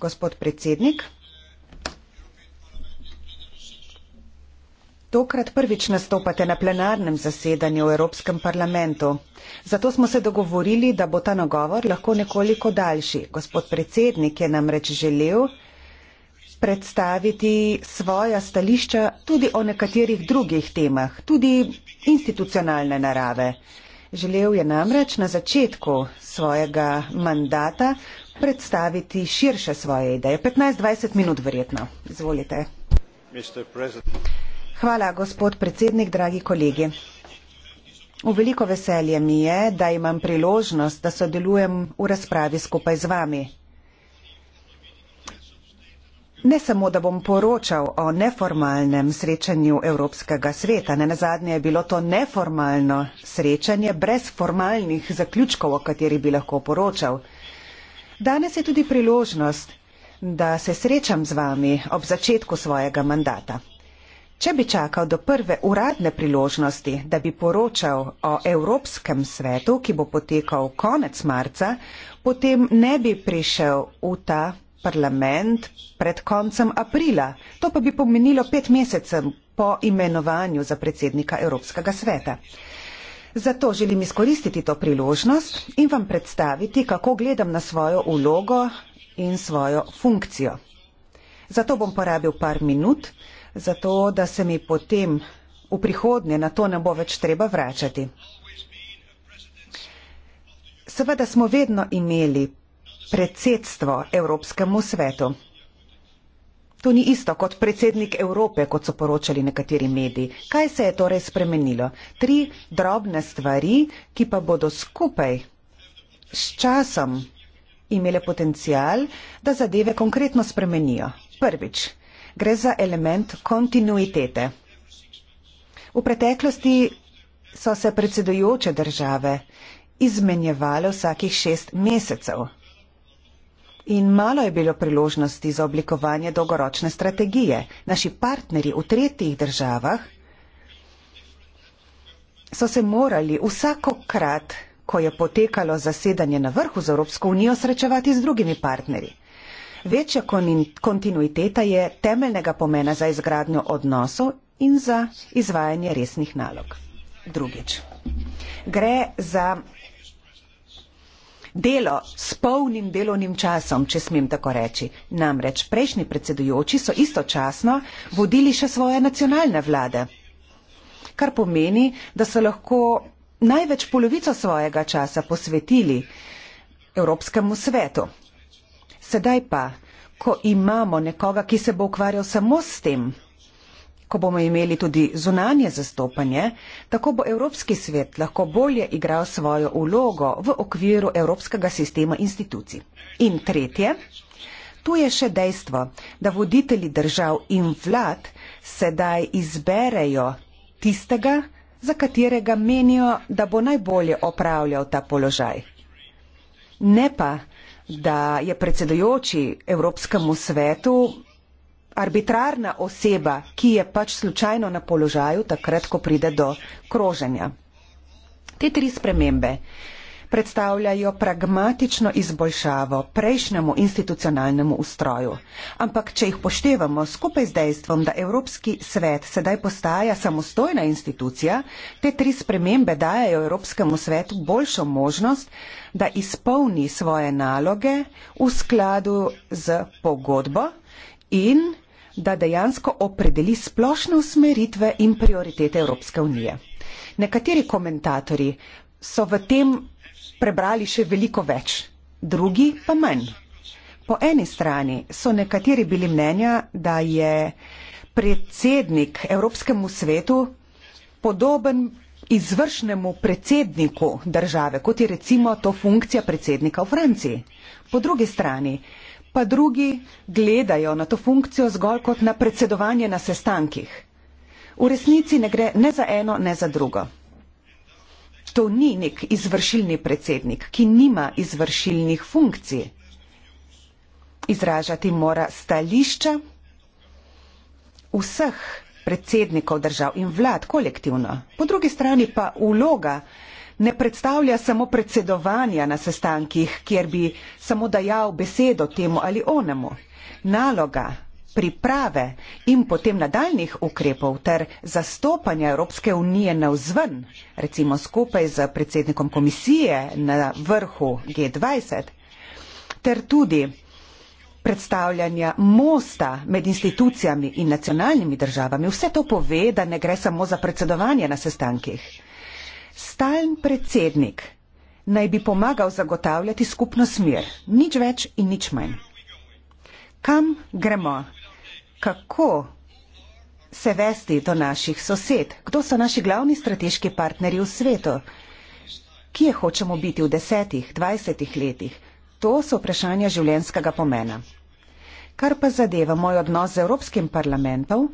Gospod predsednik, tokrat prvič nastopate na plenarnem zasedanju v Evropskem parlamentu. Zato smo se dogovorili, da bo ta nagovor lahko nekoliko daljši. Gospod predsednik je namreč želel predstaviti svoja stališča tudi o nekaterih drugih temah, tudi institucionalne narave. Želel je namreč na začetku svojega mandata predstaviti širše svoje ideje. 15-20 minut verjetno. Izvolite. Hvala, gospod predsednik, dragi kolegi. V veliko veselje mi je, da imam priložnost, da sodelujem v razpravi skupaj z vami. Ne samo, da bom poročal o neformalnem srečanju Evropskega sveta, ne nazadnje je bilo to neformalno srečanje brez formalnih zaključkov, o katerih bi lahko poročal. Danes je tudi priložnost, da se srečam z vami ob začetku svojega mandata. Če bi čakal do prve uradne priložnosti, da bi poročal o Evropskem svetu, ki bo potekal konec marca, potem ne bi prišel v ta parlament pred koncem aprila. To pa bi pomenilo pet mesecev po imenovanju za predsednika Evropskega sveta. Zato želim izkoristiti to priložnost in vam predstaviti, kako gledam na svojo ulogo in svojo funkcijo. Zato bom porabil par minut, zato da se mi potem v prihodnje na to ne bo več treba vračati. Seveda smo vedno imeli predsedstvo Evropskemu svetu. To ni isto kot predsednik Evrope, kot so poročali nekateri mediji. Kaj se je torej spremenilo? Tri drobne stvari, ki pa bodo skupaj s časom imele potencial, da zadeve konkretno spremenijo. Prvič, gre za element kontinuitete. V preteklosti so se predsedujoče države izmenjevale vsakih šest mesecev. In malo je bilo priložnosti za oblikovanje dolgoročne strategije. Naši partnerji v tretjih državah so se morali vsakokrat, ko je potekalo zasedanje na vrhu z Evropsko unijo, srečevati z drugimi partnerji. Večja kontinuiteta je temeljnega pomena za izgradnjo odnosov in za izvajanje resnih nalog. Drugič. Gre za delo s polnim delovnim časom, če smem tako reči. Namreč prejšnji predsedujoči so istočasno vodili še svoje nacionalne vlade, kar pomeni, da so lahko največ polovico svojega časa posvetili Evropskemu svetu. Sedaj pa, ko imamo nekoga, ki se bo ukvarjal samo s tem, ko bomo imeli tudi zunanje zastopanje, tako bo Evropski svet lahko bolje igral svojo ulogo v okviru Evropskega sistema institucij. In tretje, tu je še dejstvo, da voditelji držav in vlad sedaj izberejo tistega, za katerega menijo, da bo najbolje opravljal ta položaj. Ne pa, da je predsedojoči Evropskemu svetu arbitrarna oseba, ki je pač slučajno na položaju, takrat, ko pride do kroženja. Te tri spremembe predstavljajo pragmatično izboljšavo prejšnjemu institucionalnemu ustroju. Ampak, če jih poštevamo skupaj z dejstvom, da Evropski svet sedaj postaja samostojna institucija, te tri spremembe dajajo Evropskemu svetu boljšo možnost, da izpolni svoje naloge v skladu z pogodbo in da dejansko opredeli splošne usmeritve in prioritete Evropske unije. Nekateri komentatorji so v tem prebrali še veliko več, drugi pa manj. Po eni strani so nekateri bili mnenja, da je predsednik Evropskemu svetu podoben izvršnemu predsedniku države, kot je recimo to funkcija predsednika v Franciji. Po drugi strani pa drugi gledajo na to funkcijo zgolj kot na predsedovanje na sestankih. V resnici ne gre ne za eno, ne za drugo. To ni nek izvršilni predsednik, ki nima izvršilnih funkcij. Izražati mora stališča vseh predsednikov držav in vlad kolektivno. Po drugi strani pa vloga ne predstavlja samo predsedovanja na sestankih, kjer bi samo dajal besedo temu ali onemu. Naloga priprave in potem nadaljnih ukrepov ter zastopanja Evropske unije na vzven, recimo skupaj z predsednikom komisije na vrhu G20, ter tudi predstavljanja mosta med institucijami in nacionalnimi državami. Vse to pove, da ne gre samo za predsedovanje na sestankih. Stalen predsednik naj bi pomagal zagotavljati skupno smer, nič več in nič manj. Kam gremo? Kako se vesti do naših sosed? Kdo so naši glavni strateški partnerji v svetu? Kje hočemo biti v desetih, dvajsetih letih? To so vprašanja življenjskega pomena. Kar pa zadeva moj odnos z Evropskim parlamentom,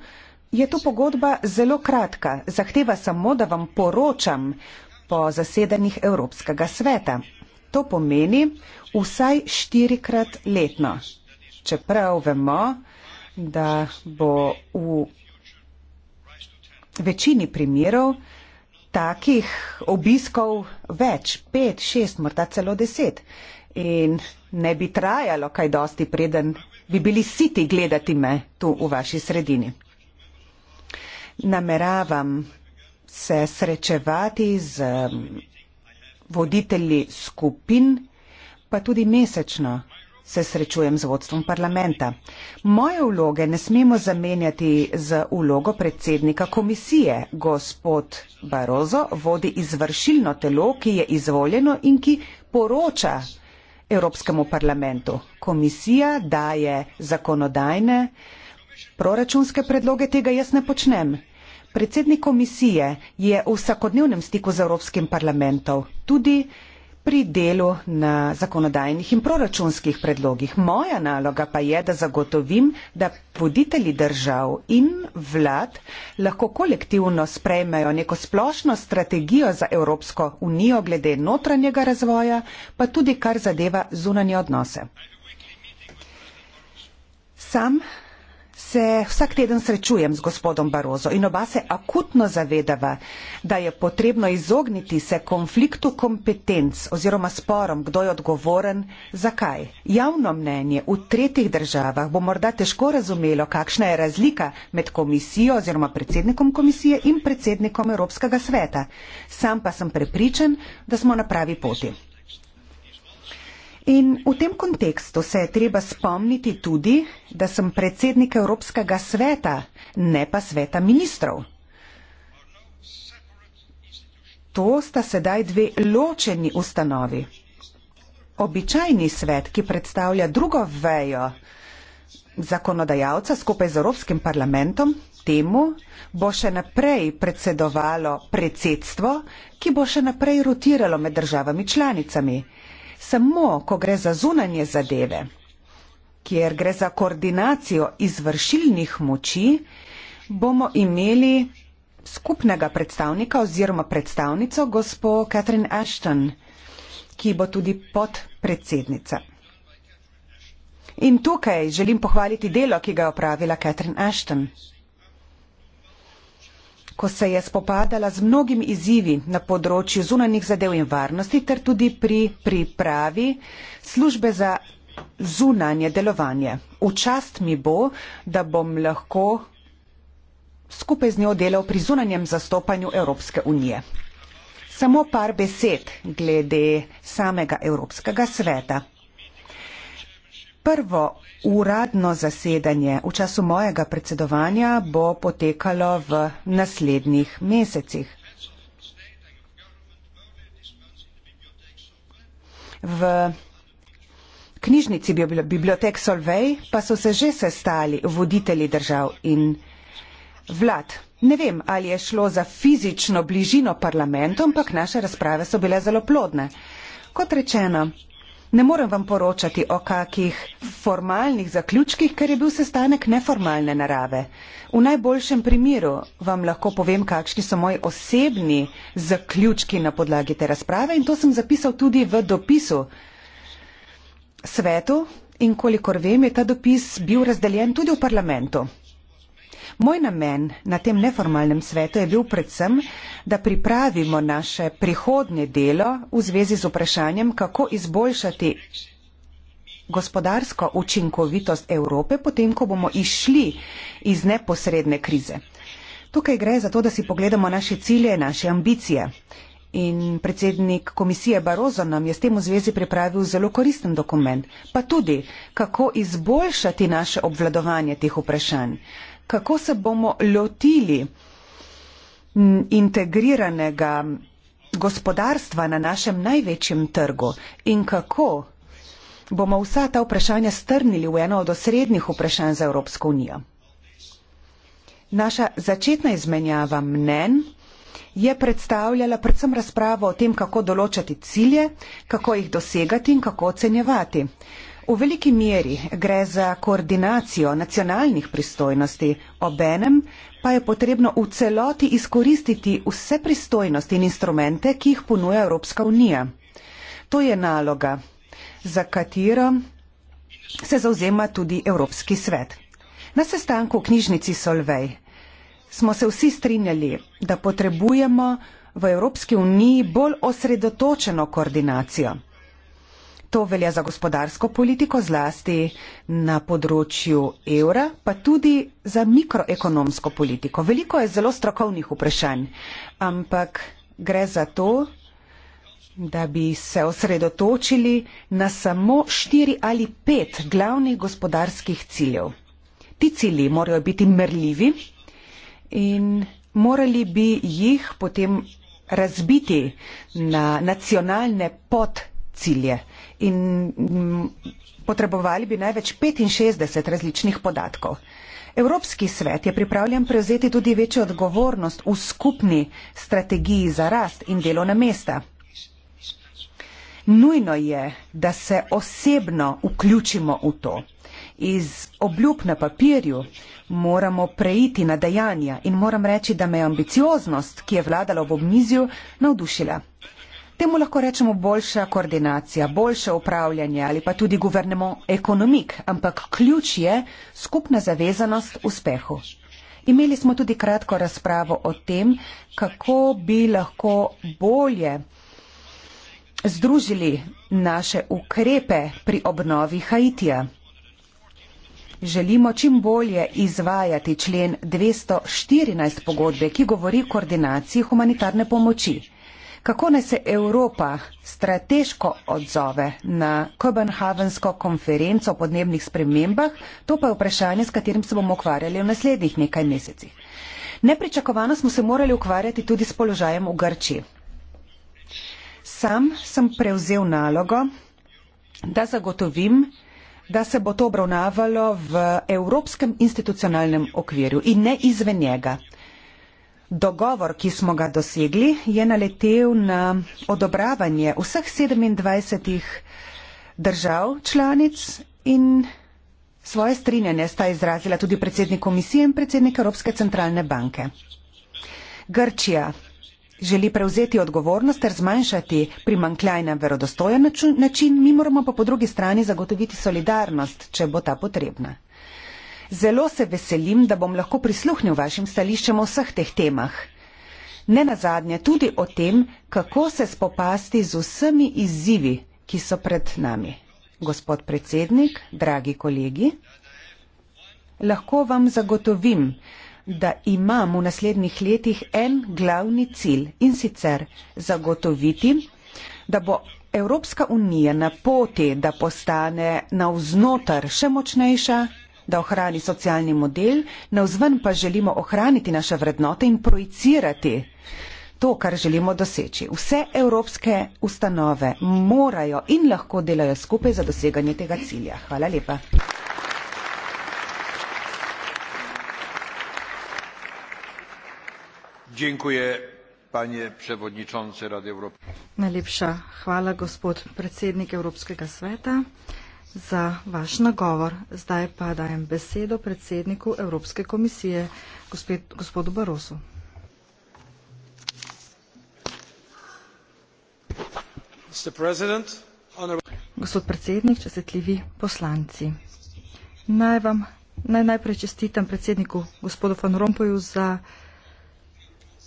Je to pogodba zelo kratka, zahteva samo, da vam poročam po zasedanjih Evropskega sveta. To pomeni vsaj štirikrat letno. Čeprav vemo, da bo v večini primerov takih obiskov več, pet, šest, morda celo deset. In ne bi trajalo kaj dosti, preden bi bili siti gledati me tu v vaši sredini nameravam se srečevati z um, voditelji skupin, pa tudi mesečno se srečujem z vodstvom parlamenta. Moje vloge ne smemo zamenjati z vlogo predsednika komisije. Gospod Barozo vodi izvršilno telo, ki je izvoljeno in ki poroča Evropskemu parlamentu. Komisija daje zakonodajne Proračunske predloge tega jaz ne počnem. Predsednik komisije je v vsakodnevnem stiku z Evropskim parlamentom, tudi pri delu na zakonodajnih in proračunskih predlogih. Moja naloga pa je, da zagotovim, da voditelji držav in vlad lahko kolektivno sprejmejo neko splošno strategijo za Evropsko unijo glede notranjega razvoja, pa tudi kar zadeva zunanje odnose. Sam se vsak teden srečujem z gospodom Barozo in oba se akutno zavedava, da je potrebno izogniti se konfliktu kompetenc oziroma sporom, kdo je odgovoren, zakaj. Javno mnenje v tretjih državah bo morda težko razumelo, kakšna je razlika med komisijo oziroma predsednikom komisije in predsednikom Evropskega sveta. Sam pa sem prepričan, da smo na pravi poti. In v tem kontekstu se je treba spomniti tudi, da sem predsednik Evropskega sveta, ne pa sveta ministrov. To sta sedaj dve ločeni ustanovi. Običajni svet, ki predstavlja drugo vejo zakonodajalca skupaj z Evropskim parlamentom, temu bo še naprej predsedovalo predsedstvo, ki bo še naprej rotiralo med državami članicami. Samo, ko gre za zunanje zadeve, kjer gre za koordinacijo izvršilnih moči, bomo imeli skupnega predstavnika oziroma predstavnico gospo Catherine Ashton, ki bo tudi podpredsednica. In tukaj želim pohvaliti delo, ki ga je opravila Catherine Ashton ko se je spopadala z mnogimi izzivi na področju zunanjih zadev in varnosti ter tudi pri pripravi službe za zunanje delovanje. V čast mi bo, da bom lahko skupaj z njo delal pri zunanjem zastopanju Evropske unije. Samo par besed glede samega Evropskega sveta prvo uradno zasedanje v času mojega predsedovanja bo potekalo v naslednjih mesecih. V knjižnici Bibliotek Solvej pa so se že sestali voditelji držav in vlad. Ne vem, ali je šlo za fizično bližino parlamentu, ampak naše razprave so bile zelo plodne. Kot rečeno, Ne morem vam poročati o kakih formalnih zaključkih, ker je bil sestanek neformalne narave. V najboljšem primeru vam lahko povem, kakšni so moji osebni zaključki na podlagi te razprave in to sem zapisal tudi v dopisu svetu in kolikor vem, je ta dopis bil razdeljen tudi v parlamentu. Moj namen na tem neformalnem svetu je bil predvsem, da pripravimo naše prihodnje delo v zvezi z vprašanjem, kako izboljšati gospodarsko učinkovitost Evrope, potem, ko bomo išli iz neposredne krize. Tukaj gre za to, da si pogledamo naše cilje, naše ambicije. In predsednik komisije Barozo nam je s tem v zvezi pripravil zelo koristen dokument, pa tudi, kako izboljšati naše obvladovanje teh vprašanj kako se bomo lotili integriranega gospodarstva na našem največjem trgu in kako bomo vsa ta vprašanja strnili v eno od osrednjih vprašanj za Evropsko unijo. Naša začetna izmenjava mnen je predstavljala predvsem razpravo o tem, kako določati cilje, kako jih dosegati in kako ocenjevati. V veliki meri gre za koordinacijo nacionalnih pristojnosti, obenem pa je potrebno v celoti izkoristiti vse pristojnosti in instrumente, ki jih ponuja Evropska unija. To je naloga, za katero se zauzema tudi Evropski svet. Na sestanku v knjižnici Solvej smo se vsi strinjali, da potrebujemo v Evropski uniji bolj osredotočeno koordinacijo to velja za gospodarsko politiko, zlasti na področju evra, pa tudi za mikroekonomsko politiko. Veliko je zelo strokovnih vprašanj, ampak gre za to, da bi se osredotočili na samo štiri ali pet glavnih gospodarskih ciljev. Ti cilji morajo biti merljivi in morali bi jih potem razbiti na nacionalne podcilje in potrebovali bi največ 65 različnih podatkov. Evropski svet je pripravljen prevzeti tudi večjo odgovornost v skupni strategiji za rast in delovna mesta. Nujno je, da se osebno vključimo v to. Iz obljub na papirju moramo preiti na dejanja in moram reči, da me je ambicioznost, ki je vladala v obmizju, navdušila. Temu lahko rečemo boljša koordinacija, boljše upravljanje ali pa tudi guvernemo ekonomik, ampak ključ je skupna zavezanost uspehu. Imeli smo tudi kratko razpravo o tem, kako bi lahko bolje združili naše ukrepe pri obnovi Haitija. Želimo čim bolje izvajati člen 214 pogodbe, ki govori o koordinaciji humanitarne pomoči. Kako naj se Evropa strateško odzove na Kopenhavensko konferenco o podnebnih spremembah, to pa je vprašanje, s katerim se bomo ukvarjali v naslednjih nekaj mesecih. Nepričakovano smo se morali ukvarjati tudi s položajem v Grči. Sam sem prevzel nalogo, da zagotovim, da se bo to obravnavalo v evropskem institucionalnem okvirju in ne izven njega. Dogovor, ki smo ga dosegli, je naletel na odobravanje vseh 27 držav članic in svoje strinjanje sta izrazila tudi predsednik komisije in predsednik Evropske centralne banke. Grčija želi prevzeti odgovornost ter zmanjšati primankljaj na verodostojen način, mi moramo pa po drugi strani zagotoviti solidarnost, če bo ta potrebna. Zelo se veselim, da bom lahko prisluhnil vašim stališčem o vseh teh temah. Ne nazadnje tudi o tem, kako se spopasti z vsemi izzivi, ki so pred nami. Gospod predsednik, dragi kolegi, lahko vam zagotovim, da imam v naslednjih letih en glavni cilj in sicer zagotoviti, da bo Evropska unija na poti, da postane navznotar še močnejša, da ohrani socialni model, na vzven pa želimo ohraniti naše vrednote in projicirati to, kar želimo doseči. Vse evropske ustanove morajo in lahko delajo skupaj za doseganje tega cilja. Hvala lepa. Dziękuję, panie przewodniczący Rady Europejskiej. Najlepsza chwała, gospod przewodniczący Europejskiego Sveta za vaš nagovor. Zdaj pa dajem besedo predsedniku Evropske komisije, gospod, gospodu Barosu. Gospod predsednik, čestitljivi poslanci. Naj vam naj najprej čestitam predsedniku gospodu Van Rompuyju za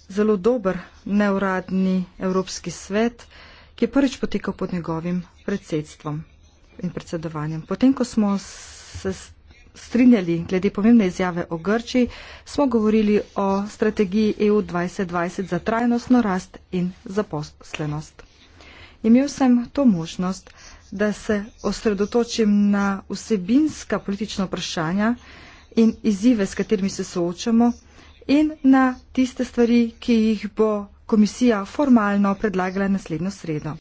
zelo dober neuradni Evropski svet, ki je prvič potekal pod njegovim predsedstvom in predsedovanjem. Potem, ko smo se strinjali glede pomembne izjave o Grči, smo govorili o strategiji EU 2020 za trajnostno rast in zaposlenost. Imel sem to možnost, da se osredotočim na vsebinska politična vprašanja in izzive, s katerimi se soočamo in na tiste stvari, ki jih bo komisija formalno predlagala naslednjo sredo.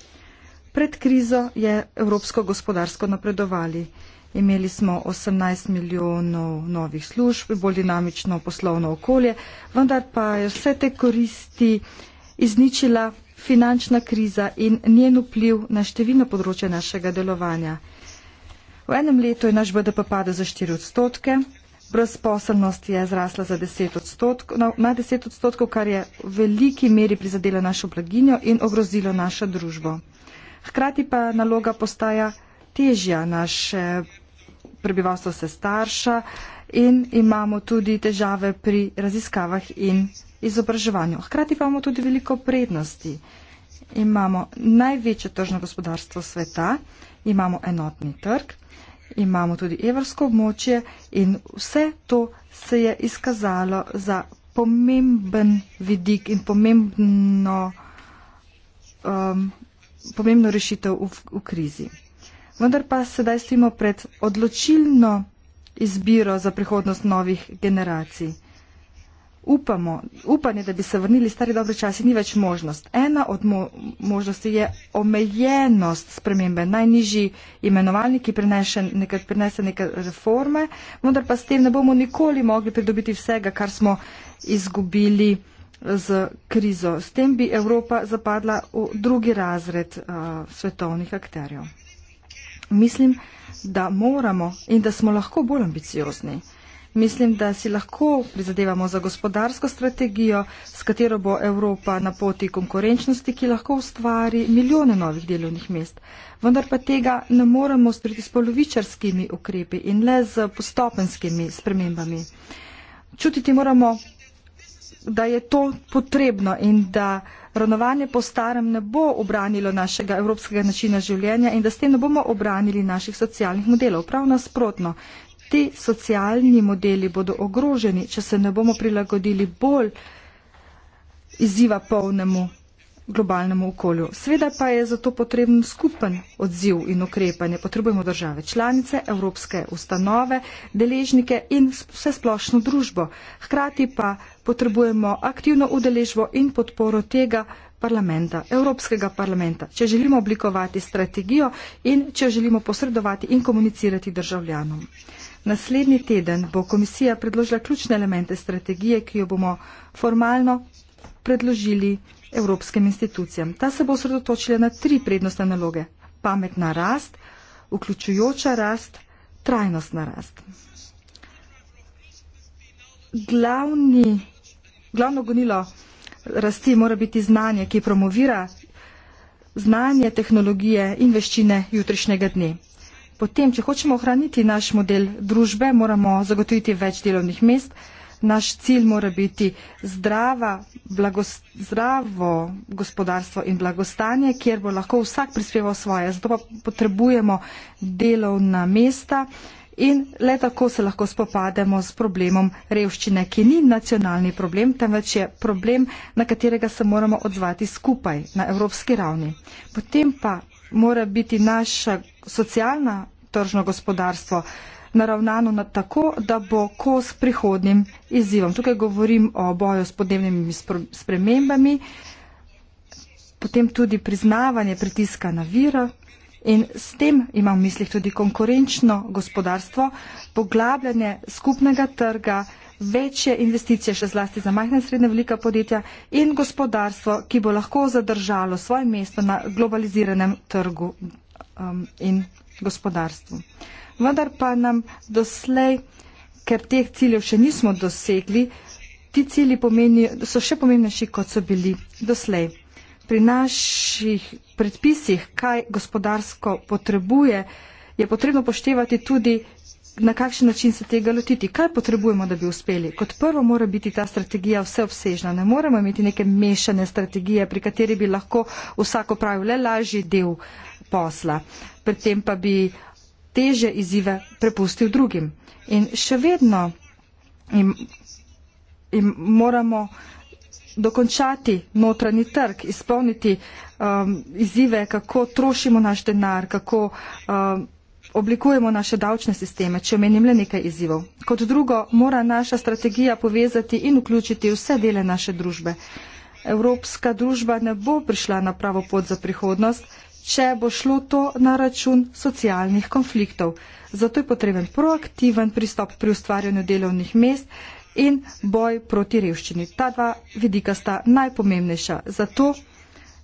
Pred krizo je evropsko gospodarsko napredovali. Imeli smo 18 milijonov novih služb, bolj dinamično poslovno okolje, vendar pa je vse te koristi izničila finančna kriza in njen vpliv na številna področja našega delovanja. V enem letu je naš BDP padel za 4 odstotke, brezposobnost je zrasla za 10 no, na 10 odstotkov, kar je v veliki meri prizadelo našo blaginjo in ogrozilo našo družbo. Hkrati pa naloga postaja težja, naše prebivalstvo se starša in imamo tudi težave pri raziskavah in izobraževanju. Hkrati pa imamo tudi veliko prednosti. Imamo največje tržno gospodarstvo sveta, imamo enotni trg, imamo tudi evrsko območje in vse to se je izkazalo za pomemben vidik in pomembno um, pomembno rešitev v, v krizi. Vendar pa sedaj stojimo pred odločilno izbiro za prihodnost novih generacij. Upamo, upanje, da bi se vrnili stari dobri časi, ni več možnost. Ena od mo možnosti je omejenost spremembe. Najnižji imenovalnik, ki prinese neke, neke reforme, vendar pa s tem ne bomo nikoli mogli pridobiti vsega, kar smo izgubili z krizo. S tem bi Evropa zapadla v drugi razred uh, svetovnih akterjev. Mislim, da moramo in da smo lahko bolj ambiciozni. Mislim, da si lahko prizadevamo za gospodarsko strategijo, s katero bo Evropa na poti konkurenčnosti, ki lahko ustvari milijone novih delovnih mest. Vendar pa tega ne moremo storiti s polovičarskimi ukrepi in le z postopenskimi spremembami. Čutiti moramo da je to potrebno in da ravnovanje po starem ne bo obranilo našega evropskega načina življenja in da s tem ne bomo obranili naših socialnih modelov. Prav nasprotno, ti socialni modeli bodo ogroženi, če se ne bomo prilagodili bolj izziva polnemu globalnemu okolju. Sveda pa je zato potreben skupen odziv in ukrepanje. Potrebujemo države članice, evropske ustanove, deležnike in vse splošno družbo. Hkrati pa potrebujemo aktivno udeležbo in podporo tega parlamenta, Evropskega parlamenta, če želimo oblikovati strategijo in če želimo posredovati in komunicirati državljanom. Naslednji teden bo komisija predložila ključne elemente strategije, ki jo bomo formalno predložili evropskim institucijam. Ta se bo osredotočila na tri prednostne naloge. Pametna rast, vključujoča rast, trajnostna rast. Glavni Glavno gonilo rasti mora biti znanje, ki promovira znanje, tehnologije in veščine jutrišnjega dne. Potem, če hočemo ohraniti naš model družbe, moramo zagotoviti več delovnih mest. Naš cilj mora biti zdrava, blagost, zdravo gospodarstvo in blagostanje, kjer bo lahko vsak prispeval svoje. Zato pa potrebujemo delovna mesta, eh, in le tako se lahko spopademo s problemom revščine, ki ni nacionalni problem, temveč je problem, na katerega se moramo odzvati skupaj na evropski ravni. Potem pa mora biti naša socialna tržno gospodarstvo naravnano na tako, da bo kos prihodnim izzivom. Tukaj govorim o boju s podnebnimi spremembami, potem tudi priznavanje pritiska na vira, in s tem imam v mislih tudi konkurenčno gospodarstvo, poglabljanje skupnega trga, večje investicije, še zlasti za majhne in srednje velika podjetja in gospodarstvo, ki bo lahko zadržalo svoje mesto na globaliziranem trgu um, in gospodarstvu. Vendar pa nam doslej, ker teh ciljev še nismo dosegli, ti cilji pomeni, so še pomembnejši, kot so bili doslej pri naših predpisih, kaj gospodarsko potrebuje, je potrebno poštevati tudi, na kakšen način se tega lotiti. Kaj potrebujemo, da bi uspeli? Kot prvo mora biti ta strategija vseobsežna. Ne moremo imeti neke mešane strategije, pri kateri bi lahko vsako pravil le lažji del posla. Pri tem pa bi teže izzive prepustil drugim. In še vedno im, im moramo dokončati notranji trg, izpolniti um, izzive, kako trošimo naš denar, kako um, oblikujemo naše davčne sisteme, če omenim le nekaj izzivov. Kot drugo, mora naša strategija povezati in vključiti vse dele naše družbe. Evropska družba ne bo prišla na pravo pot za prihodnost, če bo šlo to na račun socialnih konfliktov. Zato je potreben proaktiven pristop pri ustvarjanju delovnih mest in boj proti revščini. Ta dva vidika sta najpomembnejša. Zato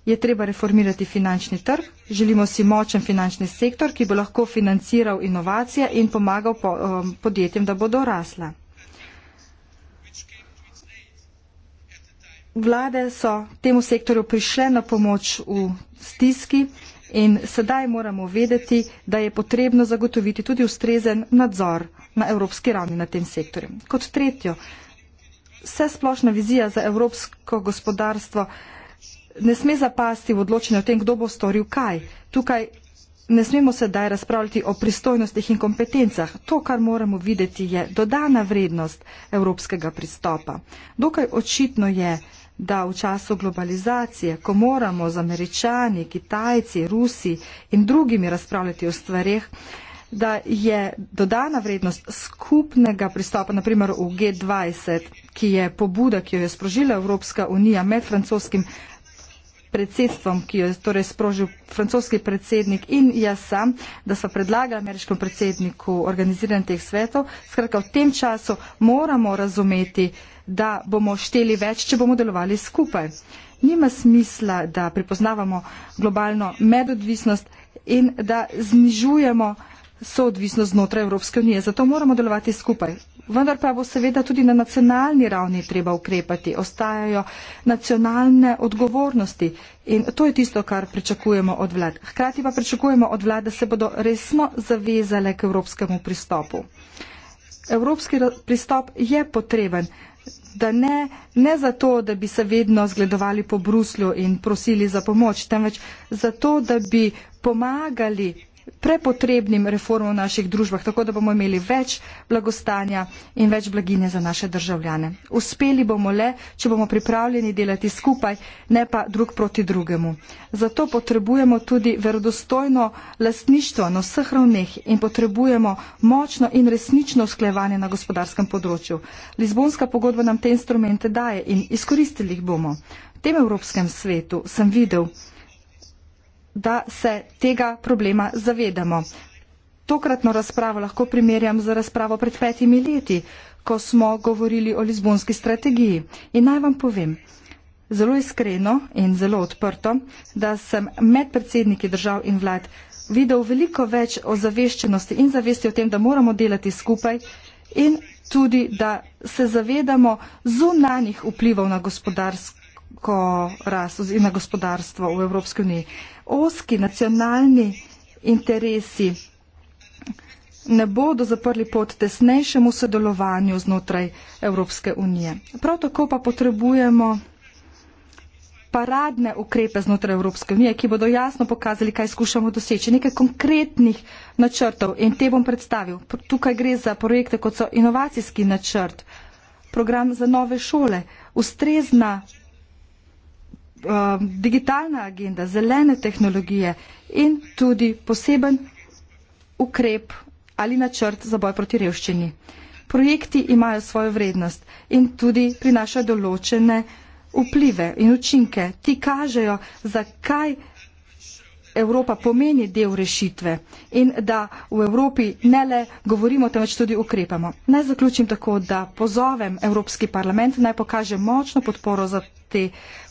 je treba reformirati finančni trg. Želimo si močen finančni sektor, ki bo lahko financiral inovacije in pomagal um, podjetjem, da bodo rasla. Vlade so temu sektorju prišle na pomoč v stiski. In sedaj moramo vedeti, da je potrebno zagotoviti tudi ustrezen nadzor na evropski ravni na tem sektorju. Kot tretjo, vse splošna vizija za evropsko gospodarstvo ne sme zapasti v odločenju o tem, kdo bo storil kaj. Tukaj ne smemo sedaj razpravljati o pristojnostih in kompetencah. To, kar moramo videti, je dodana vrednost evropskega pristopa. Dokaj očitno je, da v času globalizacije, ko moramo z američani, kitajci, rusi in drugimi razpravljati o stvarih, da je dodana vrednost skupnega pristopa, naprimer v G20, ki je pobuda, ki jo je sprožila Evropska unija med francoskim predsedstvom, ki jo je torej sprožil francoski predsednik in jaz sam, da so predlagali ameriškom predsedniku organiziran teh svetov. Skratka, v tem času moramo razumeti, da bomo šteli več, če bomo delovali skupaj. Nima smisla, da pripoznavamo globalno medodvisnost in da znižujemo soodvisnost znotraj Evropske unije. Zato moramo delovati skupaj. Vendar pa bo seveda tudi na nacionalni ravni treba ukrepati. Ostajajo nacionalne odgovornosti in to je tisto, kar pričakujemo od vlad. Hkrati pa pričakujemo od vlad, da se bodo resno zavezale k evropskemu pristopu. Evropski pristop je potreben, da ne, ne zato, da bi se vedno zgledovali po Bruslju in prosili za pomoč, temveč zato, da bi pomagali prepotrebnim reformom v naših družbah, tako da bomo imeli več blagostanja in več blaginje za naše državljane. Uspeli bomo le, če bomo pripravljeni delati skupaj, ne pa drug proti drugemu. Zato potrebujemo tudi verodostojno lastništvo na vseh ravneh in potrebujemo močno in resnično usklejevanje na gospodarskem področju. Lizbonska pogodba nam te instrumente daje in izkoristili jih bomo. V tem Evropskem svetu sem videl, da se tega problema zavedamo. Tokratno razpravo lahko primerjam z razpravo pred petimi leti, ko smo govorili o Lizbonski strategiji. In naj vam povem, zelo iskreno in zelo odprto, da sem med predsedniki držav in vlad videl veliko več o zaveščenosti in zavesti o tem, da moramo delati skupaj in tudi, da se zavedamo zunanih vplivov na gospodarsko rast in na gospodarstvo v Evropski uniji oski nacionalni interesi ne bodo zaprli pot tesnejšemu sodelovanju znotraj Evropske unije. Prav tako pa potrebujemo paradne ukrepe znotraj Evropske unije, ki bodo jasno pokazali, kaj skušamo doseči. Nekaj konkretnih načrtov in te bom predstavil. Tukaj gre za projekte, kot so inovacijski načrt, program za nove šole, ustrezna Eh, digitalna agenda, zelene tehnologije in tudi poseben ukrep ali načrt za boj proti revščini. Projekti imajo svojo vrednost in tudi prinašajo določene vplive in učinke, ki kažejo, zakaj Evropa pomeni del rešitve in da v Evropi ne le govorimo, temveč tudi ukrepamo. Naj zaključim tako, da pozovem Evropski parlament naj pokaže močno podporo za te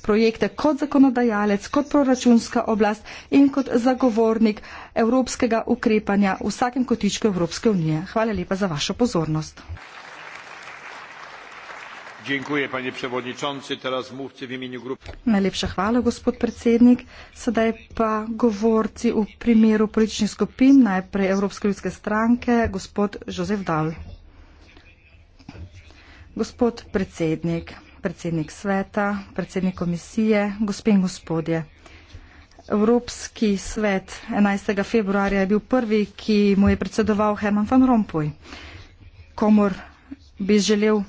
projekte kot zakonodajalec, kot proračunska oblast in kot zagovornik evropskega ukrepanja v vsakem kotičku Evropske unije. Hvala lepa za vašo pozornost. Najlepša hvala, gospod predsednik. Sedaj pa govorci v primeru političnih skupin, najprej Evropske ljudske stranke, gospod Jozef Dal. Gospod predsednik, predsednik sveta, predsednik komisije, gospe in gospodje. Evropski svet 11. februarja je bil prvi, ki mu je predsedoval Herman van Rompuy. Komor bi želel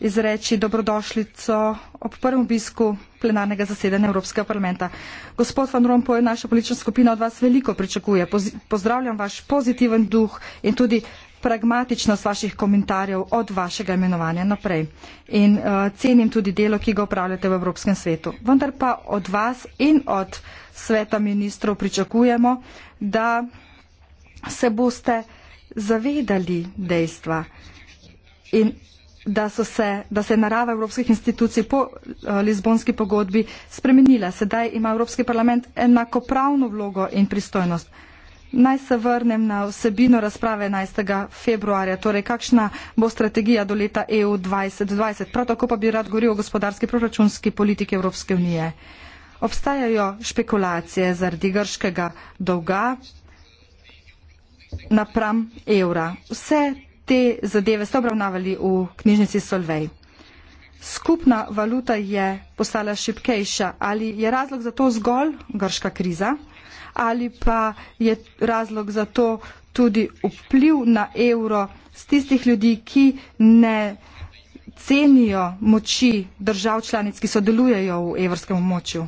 izreči dobrodošlico ob prvem obisku plenarnega zasedanja Evropskega parlamenta. Gospod Van Rompuy, naša politična skupina od vas veliko pričakuje. Pozdravljam vaš pozitiven duh in tudi pragmatičnost vaših komentarjev od vašega imenovanja naprej. In uh, cenim tudi delo, ki ga upravljate v Evropskem svetu. Vendar pa od vas in od sveta ministrov pričakujemo, da se boste zavedali dejstva in da, se, da se je narava evropskih institucij po eh, Lizbonski pogodbi spremenila. Sedaj ima Evropski parlament enakopravno vlogo in pristojnost. Naj se vrnem na vsebino razprave 11. februarja, torej kakšna bo strategija do leta EU 2020. Prav tako pa bi rad govoril o gospodarski proračunski politiki Evropske unije. Obstajajo špekulacije zaradi grškega dolga napram evra. Vse te zadeve ste obravnavali v knjižnici Solvej. Skupna valuta je postala šipkejša. Ali je razlog za to zgolj grška kriza? Ali pa je razlog za to tudi vpliv na evro z tistih ljudi, ki ne cenijo moči držav članic, ki sodelujejo v evrskem območju?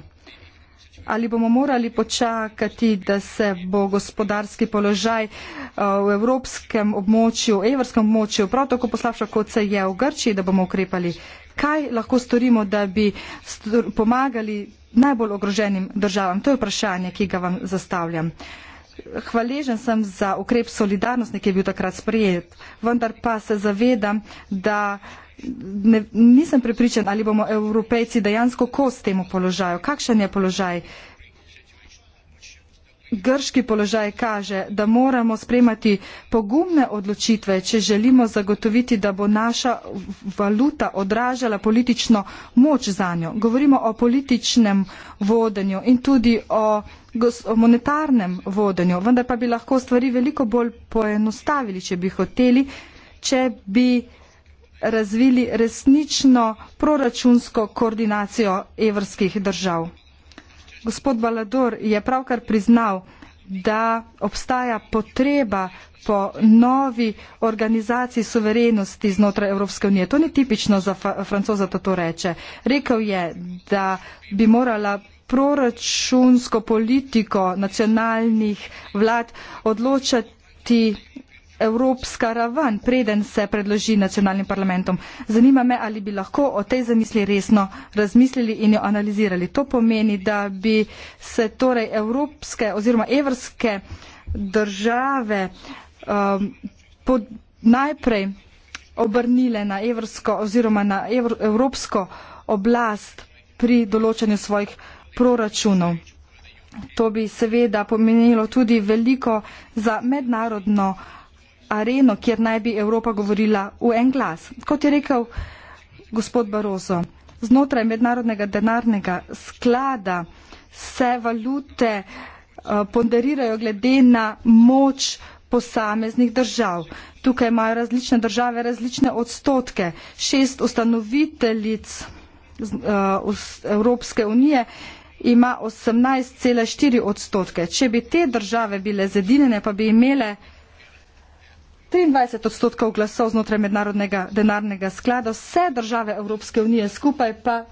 ali bomo morali počakati, da se bo gospodarski položaj eh, v evropskem območju, evropskem območju prav tako poslabšal, kot se je v Grčiji, da bomo ukrepali. Kaj lahko storimo, da bi pomagali najbolj ogroženim državam? To je vprašanje, ki ga vam zastavljam. Hvaležen sem za ukrep solidarnosti, ki je bil takrat sprejet, vendar pa se zavedam, da ne, nisem prepričan, ali bomo evropejci dejansko kos temu položaju. Kakšen je položaj? Grški položaj kaže, da moramo spremati pogumne odločitve, če želimo zagotoviti, da bo naša valuta odražala politično moč za njo. Govorimo o političnem vodenju in tudi o monetarnem vodenju, vendar pa bi lahko stvari veliko bolj poenostavili, če bi hoteli, če bi razvili resnično proračunsko koordinacijo evrskih držav. Gospod Balador je pravkar priznal, da obstaja potreba po novi organizaciji suverenosti znotraj Evropske unije. To ni tipično za francoza, da to reče. Rekel je, da bi morala proračunsko politiko nacionalnih vlad odločati evropska raven, preden se predloži nacionalnim parlamentom. Zanima me, ali bi lahko o tej zamisli resno razmislili in jo analizirali. To pomeni, da bi se torej evropske oziroma evrske države um, pod, najprej obrnile na evrsko oziroma na evr, evropsko oblast pri določanju svojih proračunov. To bi seveda pomenilo tudi veliko za mednarodno areno, kjer naj bi Evropa govorila v en glas. Kot je rekel gospod Barozo, znotraj mednarodnega denarnega sklada se valute eh, ponderirajo glede na moč posameznih držav. Tukaj imajo različne države različne odstotke. Šest ustanoviteljic eh, Evropske unije ima 18,4 odstotke. Če bi te države bile zedinjene, pa bi imele 23 odstotkov glasov znotraj mednarodnega denarnega sklada, vse države Evropske unije skupaj pa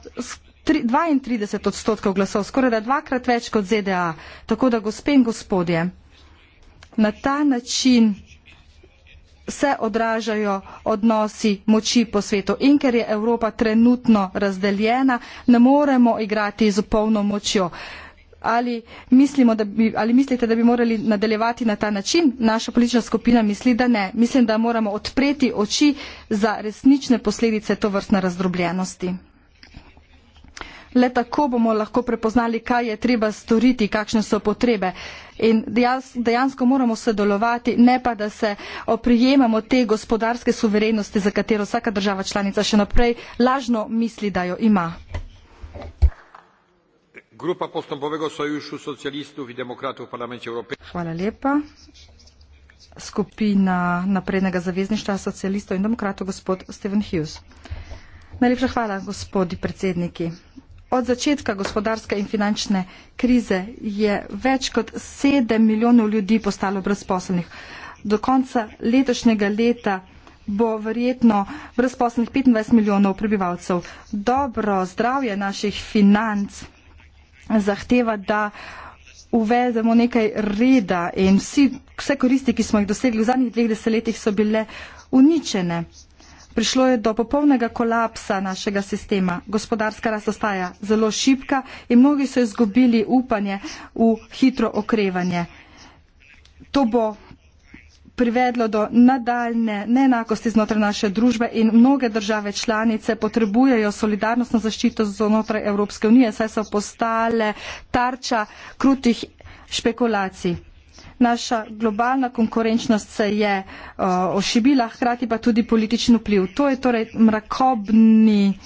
32 odstotkov glasov, skoraj da dvakrat več kot ZDA. Tako da, gospe in gospodje, na ta način se odražajo odnosi moči po svetu. In ker je Evropa trenutno razdeljena, ne moremo igrati z polno močjo. Uh, ali mislimo, da bi, ali mislite, da bi morali nadaljevati na ta način? Naša politična skupina misli, da ne. Mislim, da moramo odpreti oči za resnične posledice to vrstne razdrobljenosti. Le tako bomo lahko prepoznali, kaj je treba storiti, kakšne so potrebe. In dejansko moramo sodelovati, ne pa, da se oprijemamo te gospodarske suverenosti, za katero vsaka država članica še naprej lažno misli, da jo ima grupa postopnowego sojuszu socjalistów i demokratów w parlamencie europejskim skupina naprednega zavezništva socialistov in demokratov gospod Steven Hughes. Najlepša hvala, gospodi predsedniki. Od začetka gospodarske in finančne krize je več kot sedem milijonov ljudi postalo brezposelnih. Do konca letošnjega leta bo verjetno brezposelnih 25 milijonov prebivalcev. Dobro zdravje naših financ zahteva, da uvedemo nekaj reda in vsi, vse koristi, ki smo jih dosegli v zadnjih dveh desetletjih, so bile uničene. Prišlo je do popolnega kolapsa našega sistema. Gospodarska rast ostaja zelo šipka in mnogi so izgubili upanje v hitro okrevanje. To bo privedlo do nadaljne neenakosti znotraj naše družbe in mnoge države članice potrebujejo solidarnostno zaščito znotraj Evropske unije, saj so postale tarča krutih špekulacij. Naša globalna konkurenčnost se je uh, ošibila, hkrati pa tudi političen vpliv. To je torej mrakobni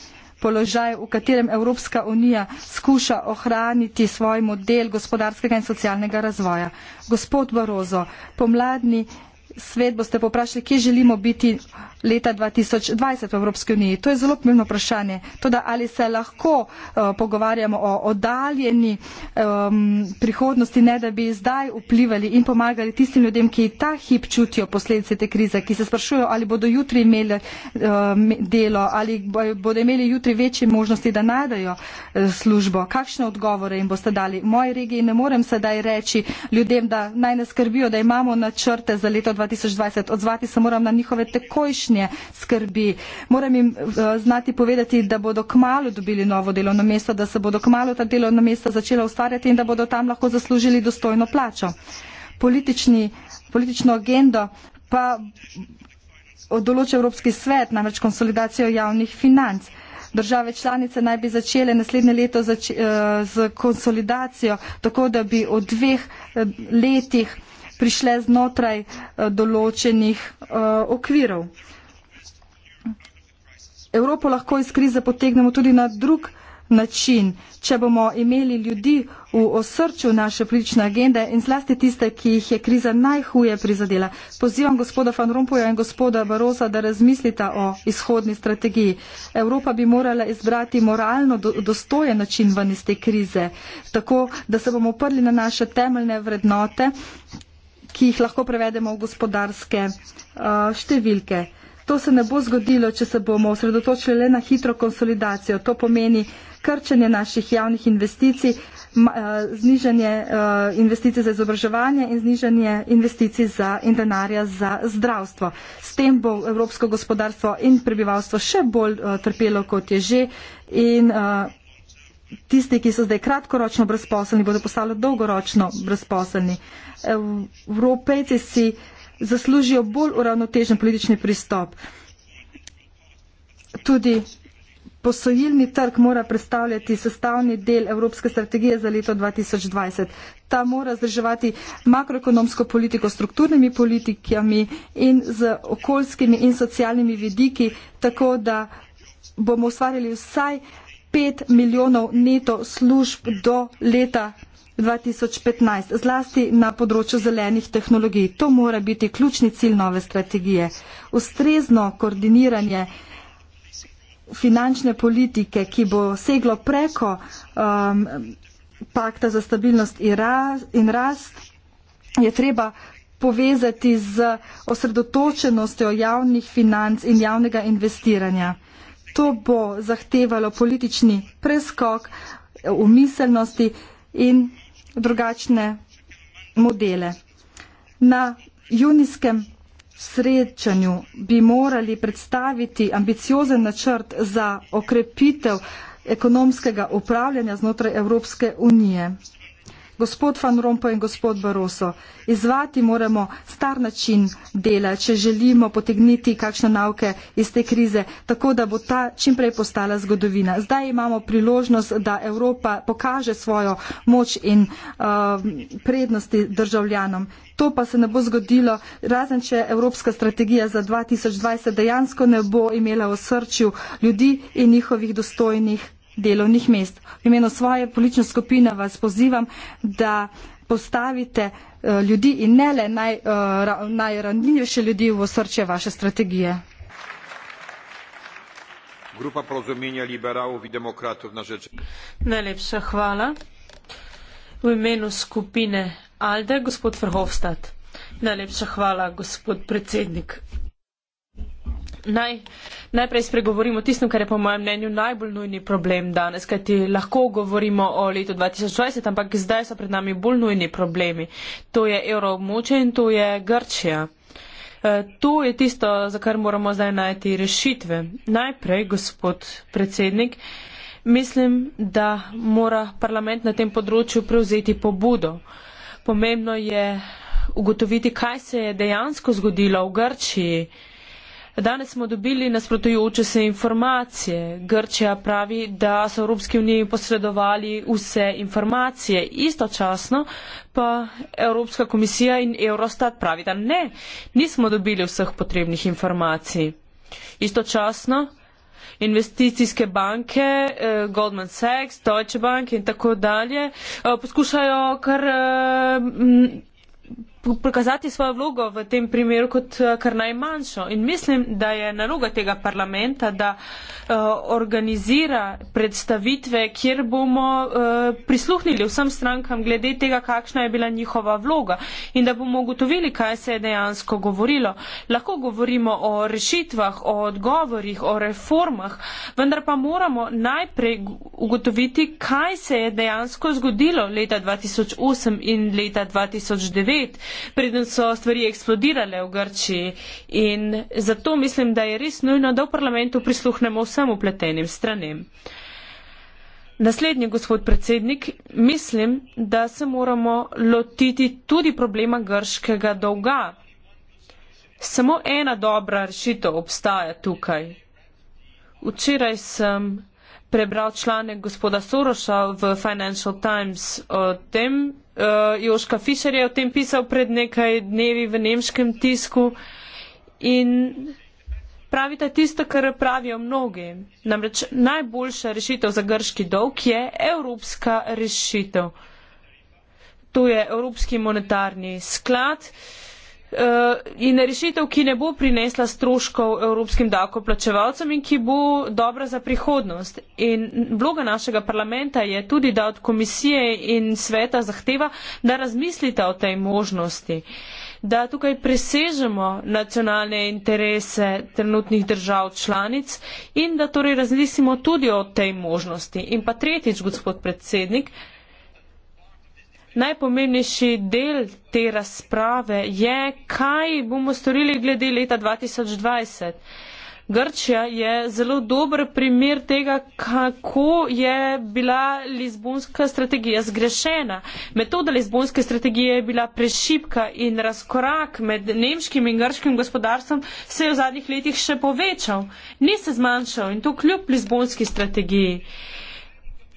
položaj, v katerem Evropska unija skuša ohraniti svoj model gospodarskega in socialnega razvoja. Gospod Barozo, pomladni svet boste poprašali, kje želimo biti leta 2020 v Evropski uniji? To je zelo pomembno vprašanje. Toda ali se lahko uh, pogovarjamo o oddaljeni um, prihodnosti, ne da bi zdaj vplivali in pomagali tistim ljudem, ki ta hip čutijo posledice te krize, ki se sprašujejo, ali bodo jutri imeli uh, delo, ali bodo imeli jutri večje možnosti, da najdejo uh, službo. Kakšne odgovore jim boste dali? V moji regiji ne morem sedaj reči ljudem, da naj ne skrbijo, da imamo načrte za leto 2020. Odzvati se moram na njihove tekojšnje psihične skrbi. Moram jim eh, znati povedati, da bodo kmalo dobili novo delovno mesto, da se bodo kmalo ta delovna mesta začela ustvarjati in da bodo tam lahko zaslužili dostojno plačo. Politični, politično agendo pa odloča Evropski svet, namreč konsolidacijo javnih financ. Države članice naj bi začele naslednje leto zač eh, z konsolidacijo, tako da bi v dveh eh, letih prišle znotraj določenih okvirov. Evropo lahko iz krize potegnemo tudi na drug način, če bomo imeli ljudi v osrčju naše politične agende in zlasti tiste, ki jih je kriza najhuje prizadela. Pozivam gospoda Van Rompuja in gospoda Baroza, da razmislita o izhodni strategiji. Evropa bi morala izbrati moralno dostojen način ven iz te krize, tako da se bomo oprli na naše temeljne vrednote, ki jih lahko prevedemo v gospodarske uh, številke. To se ne bo zgodilo, če se bomo osredotočili le na hitro konsolidacijo. To pomeni krčenje naših javnih investicij, eh, znižanje eh, investicij za izobraževanje in znižanje investicij za in denarja za zdravstvo. S tem bo evropsko gospodarstvo in prebivalstvo še bolj eh, trpelo, kot je že. In, Tisti, ki so zdaj kratkoročno brezposelni, bodo postali dolgoročno brezposelni. Evropejci si zaslužijo bolj uravnotežen politični pristop. Tudi posojilni trg mora predstavljati sestavni del Evropske strategije za leto 2020. Ta mora zdrževati makroekonomsko politiko s strukturnimi politikami in z okoljskimi in socialnimi vidiki, tako da bomo ustvarili vsaj 5 milijonov neto služb do leta 2020. 2015, zlasti na področju zelenih tehnologij. To mora biti ključni cilj nove strategije. Ustrezno koordiniranje finančne politike, ki bo seglo preko um, pakta za stabilnost in rast, je treba povezati z osredotočenostjo javnih financ in javnega investiranja. To bo zahtevalo politični preskok v miselnosti in drugačne modele. Na junijskem srečanju bi morali predstaviti ambiciozen načrt za okrepitev ekonomskega upravljanja znotraj Evropske unije gospod Van Rompuy in gospod Barroso, izvati moramo star način dela, če želimo potegniti kakšne nauke iz te krize, tako da bo ta čimprej postala zgodovina. Zdaj imamo priložnost, da Evropa pokaže svojo moč in uh, prednosti državljanom. To pa se ne bo zgodilo, razen če Evropska strategija za 2020 dejansko ne bo imela v srčju ljudi in njihovih dostojnih delovnih mest. V imenu svoje politične skupine vas pozivam, da postavite eh, ljudi in ne le naj, eh, najranljivejše ljudi v osrče vaše strategije. Grupa porozumenja liberalov in demokratov na rzecz. Najlepša hvala. V imenu skupine ALDE, gospod Verhofstadt. Najlepša hvala, gospod predsednik naj, najprej spregovorimo tistem, kar je po mojem mnenju najbolj nujni problem danes, kajti lahko govorimo o letu 2020, ampak zdaj so pred nami bolj nujni problemi. To je evroobmočje in to je Grčija. E, to je tisto, za kar moramo zdaj najti rešitve. Najprej, gospod predsednik, mislim, da mora parlament na tem področju prevzeti pobudo. Pomembno je ugotoviti, kaj se je dejansko zgodilo v Grčiji. Danes smo dobili nasprotujoče se informacije. Grčija pravi, da so Evropski uniji posredovali vse informacije. Istočasno pa Evropska komisija in Eurostat pravi, da ne, nismo dobili vseh potrebnih informacij. Istočasno investicijske banke, eh, Goldman Sachs, Deutsche Bank in tako dalje eh, poskušajo kar. Eh, pokazati svojo vlogo v tem primeru kot eh, kar najmanjšo. In mislim, da je naloga tega parlamenta, da uh, organizira predstavitve, kjer bomo uh, prisluhnili vsem strankam glede tega, kakšna je bila njihova vloga in da bomo ugotovili, kaj se je dejansko govorilo. Lahko govorimo o rešitvah, o odgovorih, o reformah, vendar pa moramo najprej ugotoviti, kaj se je dejansko zgodilo leta 2008 in leta 2009 preden so stvari eksplodirale v Grčiji. In zato mislim, da je res nujno, da v parlamentu prisluhnemo vsem upletenim stranem. Naslednji, gospod predsednik, mislim, da se moramo lotiti tudi problema grškega dolga. Samo ena dobra rešitev obstaja tukaj. Včeraj sem prebral članek gospoda Soroša v Financial Times o tem. Uh, Joška Fischer je o tem pisal pred nekaj dnevi v nemškem tisku in pravite tisto, kar pravijo mnogi. Namreč najboljša rešitev za grški dolg je evropska rešitev. To je Evropski monetarni sklad. Uh, Eh, in rešitev, ki ne bo prinesla stroškov evropskim davkoplačevalcem in ki bo dobra za prihodnost. In vloga našega parlamenta je tudi, da od komisije in sveta zahteva, da razmislite o tej možnosti, da tukaj presežemo nacionalne interese trenutnih držav članic in da torej razmislimo tudi o tej možnosti. In pa tretjič, gospod predsednik, najpomembnejši del te razprave je, kaj bomo storili glede leta 2020. Grčija je zelo dober primer tega, kako je bila Lizbonska strategija zgrešena. Metoda Lizbonske strategije je bila prešipka in razkorak med nemškim in grškim gospodarstvom se je v zadnjih letih še povečal, ni se zmanjšal in to kljub Lizbonski strategiji.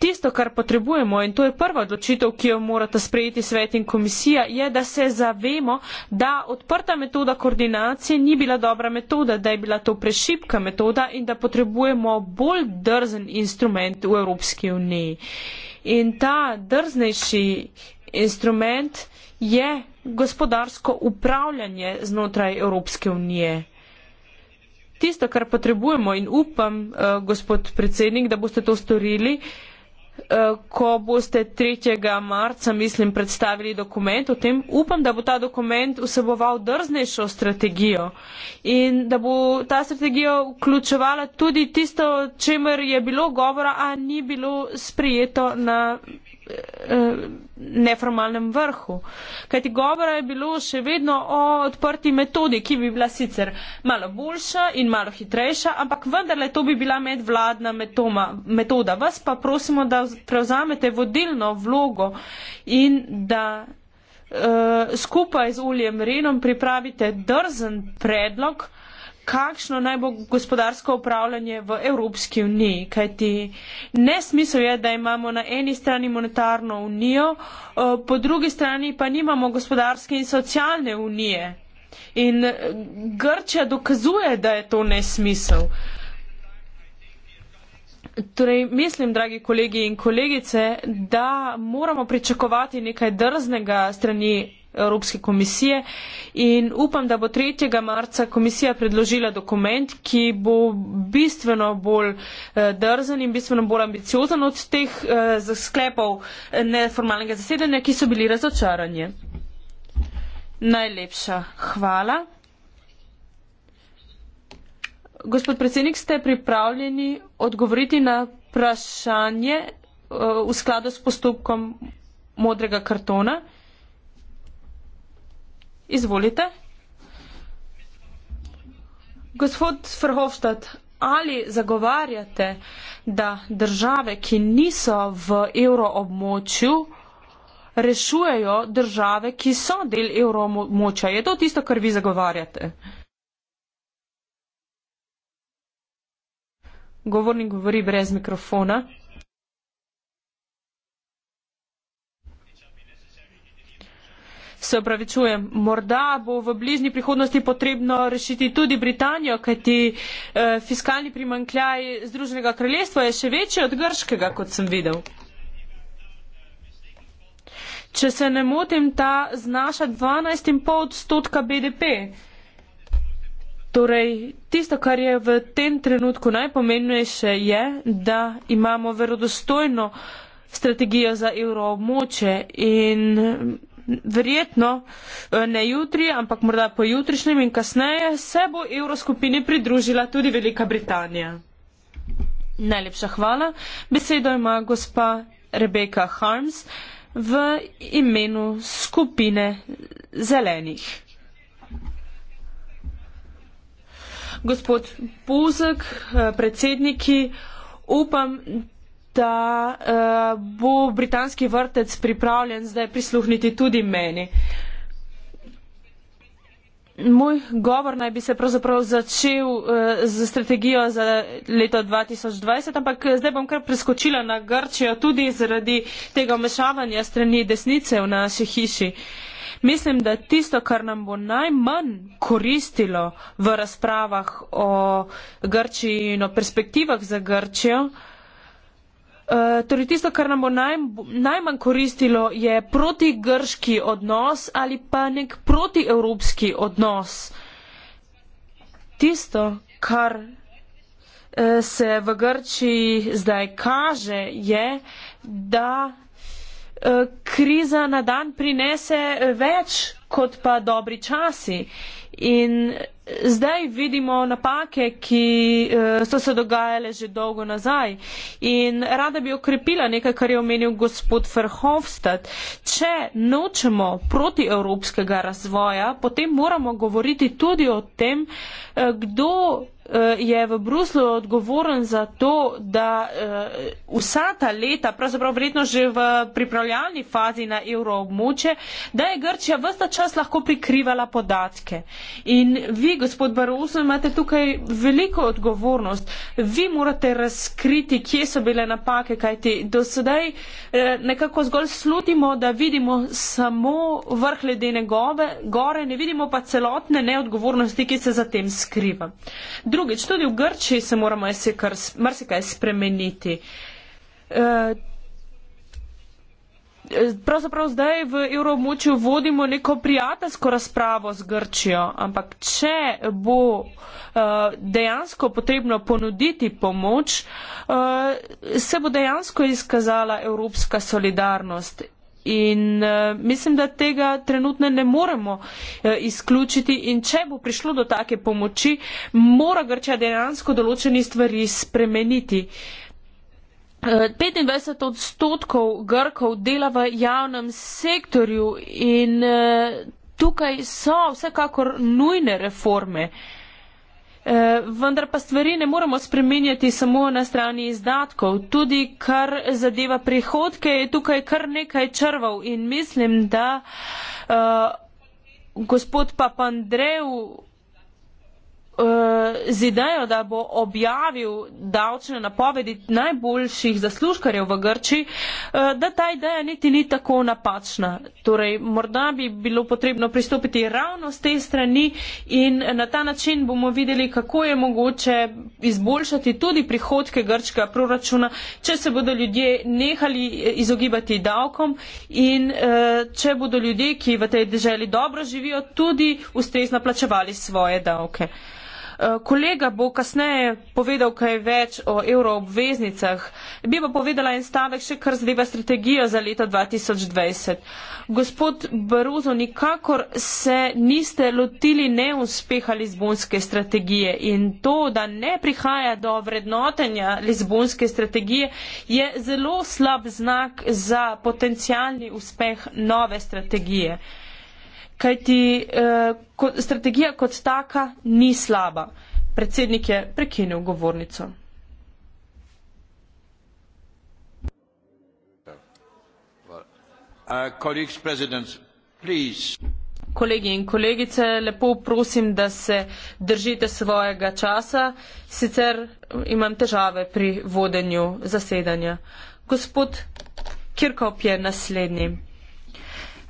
Tisto, kar potrebujemo, in to je prva odločitev, ki jo morata sprejeti svet in komisija, je, da se zavemo, da odprta metoda koordinacije ni bila dobra metoda, da je bila to prešipka metoda in da potrebujemo bolj drzen instrument v Evropski uniji. In ta drznejši instrument je gospodarsko upravljanje znotraj Evropske unije. Tisto, kar potrebujemo in upam, eh, gospod predsednik, da boste to storili, Eh, ko boste 3. marca, mislim, predstavili dokument o tem, upam, da bo ta dokument vseboval drznejšo strategijo in da bo ta strategija vključevala tudi tisto, čemer je bilo govora, a ni bilo sprijeto na Eh, neformalnem vrhu. Kajti govora je bilo še vedno o odprti metodi, ki bi bila sicer malo boljša in malo hitrejša, ampak vendarle to bi bila medvladna metoma, metoda. Vas pa prosimo, da prevzamete vodilno vlogo in da uh, skupaj z Uljem Renom pripravite drzen predlog, uh, kakšno naj bo gospodarsko upravljanje v Evropski uniji, kajti nesmisel je, da imamo na eni strani monetarno unijo, eh, po drugi strani pa nimamo gospodarske in socialne unije. In eh, Grčija dokazuje, da je to nesmisel. Torej, mislim, dragi kolegi in kolegice, da moramo pričakovati nekaj drznega strani Evropske komisije in upam, da bo 3. marca komisija predložila dokument, ki bo bistveno bolj eh, drzen in bistveno bolj ambiciozen od teh eh, sklepov eh, neformalnega zasedanja, ki so bili razočaranje. Najlepša hvala. Gospod predsednik, ste pripravljeni odgovoriti na vprašanje v skladu s postopkom modrega kartona? Izvolite. Gospod Frhofstad, ali zagovarjate, da države, ki niso v euroobmočju, rešujejo države, ki so del euroobmočja? Je to tisto, kar vi zagovarjate? Govornik govori brez mikrofona. Se upravičujem, morda bo v bližnji prihodnosti potrebno rešiti tudi Britanijo, kajti eh, fiskalni primankljaj Združenega kraljestva je še večji od grškega, kot sem videl. Če se ne motim, ta znaša 12,5 odstotka BDP. Torej, tisto, kar je v tem trenutku najpomembnejše, je, da imamo verodostojno strategijo za evroobmoče in verjetno eh, ne jutri, ampak morda pojutrišnjem in kasneje se bo evroskupini pridružila tudi Velika Britanija. Najlepša hvala. Besedo ima gospa Rebeka Harms v imenu skupine zelenih. Gospod Buzek, eh, predsedniki, upam, da uh, bo britanski vrtec pripravljen zdaj prisluhniti tudi meni. Moj govor naj bi se pravzaprav začel uh, eh, z strategijo za leto 2020, ampak zdaj bom kar preskočila na Grčijo tudi zaradi tega omešavanja strani desnice v naši hiši. Mislim, da tisto, kar nam bo najmanj koristilo v razpravah o Grčiji in o perspektivah za Grčijo, uh, Eh, torej tisto, kar nam bo naj, najmanj koristilo, je protigrški odnos ali pa nek protievropski odnos. Tisto, kar uh, se v Grčiji zdaj kaže, je, da uh, kriza na dan prinese več kot pa dobri časi. Uh, In zdaj vidimo napake, ki eh, so se dogajale že dolgo nazaj. In rada bi okrepila nekaj, kar je omenil gospod Verhofstadt. Če nočemo proti evropskega razvoja, potem moramo govoriti tudi o tem, eh, kdo Eh, je v Bruslu odgovoren za to, da eh, vsa ta leta, pravzaprav vredno že v pripravljalni fazi na evroobmoče, da je Grčija vsta čas lahko prikrivala podatke. In vi, gospod Barroso, imate tukaj veliko odgovornost. Vi morate razkriti, kje so bile napake, kajti do sedaj eh, nekako zgolj slutimo, da vidimo samo vrh ledene gore, ne vidimo pa celotne neodgovornosti, ki se za tem skriva. Drugi drugič, tudi v Grčiji se moramo marsikaj spremeniti. Eh, eh, pravzaprav zdaj v evroobmočju vodimo neko prijateljsko razpravo z Grčijo, ampak če bo eh, dejansko potrebno ponuditi pomoč, se bo dejansko izkazala evropska solidarnost In uh, mislim, da tega trenutno ne moremo uh, izključiti. In če bo prišlo do take pomoči, mora Grčija dejansko določeni stvari spremeniti. 25 eh, odstotkov Grkov dela v javnem sektorju in tukaj so vsekakor nujne reforme. Uh, Eh, vendar pa stvari ne moremo spremenjati samo na strani izdatkov. Tudi kar zadeva prihodke, je tukaj kar nekaj črvov in mislim, da uh, gospod Papandreu z idejo, da bo objavil davčne napovedi najboljših zaslužkarjev v Grčiji, eh, da ta ideja niti ni tako napačna. Torej, morda bi bilo potrebno pristopiti ravno z te strani in na ta način bomo videli, kako je mogoče izboljšati tudi prihodke grčkega proračuna, če se bodo ljudje nehali eh, izogibati davkom in eh, če bodo ljudje, ki v tej državi dobro živijo, tudi ustrezno plačevali svoje davke. Okay. Eh, kolega bo kasneje povedal kaj več o euroobveznicah. Bi pa povedala en stavek še kar zadeva strategijo za leto 2020. Gospod Baruzo, nikakor se niste lotili neuspeha Lizbonske strategije in to, da ne prihaja do vrednotenja Lizbonske strategije, je zelo slab znak za potencijalni uspeh nove strategije. Kajti eh, kot, strategija kot taka ni slaba. Predsednik je prekinil govornico. Uh, Kolegi in kolegice, lepo prosim, da se držite svojega časa, sicer eh, imam težave pri vodenju zasedanja. Gospod Kirkop je naslednji.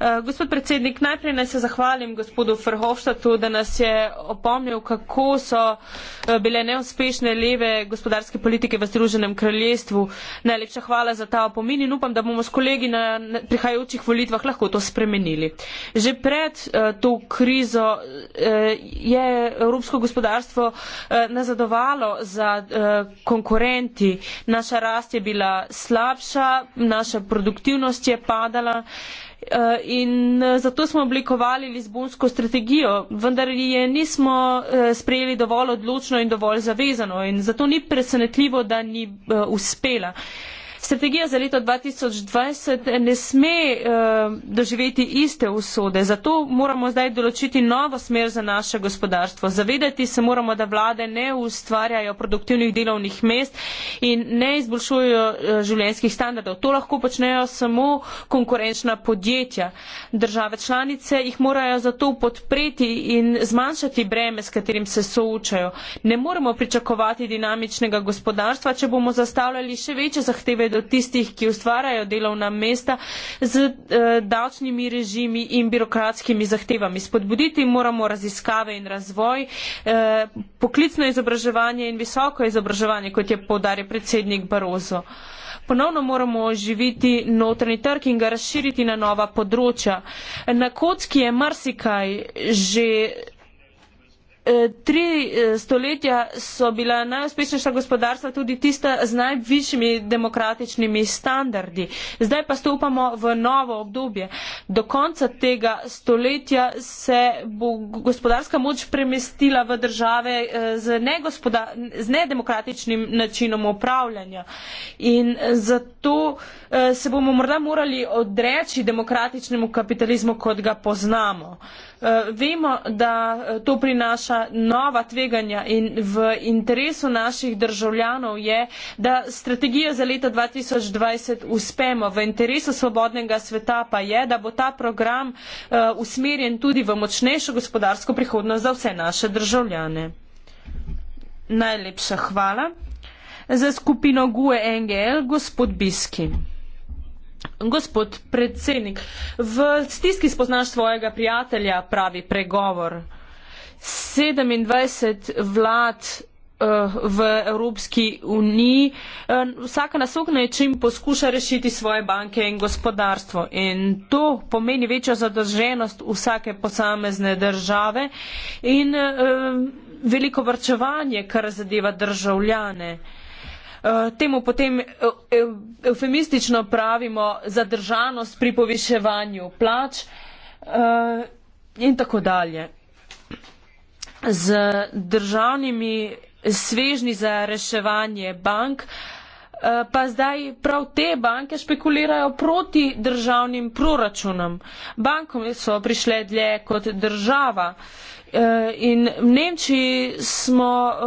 Eh, gospod predsednik, najprej naj se zahvalim gospodu Frhovštatu, da nas je opomnil, kako so eh, bile neuspešne leve gospodarske politike v Združenem kraljestvu. Najlepša hvala za ta opomin in upam, da bomo s kolegi na prihajajočih volitvah lahko to spremenili. Že pred eh, to krizo je evropsko gospodarstvo nazadovalo za konkurenti. Naša rast je bila slabša, naša produktivnost je padala. Eh, in eh, zato smo oblikovali Lizbonsko strategijo, vendar je nismo eh, sprejeli dovolj odločno in dovolj zavezano. In zato ni presenetljivo, da ni uspela. Strategija za leto 2020 ne sme uh, doživeti iste usode, zato moramo zdaj določiti novo smer za naše gospodarstvo. Zavedati se moramo, da vlade ne ustvarjajo produktivnih delovnih mest in ne izboljšujejo uh, življenjskih standardov. To lahko počnejo samo konkurenčna podjetja. Države članice jih morajo zato podpreti in zmanjšati breme, s katerim se soočajo. Ne moremo pričakovati dinamičnega gospodarstva, če bomo zastavljali še večje zahteve do tistih, ki ustvarjajo delovna mesta z eh, davčnimi režimi in birokratskimi zahtevami. Spodbuditi moramo raziskave in razvoj, eh, poklicno izobraževanje in visoko izobraževanje, kot je podaril predsednik Barozo. Ponovno moramo oživiti notrni trg in ga razširiti na nova področja. Na kocki je marsikaj že Eh, tri eh, stoletja so bila najuspešnejša gospodarstva tudi tista z najvišjimi demokratičnimi standardi. Zdaj pa stopamo v novo obdobje. Do konca tega stoletja se bo gospodarska moč premestila v države eh, z, z nedemokratičnim načinom upravljanja. In zato Eh, se bomo morda morali odreči demokratičnemu kapitalizmu, kot ga poznamo. Eh, vemo, da eh, to prinaša nova tveganja in v interesu naših državljanov je, da strategijo za leto 2020 uspemo. V interesu svobodnega sveta pa je, da bo ta program usmerjen tudi v močnejšo gospodarsko prihodnost za vse naše državljane. Najlepša hvala. Za skupino GUE NGL gospod Biskin. Gospod predsednik, v stiski spoznaš svojega prijatelja, pravi pregovor. 27 vlad eh, v Evropski uniji. Eh, vsaka na svog način poskuša rešiti svoje banke in gospodarstvo. In to pomeni večjo zadrženost vsake posamezne države in eh, veliko vrčevanje, kar zadeva državljane. Eh, temu potem eufemistično eh, eh, pravimo zadržanost pri poviševanju plač in tako dalje. Z državnimi svežni za reševanje bank, pa zdaj prav te banke špekulirajo proti državnim proračunom. Bankom so prišle dlje kot država. Uh, Eh, in v Nemčiji smo eh,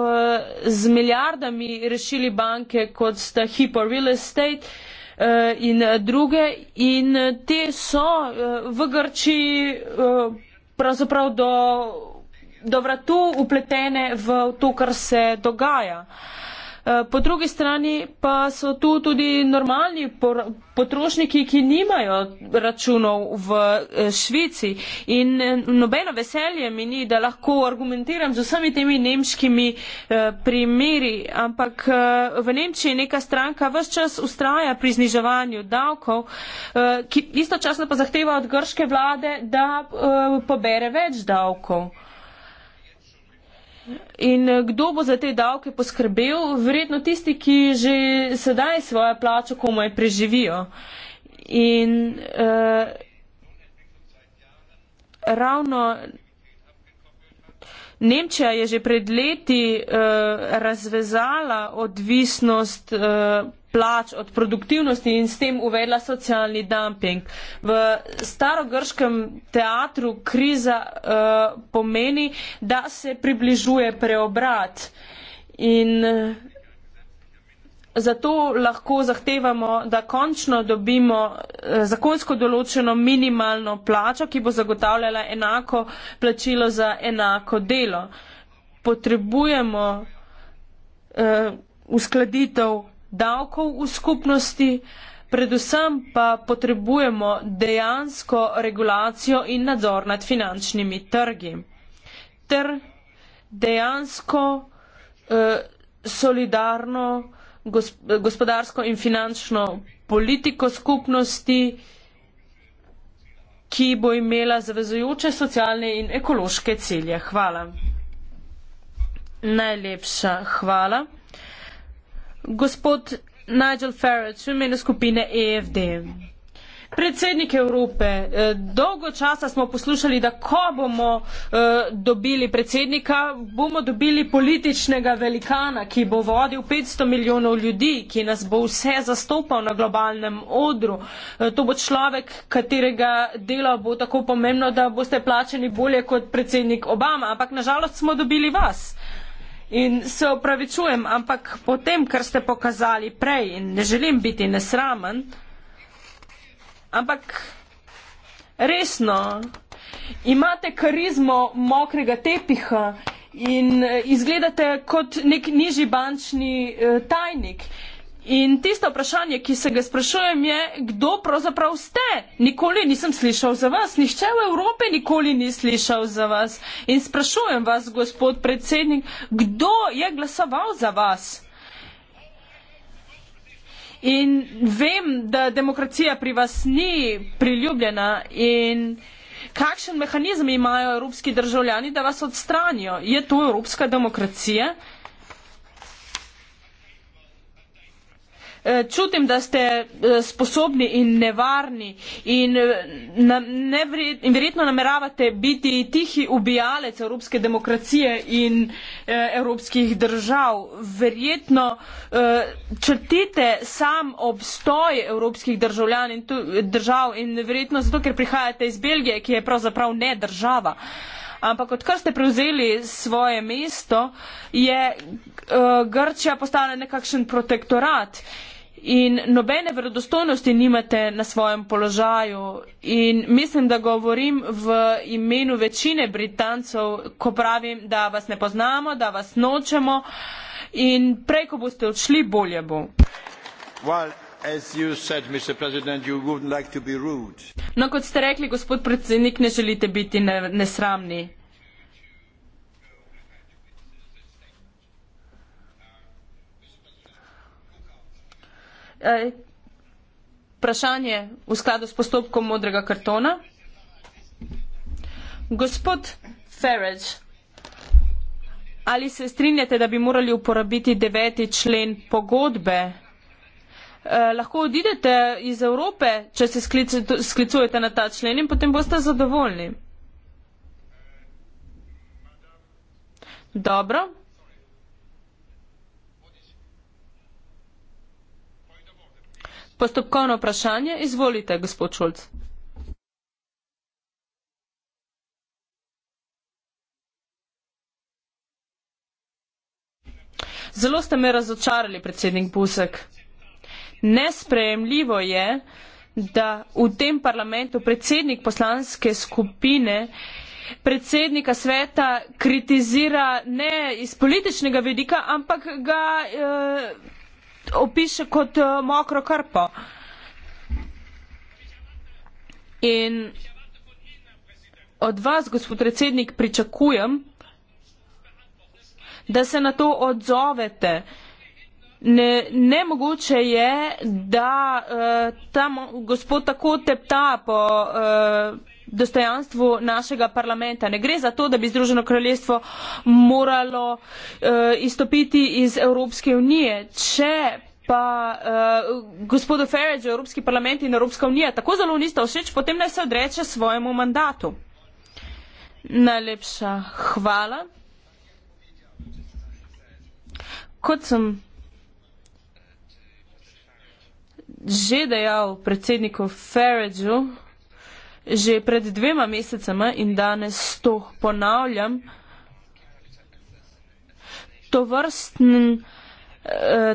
z milijardami rešili banke, kot sta Hippo Real Estate eh, in druge, in te so v Grčiji pravzaprav do, do vratu upletene v to, kar se dogaja. Eh, po drugi strani pa so tu tudi normalni potrošniki, ki nimajo računov v eh, Švici. In eh, nobeno veselje mi ni, da lahko argumentiram z vsemi temi nemškimi primeri, ampak v Nemčiji neka stranka vse čas ustraja pri zniževanju davkov, ki istočasno pa zahteva od grške vlade, da pobere več davkov. In eh, kdo bo za te davke poskrbel? Verjetno tisti, ki že sedaj svojo plačo komaj preživijo. In uh, ravno Nemčija je že pred leti uh, razvezala odvisnost. Uh, plač, od produktivnosti in s tem uvedla socialni dumping. V starogrškem teatru kriza uh, pomeni, da se približuje preobrat in eh, Zato lahko zahtevamo, da končno dobimo eh, zakonsko določeno minimalno plačo, ki bo zagotavljala enako plačilo za enako delo. Potrebujemo uh, uskladitev davkov v skupnosti, predvsem pa potrebujemo dejansko regulacijo in nadzor nad finančnimi trgi ter dejansko eh, solidarno gospodarsko in finančno politiko skupnosti, ki bo imela zavezujoče socialne in ekološke cilje. Hvala. Najlepša hvala gospod Nigel Farage v imenu skupine EFD. Predsednik Evrope, eh, dolgo časa smo poslušali, da ko bomo eh, dobili predsednika, bomo dobili političnega velikana, ki bo vodil 500 milijonov ljudi, ki nas bo vse zastopal na globalnem odru. Eh, to bo človek, katerega dela bo tako pomembno, da boste plačeni bolje kot predsednik Obama, ampak nažalost smo dobili vas. In se opravičujem, ampak po tem, kar ste pokazali prej, in ne želim biti nesramen, ampak resno, imate karizmo mokrega tepiha in eh, izgledate kot nek nižji bančni eh, tajnik. In tisto vprašanje, ki se ga sprašujem, je, kdo pravzaprav ste? Nikoli nisem slišal za vas, nihče v Evropi nikoli ni slišal za vas. In sprašujem vas, gospod predsednik, kdo je glasoval za vas? In vem, da demokracija pri vas ni priljubljena in kakšen mehanizem imajo evropski državljani, da vas odstranijo? Je to evropska demokracija? Eh, čutim, da ste eh, sposobni in nevarni in, eh, na, nevred, in verjetno nameravate biti tihi ubijalec evropske demokracije in evropskih držav. Verjetno črtite sam obstoj evropskih državljan in tu, držav in verjetno zato, ker prihajate iz Belgije, ki je pravzaprav ne država. Ampak odkar ste prevzeli svoje mesto, je uh, Grčija postala nekakšen protektorat in nobene verodostojnosti nimate na svojem položaju. In mislim, da govorim v imenu večine Britancev, ko pravim, da vas ne poznamo, da vas nočemo in prej, ko boste odšli, bolje bo. Well. Said, like no, kot ste rekli, gospod predsednik, ne želite biti nesramni. Ne Eh, vprašanje v skladu s postopkom modrega kartona. Gospod Farage, ali se strinjate, da bi morali uporabiti deveti člen pogodbe? Eh, lahko odidete iz Evrope, če se sklic, sklicujete na ta člen in potem boste zadovoljni. Dobro. postopkovno vprašanje izvolite gospod Šulc. Zelo ste me razočarali, predsednik Busek. Nesprejemljivo je, da v tem parlamentu predsednik poslanske skupine predsednika sveta kritizira ne iz političnega vidika, ampak ga. Eh, opiše kot eh, mokro krpo. In od vas, gospod predsednik, pričakujem, da se na to odzovete. Ne, nemogoče je, da uh, ta gospod tako tepta po. Uh, dostojanstvu našega parlamenta. Ne gre za to, da bi Združeno kraljestvo moralo uh, izstopiti iz Evropske unije. Če pa uh, gospodu Farage, Evropski parlament in Evropska unija tako zelo nista všeč, potem naj se odreče svojemu mandatu. Najlepša hvala. Kot sem že dejal predsedniku Farageu, že pred dvema mesecema in danes to ponavljam, to eh, vrstni,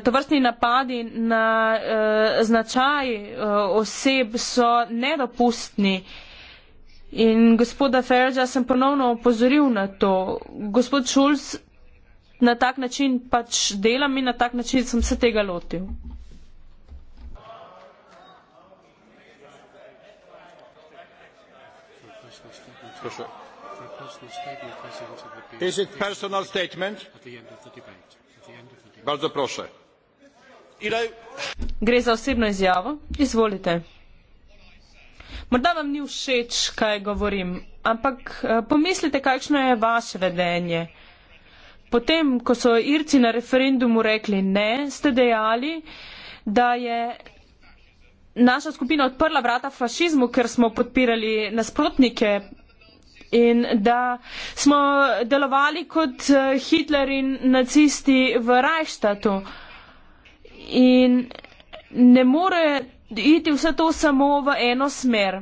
to vrstni napadi na eh, značaj eh, oseb so nedopustni. In gospoda Ferdža sem ponovno opozoril na to. Gospod Šulc, na tak način pač delam in na tak način sem se tega lotil. proszę. Is it personal statement? Bardzo proszę. Gre za osebno izjavo? Izvolite. Morda vam ni všeč, kaj govorim, ampak eh, pomislite, kakšno je vaše vedenje. Potem, ko so Irci na referendumu rekli ne, ste dejali, da je naša skupina odprla vrata fašizmu, ker smo podpirali nasprotnike in da smo delovali kot eh, Hitler in nacisti v Rajštatu. In ne more iti vse to samo v eno smer.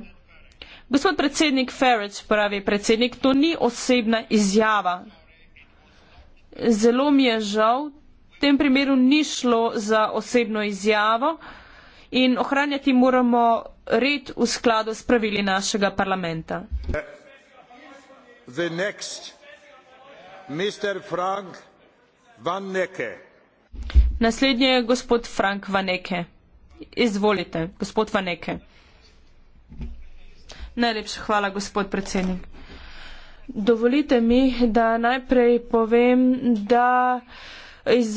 Gospod predsednik Farage pravi, predsednik, to ni osebna izjava. Zelo mi je žal, v tem primeru ni šlo za osebno izjavo in ohranjati moramo red v skladu s pravili našega parlamenta. Eh, the next mr frank van necke naslednji je gospod frank van necke izvolite gospod van necke najlepša hvala gospod predsednik dovolite mi da najprej povem da iz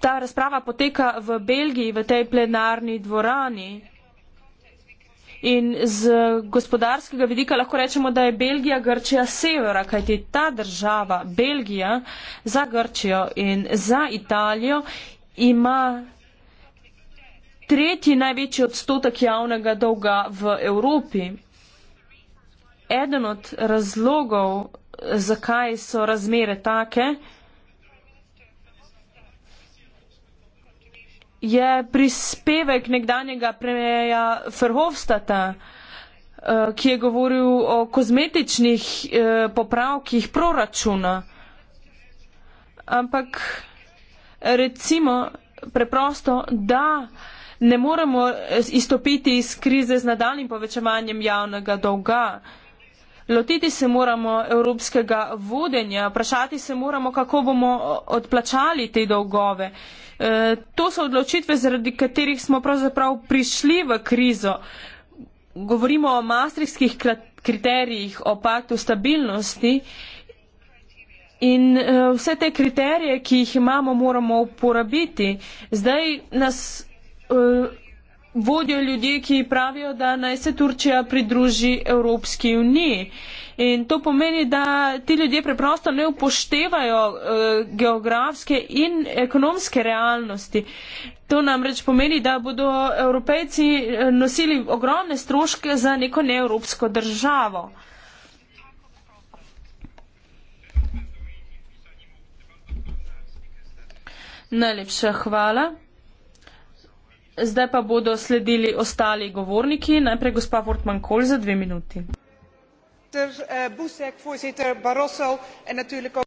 ta razprava poteka v belgiji v tej plenarni dvorani In z gospodarskega vidika lahko rečemo, da je Belgija Grčija severa, kajti ta država Belgija za Grčijo in za Italijo ima tretji največji odstotek javnega dolga v Evropi. Eden od razlogov, zakaj so razmere take, je prispevek nekdanjega premjera Ferhovstata, eh, ki je govoril o kozmetičnih eh, popravkih proračuna. Ampak recimo preprosto, da ne moremo eh, izstopiti iz krize z nadaljnim povečevanjem javnega dolga. Lotiti se moramo evropskega vodenja, vprašati se moramo, kako bomo odplačali te dolgove. Uh, Eh, to so odločitve, zaradi katerih smo pravzaprav prišli v krizo. Govorimo o mastrihskih kriterijih, o paktu stabilnosti in eh, vse te kriterije, ki jih imamo, moramo uporabiti. Zdaj nas eh, vodijo ljudje, ki pravijo, da naj se Turčija pridruži Evropski uniji. In to pomeni, da ti ljudje preprosto ne upoštevajo uh, geografske in ekonomske realnosti. To namreč pomeni, da bodo evropejci eh, nosili ogromne stroške za neko neevropsko državo. Najlepša hvala. Zdaj pa bodo sledili ostali govorniki. Najprej gospa Fortman Kol za dve minuti voorzitter eh, buzek voorzitter barroso en natuurlijk ook.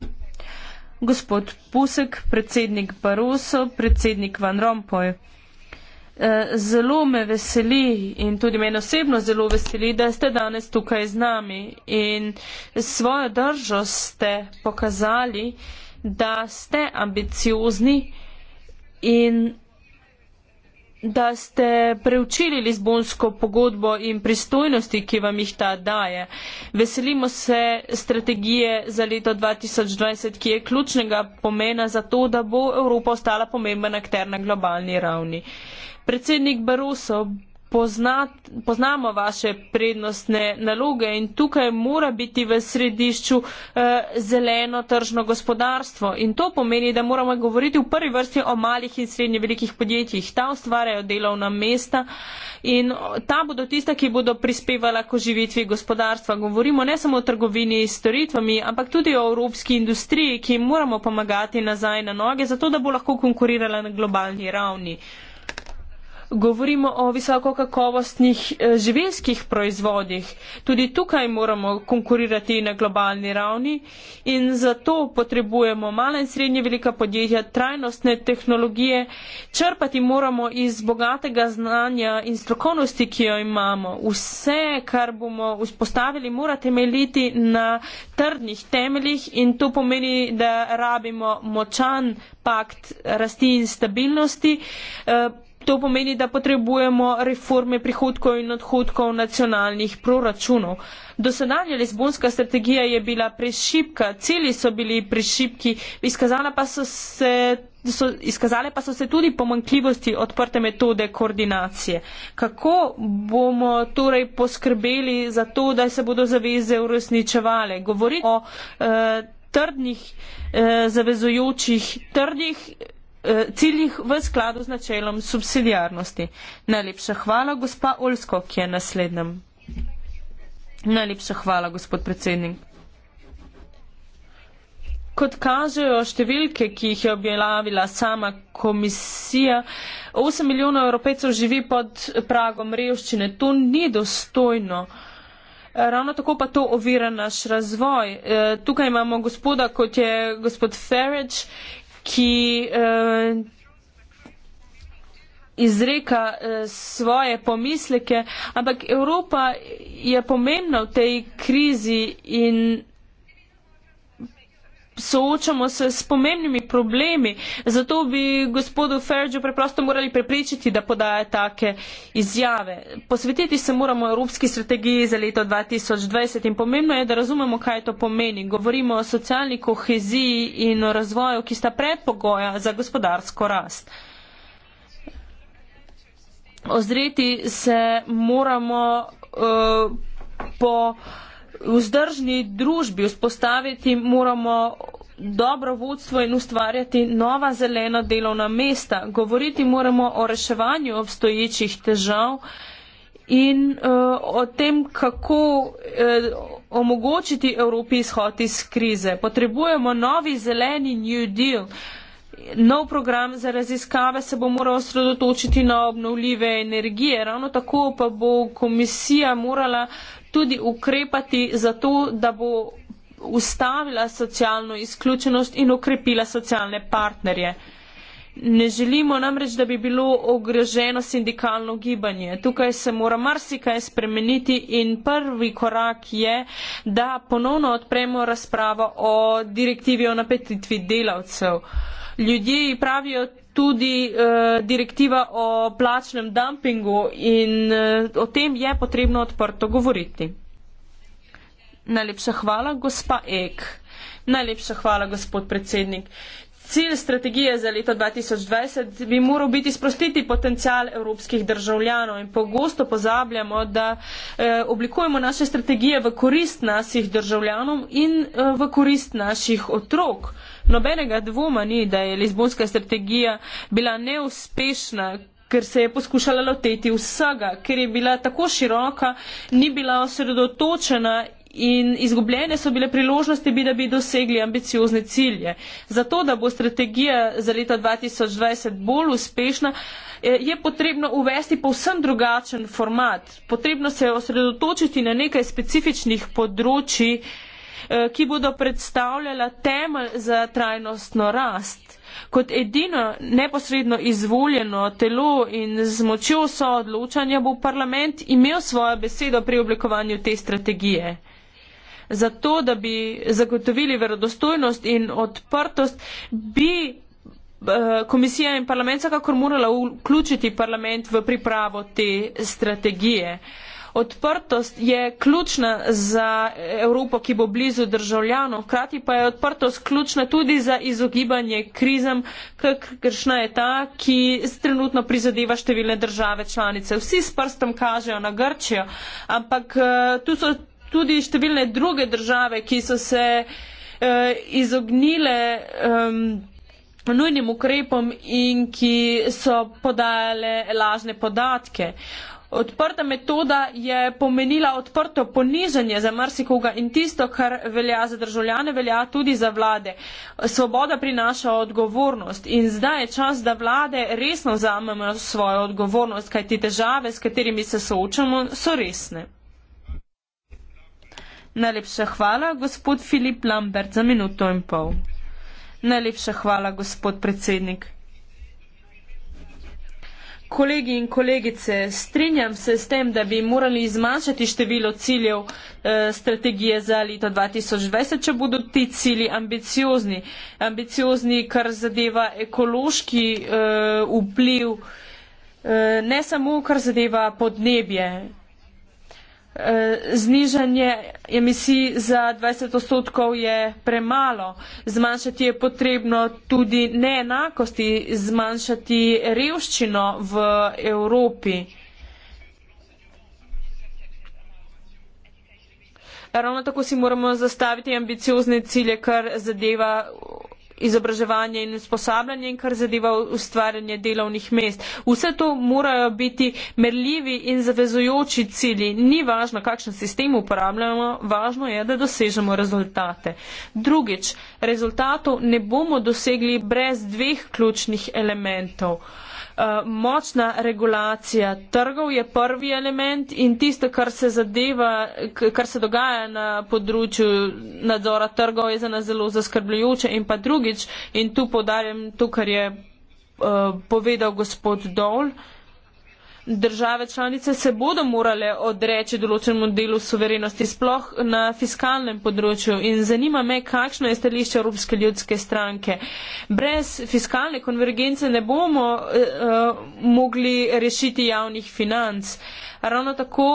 gospod buzek predsednik barroso predsednik van rompuy eh, zelo me veseli in tudi mene osebno zelo veseli da ste danes tukaj z nami in svojo držo ste pokazali da ste ambiciozni in da ste preučili Lizbonsko pogodbo in pristojnosti, ki vam jih ta daje. Veselimo se strategije za leto 2020, ki je ključnega pomena za to, da bo Evropa ostala pomembna akter na globalni ravni. Predsednik Baroso, poznat, poznamo vaše prednostne naloge in tukaj mora biti v središču eh, zeleno tržno gospodarstvo. In to pomeni, da moramo govoriti v prvi vrsti o malih in srednje velikih podjetjih. Ta ustvarjajo delovna mesta in ta bodo tista, ki bodo prispevala k oživitvi gospodarstva. Govorimo ne samo o trgovini s storitvami, ampak tudi o evropski industriji, ki moramo pomagati nazaj na noge, zato da bo lahko konkurirala na globalni ravni govorimo o visokokakovostnih eh, živelskih proizvodih. Tudi tukaj moramo konkurirati na globalni ravni in zato potrebujemo mala in srednje velika podjetja, trajnostne tehnologije, črpati moramo iz bogatega znanja in strokovnosti, ki jo imamo. Vse, kar bomo vzpostavili, mora temeljiti na trdnih temeljih in to pomeni, da rabimo močan pakt rasti in stabilnosti. Eh, To pomeni, da potrebujemo reforme prihodkov in odhodkov nacionalnih proračunov. Dosedanja Lizbonska strategija je bila prešipka, cilji so bili prešipki, izkazala pa so se. So, izkazale pa so se tudi pomankljivosti odprte metode koordinacije. Kako bomo torej poskrbeli za to, da se bodo zaveze uresničevale? Govorimo o eh, trdnih, eh, zavezujočih, trdnih Eh, ciljih v skladu z načelom subsidijarnosti. Najlepša hvala, gospa Olsko, ki je naslednjem. Najlepša hvala, gospod predsednik. Kot kažejo številke, ki jih je objelavila sama komisija, 8 milijonov evropejcev živi pod pragom revščine. To ni dostojno. Ravno tako pa to ovira naš razvoj. Eh, tukaj imamo gospoda, kot je gospod Ferrič, ki eh, izreka eh, svoje pomisleke, ampak Evropa je pomembna v tej krizi in soočamo se s pomembnimi problemi. Zato bi gospodu Ferđu preprosto morali prepričati, da podaje take izjave. Posvetiti se moramo evropski strategiji za leto 2020 in pomembno je, da razumemo, kaj to pomeni. Govorimo o socialni koheziji in o razvoju, ki sta predpogoja za gospodarsko rast. Ozreti se moramo uh, po vzdržni družbi vzpostaviti moramo dobro vodstvo in ustvarjati nova zelena delovna mesta. Govoriti moramo o reševanju obstoječih težav in uh, o tem, kako uh, omogočiti Evropi izhod iz krize. Potrebujemo novi zeleni New Deal. Nov program za raziskave se bo moral osredotočiti na obnovljive energije, ravno tako pa bo komisija morala tudi ukrepati za to, da bo ustavila socialno izključenost in ukrepila socialne partnerje. Ne želimo namreč, da bi bilo ogroženo sindikalno gibanje. Tukaj se mora marsikaj spremeniti in prvi korak je, da ponovno odpremo razpravo o direktivi o napetitvi delavcev. Uh, ljudje pravijo tudi eh, direktiva o plačnem dumpingu in eh, o tem je potrebno odprto govoriti. Najlepša hvala, gospa Ek. Najlepša hvala, gospod predsednik. Cilj strategije za leto 2020 bi moral biti sprostiti potencial evropskih državljanov in pogosto pozabljamo, da eh, oblikujemo naše strategije v korist naših državljanov in eh, v korist naših otrok. Eh, Nobenega dvoma ni, da je Lizbonska strategija bila neuspešna, ker se je poskušala loteti vsega, ker je bila tako široka, ni bila osredotočena. In izgubljene so bile priložnosti, bi, da bi dosegli ambiciozne cilje. Zato, da bo strategija za leto 2020 bolj uspešna, eh, je potrebno uvesti povsem drugačen format. Potrebno se je osredotočiti na nekaj specifičnih področji, Eh, ki bodo predstavljala temelj za trajnostno rast. Kot edino neposredno izvoljeno telo in z močjo soodločanja bo parlament imel svojo besedo pri oblikovanju te strategije. Zato, da bi zagotovili verodostojnost in odprtost, bi eh, komisija in parlament vsekakor morala vključiti parlament v pripravo te strategije. Uh, odprtost je ključna za Evropo, ki bo blizu državljanov, hkrati pa je odprtost ključna tudi za izogibanje krizam, kakršna je ta, ki trenutno prizadeva številne države članice. Vsi s prstom kažejo na Grčijo, ampak eh, tu so tudi številne druge države, ki so se eh, izognile. Um, nujnim ukrepom in ki so podajale lažne podatke. Uh, Odprta metoda je pomenila odprto ponižanje za marsikoga in tisto, kar velja za državljane, velja tudi za vlade. Svoboda prinaša odgovornost in zdaj je čas, da vlade resno vzamemo svojo odgovornost, kajti težave, s katerimi se soočamo, so resne. Najlepša hvala, gospod Filip Lambert, za minuto in pol. Najlepša hvala, gospod predsednik kolegi in kolegice, strinjam se s tem, da bi morali zmanjšati število ciljev eh, strategije za leto 2020, če bodo ti cilji ambiciozni. Ambiciozni, kar zadeva ekološki eh, vpliv, eh, ne samo, kar zadeva podnebje. Eh, Eh, znižanje emisij za 20 odstotkov je premalo. Zmanjšati je potrebno tudi neenakosti, zmanjšati revščino v Evropi. Ravno tako si moramo zastaviti ambiciozne cilje, kar zadeva izobraževanje in usposabljanje in kar zadeva ustvarjanje delovnih mest. Vse to morajo biti merljivi in zavezujoči cilji. Ni važno, kakšen sistem uporabljamo, važno je, da dosežemo rezultate. Drugič, rezultatov ne bomo dosegli brez dveh ključnih elementov. Eh, močna regulacija trgov je prvi element in tisto, kar se zadeva, kar se dogaja na področju nadzora trgov, je za nas zelo zaskrbljujoče. In pa drugič, in tu podarjam to, kar je eh, povedal gospod Dol, Države članice se bodo morale odreči določenemu delu suverenosti sploh na fiskalnem področju in zanima me, kakšno je stališče Evropske ljudske stranke. Brez fiskalne konvergence ne bomo uh, mogli rešiti javnih financ. Ravno tako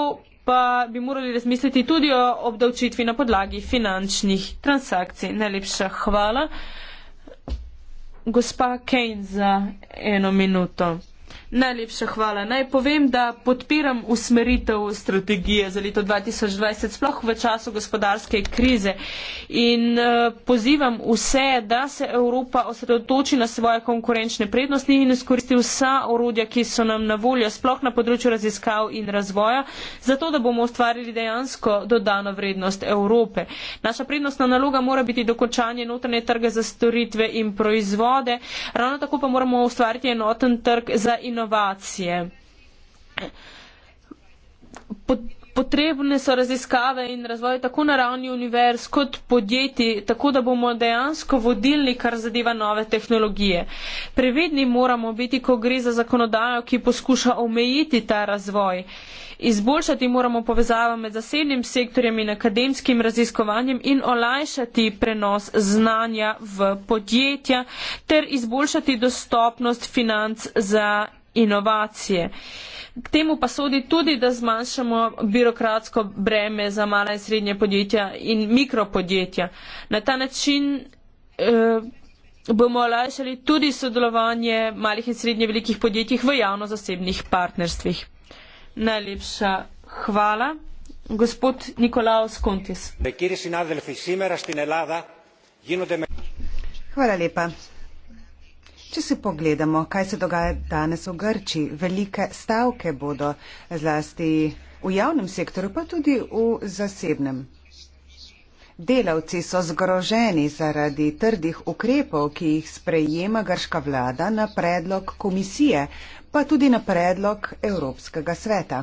pa bi morali razmisliti tudi o obdavčitvi na podlagi finančnih transakcij. Najlepša hvala. Gospa Kane za eno minuto. Najlepša hvala. Naj povem, da podpiram usmeritev strategije za leto 2020, sploh v času gospodarske krize. In uh, pozivam vse, da se Evropa osredotoči na svoje konkurenčne prednosti in izkoristi vsa orodja, ki so nam na voljo, sploh na področju raziskav in razvoja, zato da bomo ustvarili dejansko dodano vrednost Evrope. Naša prednostna naloga mora biti dokončanje notranje trge za storitve in proizvode, ravno tako pa moramo ustvariti enoten trg za inovacije inovacije. Potrebne so raziskave in razvoj tako na ravni univerz kot podjetij, tako da bomo dejansko vodilni, kar zadeva nove tehnologije. Previdni moramo biti, ko gre za zakonodajo, ki poskuša omejiti ta razvoj. Izboljšati moramo povezave med zasebnim sektorjem in akademskim raziskovanjem in olajšati prenos znanja v podjetja ter izboljšati dostopnost financ za inovacije. K temu pa sodi tudi, da zmanjšamo birokratsko breme za mala in srednje podjetja in mikropodjetja. Na ta način eh, bomo olajšali tudi sodelovanje malih in srednje velikih podjetjih v javno-zasebnih partnerstvih. Najlepša hvala. Gospod Nikolaus Kontis. Hvala lepa. Če si pogledamo, kaj se dogaja danes v Grči, velike stavke bodo zlasti v javnem sektoru, pa tudi v zasebnem. Delavci so zgroženi zaradi trdih ukrepov, ki jih sprejema grška vlada na predlog komisije, pa tudi na predlog Evropskega sveta.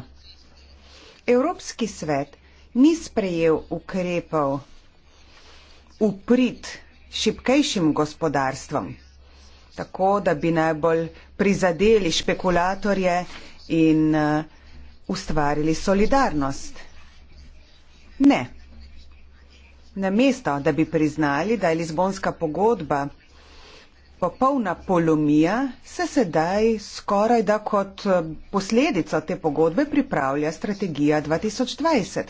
Evropski svet ni sprejel ukrepov uprit šipkejšim gospodarstvom tako, da bi najbolj prizadeli špekulatorje in eh, ustvarili solidarnost. Ne. Namesto, da bi priznali, da je Lizbonska pogodba popolna polomija, se sedaj skoraj da kot eh, posledico te pogodbe pripravlja strategija 2020.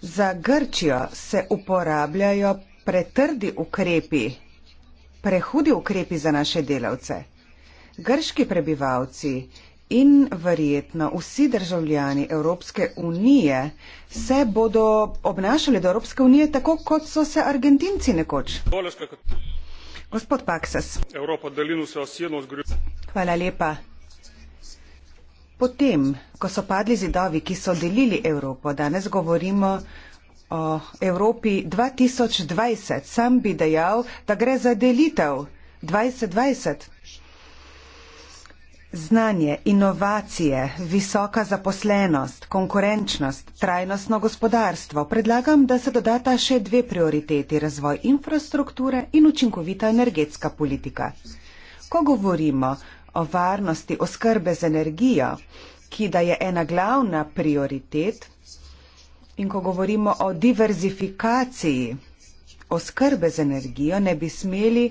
Za Grčijo se uporabljajo pretrdi ukrepi, prehudi ukrepi za naše delavce. Grški prebivalci in verjetno vsi državljani Evropske unije se bodo obnašali do Evropske unije tako, kot so se Argentinci nekoč. Gospod Paksas. Hvala lepa. Potem, ko so padli zidovi, ki so delili Evropo, danes govorimo o Evropi 2020. Sam bi dejal, da gre za delitev 2020. Znanje, inovacije, visoka zaposlenost, konkurenčnost, trajnostno gospodarstvo. Predlagam, da se dodata še dve prioriteti - razvoj infrastrukture in učinkovita energetska politika. Ko govorimo o varnosti oskrbe z energijo, ki da je ena glavna prioritet, In ko govorimo o diverzifikaciji oskrbe z energijo, ne bi smeli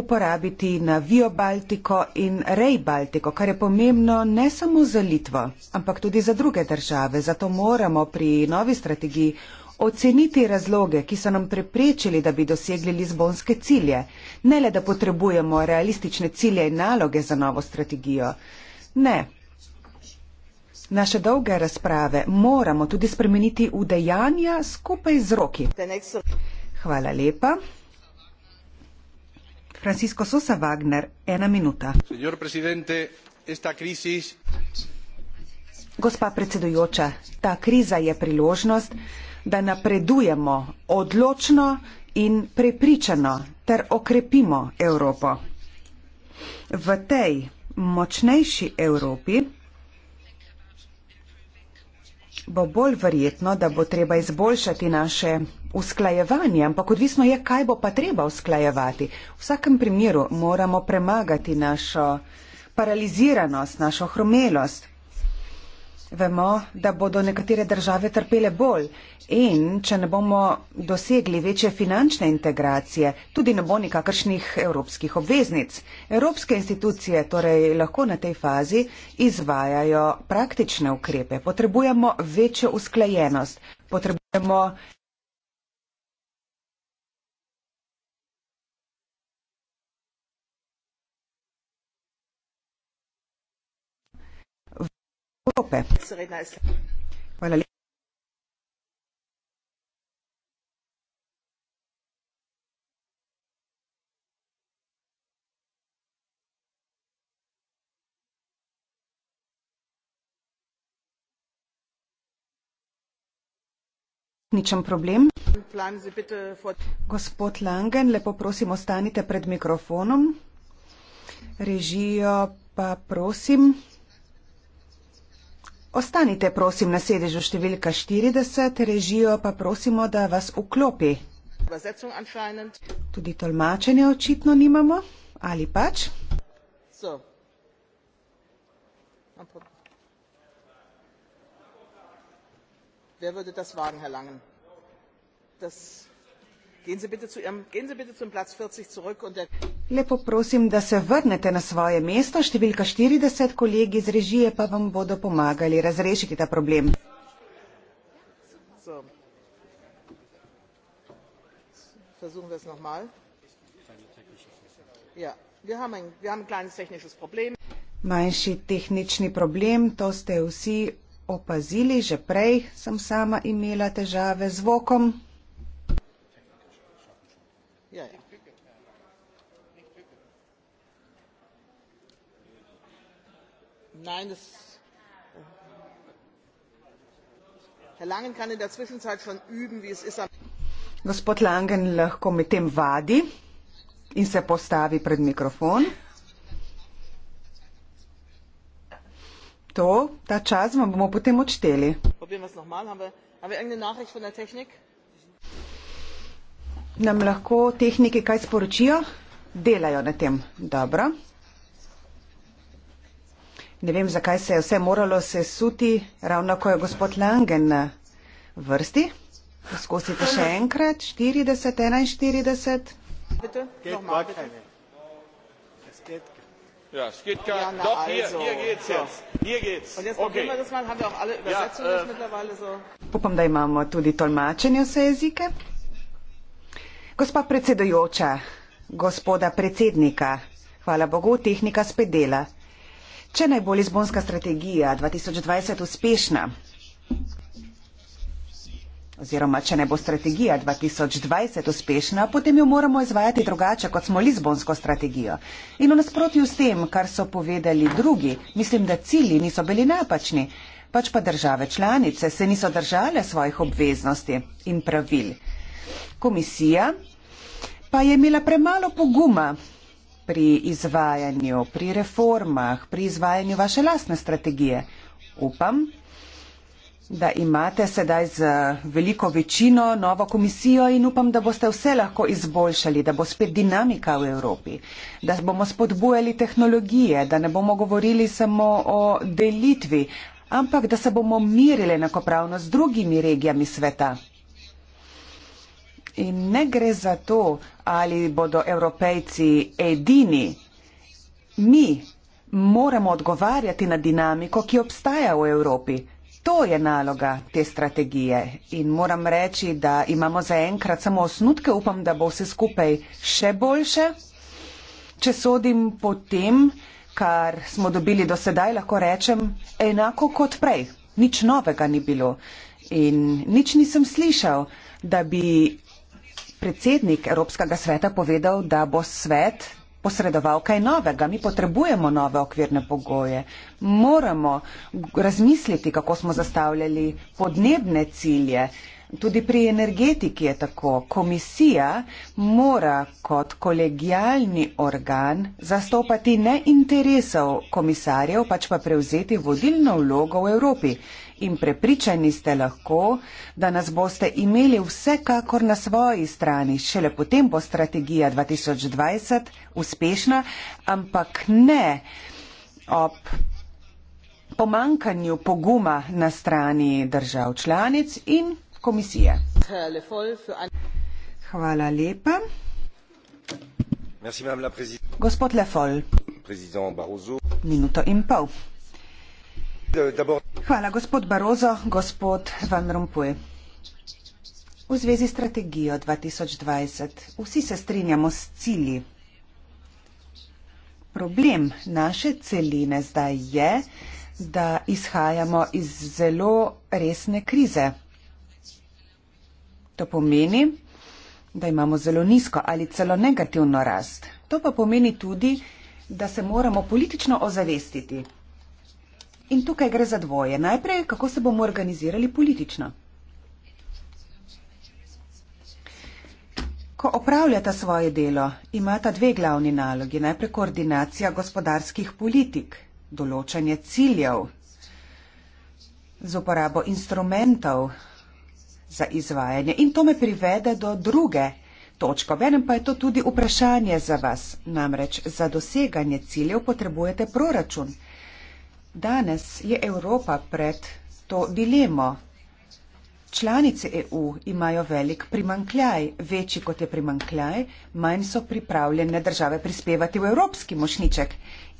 uporabiti na Viobaltiko in Rejbaltiko, kar je pomembno ne samo za Litvo, ampak tudi za druge države. Zato moramo pri novi strategiji oceniti razloge, ki so nam preprečili, da bi dosegli lizbonske cilje. Ne le, da potrebujemo realistične cilje in naloge za novo strategijo. Ne, naše dolge razprave moramo tudi spremeniti v dejanja skupaj z roki. Hvala lepa. Francisco Sosa Wagner, ena minuta. Gospa predsedujoča, ta kriza je priložnost, da napredujemo odločno in prepričano ter okrepimo Evropo. V tej močnejši Evropi bo bolj verjetno, da bo treba izboljšati naše usklajevanje, ampak odvisno je, kaj bo pa treba usklajevati. V vsakem primeru moramo premagati našo paraliziranost, našo hromelost. Vemo, da bodo nekatere države trpele bolj in če ne bomo dosegli večje finančne integracije, tudi ne bo nikakršnih evropskih obveznic. Evropske institucije torej lahko na tej fazi izvajajo praktične ukrepe. Potrebujemo večjo usklajenost. Potrebujemo Evrope. Hvala lepa. Ničem problem. Gospod Langen, lepo prosim, ostanite pred mikrofonom. Režijo pa prosim. Ostanite prosim na sedežu številka 40, režijo pa prosimo, da vas vklopi. Tudi tolmačenja očitno nimamo, ali pač? Das... Bitte zu ihrem... bitte zum Platz 40 der... Lepo prosim, da se vrnete na svoje mesto, številka 40, kolegi iz režije pa vam bodo pomagali razrešiti ta ja, problem. Manjši tehnični problem, to ste vsi opazili, že prej sem sama imela težave z zvokom. Ja, ja. Nein, das. Herr Langen kann in der Zwischenzeit schon üben, wie es ist. Gospod Langen lahko mit dem vadi in se postavi pred mikrofon. To, ta čas vam bomo potem odšteli. Nam lahko tehniki kaj sporočijo? Delajo na tem. Dobro. Ne vem, zakaj se je vse moralo sesuti, ravno ko je gospod Langen na vrsti. Poskusite še enkrat, 40, 41. Ja, es geht gar ja, Doch, hier, also. hier geht's jetzt. Hier geht's. Und jetzt okay. probieren wir das mal. Haben wir auch alle ja, Übersetzungen ja, äh. mittlerweile so? Upam, da imamo tudi tolmačenje vse jezike. Gospa predsedujoča, gospoda predsednika, hvala Bogu, tehnika spet dela. Če naj bo Lizbonska strategija 2020 uspešna, oziroma če naj bo strategija 2020 uspešna, potem jo moramo izvajati drugače, kot smo Lizbonsko strategijo. In v nasprotju s tem, kar so povedali drugi, mislim, da cilji niso bili napačni, pač pa države članice se niso držale svojih obveznosti in pravil. Komisija pa je imela premalo poguma pri izvajanju, pri reformah, pri izvajanju vaše lastne strategije. Upam, da imate sedaj z veliko večino novo komisijo in upam, da boste vse lahko izboljšali, da bo spet dinamika v Evropi, da bomo spodbujali tehnologije, da ne bomo govorili samo o delitvi, ampak da se bomo mirili enakopravno z drugimi regijami sveta. In ne gre za to, ali bodo evropejci edini. Mi moramo odgovarjati na dinamiko, ki obstaja v Evropi. To je naloga te strategije in moram reči, da imamo zaenkrat samo osnutke, upam, da bo vse skupaj še boljše. Če sodim po tem, kar smo dobili do sedaj, lahko rečem enako kot prej. Nič novega ni bilo in nič nisem slišal, da bi predsednik Evropskega sveta povedal, da bo svet posredoval kaj novega. Mi potrebujemo nove okvirne pogoje. Moramo razmisliti, kako smo zastavljali podnebne cilje. Tudi pri energetiki je tako. Komisija mora kot kolegijalni organ zastopati ne interesov komisarjev, pač pa prevzeti vodilno vlogo v Evropi in prepričani ste lahko, da nas boste imeli vsekakor na svoji strani. Šele potem bo strategija 2020 uspešna, ampak ne ob pomankanju poguma na strani držav članic in komisije. Hvala lepa. Merci, Gospod Lefol. Minuto in pol gospod barozo gospod van rompuy v zvezi s strategijo 2020 vsi se strinjamo s cilji problem naše celine zdaj je da izhajamo iz zelo resne krize to pomeni da imamo zelo nizko ali celo negativno rast to pa pomeni tudi da se moramo politično ozavestiti In tukaj gre za dvoje. Najprej, kako se bomo organizirali politično. Ko opravljata svoje delo, imata dve glavni nalogi. Najprej koordinacija gospodarskih politik, določanje ciljev z uporabo instrumentov za izvajanje. In to me privede do druge točke. Venem pa je to tudi vprašanje za vas. Namreč za doseganje ciljev potrebujete proračun. Danes je Evropa pred to dilemo. Članice EU imajo velik primankljaj, večji kot je primankljaj, manj so pripravljene države prispevati v evropski mošniček.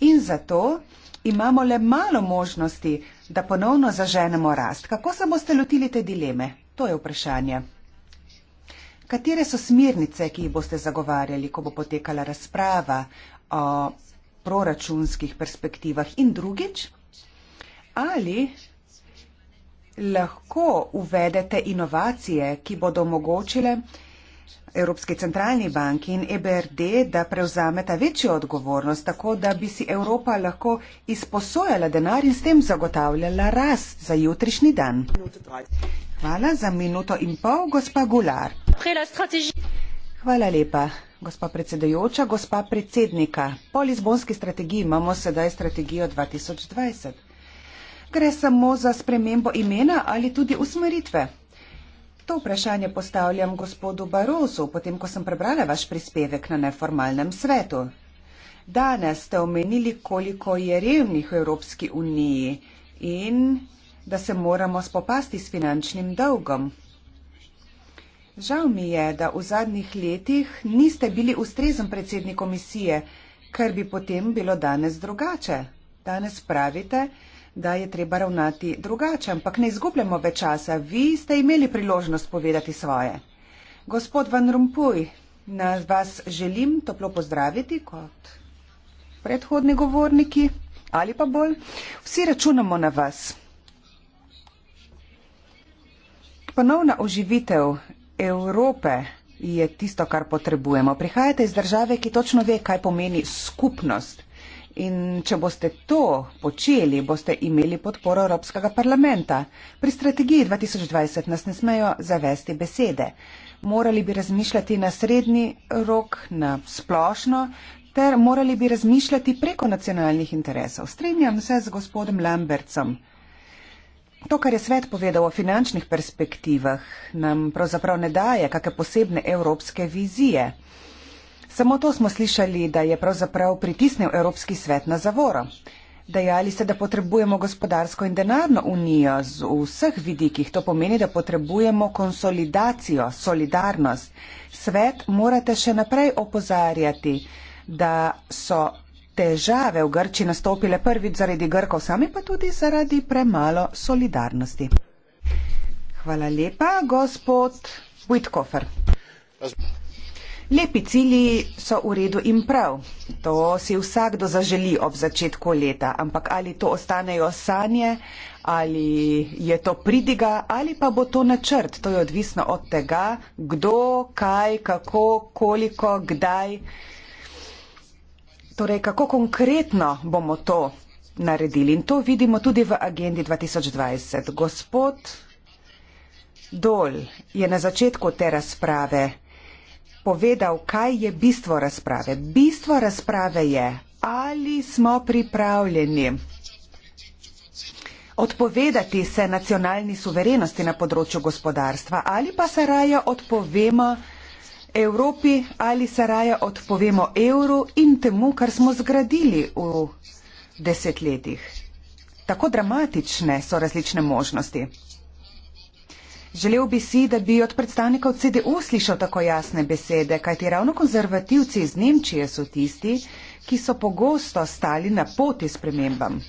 In zato imamo le malo možnosti, da ponovno zaženemo rast. Kako se boste lotili te dileme? To je vprašanje. Katere so smernice, ki jih boste zagovarjali, ko bo potekala razprava o proračunskih perspektivah in drugič? ali lahko uvedete inovacije, ki bodo omogočile Evropski centralni banki in EBRD, da prevzameta večjo odgovornost, tako da bi si Evropa lahko izposojala denar in s tem zagotavljala rast za jutrišnji dan. Hvala za minuto in pol, gospa Gular. Hvala lepa, gospa predsedujoča, gospa predsednika. Po Lizbonski strategiji imamo sedaj strategijo 2020. Gre samo za spremembo imena ali tudi usmeritve? To vprašanje postavljam gospodu Barozu, potem ko sem prebrala vaš prispevek na neformalnem svetu. Danes ste omenili, koliko je revnih v Evropski uniji in da se moramo spopasti s finančnim dolgom. Žal mi je, da v zadnjih letih niste bili ustrezen predsednik komisije, ker bi potem bilo danes drugače. Danes pravite, da je treba ravnati drugače, ampak ne izgubljamo več časa. Vi ste imeli priložnost povedati svoje. Gospod Van Rompuy, nas vas želim toplo pozdraviti kot predhodni govorniki ali pa bolj. Vsi računamo na vas. Ponovna oživitev Evrope je tisto, kar potrebujemo. Prihajate iz države, ki točno ve, kaj pomeni skupnost. In če boste to počeli, boste imeli podporo Evropskega parlamenta. Pri strategiji 2020 nas ne smejo zavesti besede. Morali bi razmišljati na srednji rok, na splošno, ter morali bi razmišljati preko nacionalnih interesov. Strenjam se z gospodom Lambertsom. To, kar je svet povedal o finančnih perspektivah, nam pravzaprav ne daje kakšne posebne evropske vizije. Samo to smo slišali, da je pravzaprav pritisnil Evropski svet na zavoro. Dejali ste, da potrebujemo gospodarsko in denarno unijo z vseh vidikih. To pomeni, da potrebujemo konsolidacijo, solidarnost. Svet morate še naprej opozarjati, da so težave v Grči nastopile prvič zaradi Grkov sami, pa tudi zaradi premalo solidarnosti. Hvala lepa, gospod Bujtkofer. Lepi cilji so v redu in prav. To si vsakdo zaželi ob začetku leta, ampak ali to ostanejo sanje, ali je to pridiga, ali pa bo to načrt. To je odvisno od tega, kdo, kaj, kako, koliko, kdaj. Torej, kako konkretno bomo to naredili. In to vidimo tudi v agendi 2020. Gospod Dol je na začetku te razprave povedal, kaj je bistvo razprave. Bistvo razprave je, ali smo pripravljeni odpovedati se nacionalni suverenosti na področju gospodarstva ali pa se raje odpovemo Evropi ali se raje odpovemo evru in temu, kar smo zgradili v desetletjih. Tako dramatične so različne možnosti. Želel bi si, da bi od predstavnikov CDU slišal tako jasne besede, kajti ravno konzervativci iz Nemčije so tisti, ki so pogosto stali na poti spremembam.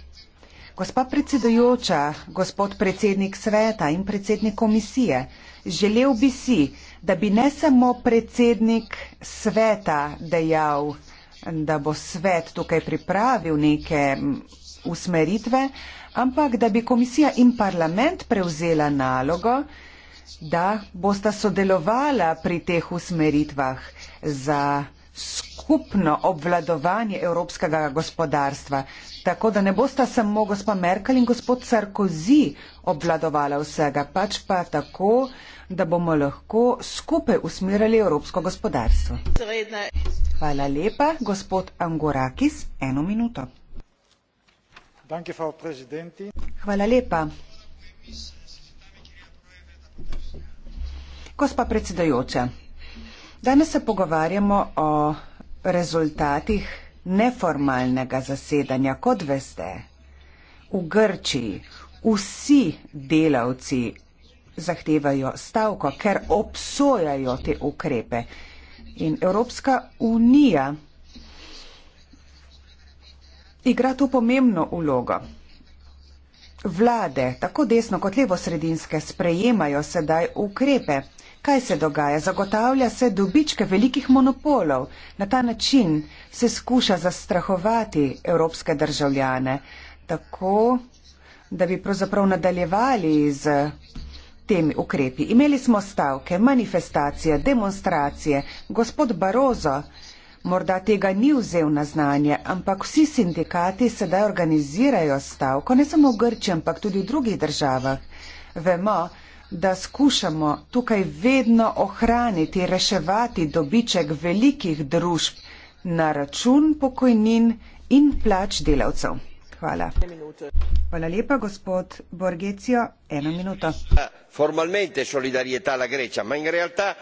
Gospa predsedujoča, gospod predsednik sveta in predsednik komisije, želel bi si, da bi ne samo predsednik sveta dejal, da bo svet tukaj pripravil neke usmeritve, ampak da bi komisija in parlament prevzela nalogo, da bosta sodelovala pri teh usmeritvah za skupno obvladovanje evropskega gospodarstva, tako da ne bosta samo gospa Merkel in gospod Sarkozy obvladovala vsega, pač pa tako, da bomo lahko skupaj usmerjali evropsko gospodarstvo. Hvala lepa, gospod Angorakis, eno minuto. Hvala lepa. Gospa predsedajoča, danes se pogovarjamo o rezultatih neformalnega zasedanja. Kot veste, v Grčiji vsi delavci zahtevajo stavko, ker obsojajo te ukrepe. In Evropska unija igra tu pomembno vlogo. Vlade, tako desno kot levo sredinske, sprejemajo sedaj ukrepe. Kaj se dogaja? Zagotavlja se dobičke velikih monopolov. Na ta način se skuša zastrahovati evropske državljane, tako da bi pravzaprav nadaljevali z temi ukrepi. Imeli smo stavke, manifestacije, demonstracije. Gospod Barozo morda tega ni vzel na znanje, ampak vsi sindikati sedaj organizirajo stavko, ne samo v Grčiji, ampak tudi v drugih državah. Vemo, da skušamo tukaj vedno ohraniti, reševati dobiček velikih družb na račun pokojnin in plač delavcev. Hvala. Hvala lepa, gospod Borgecio. Eno minuto. Formalmente solidarieta la Grecia, ma in realtà.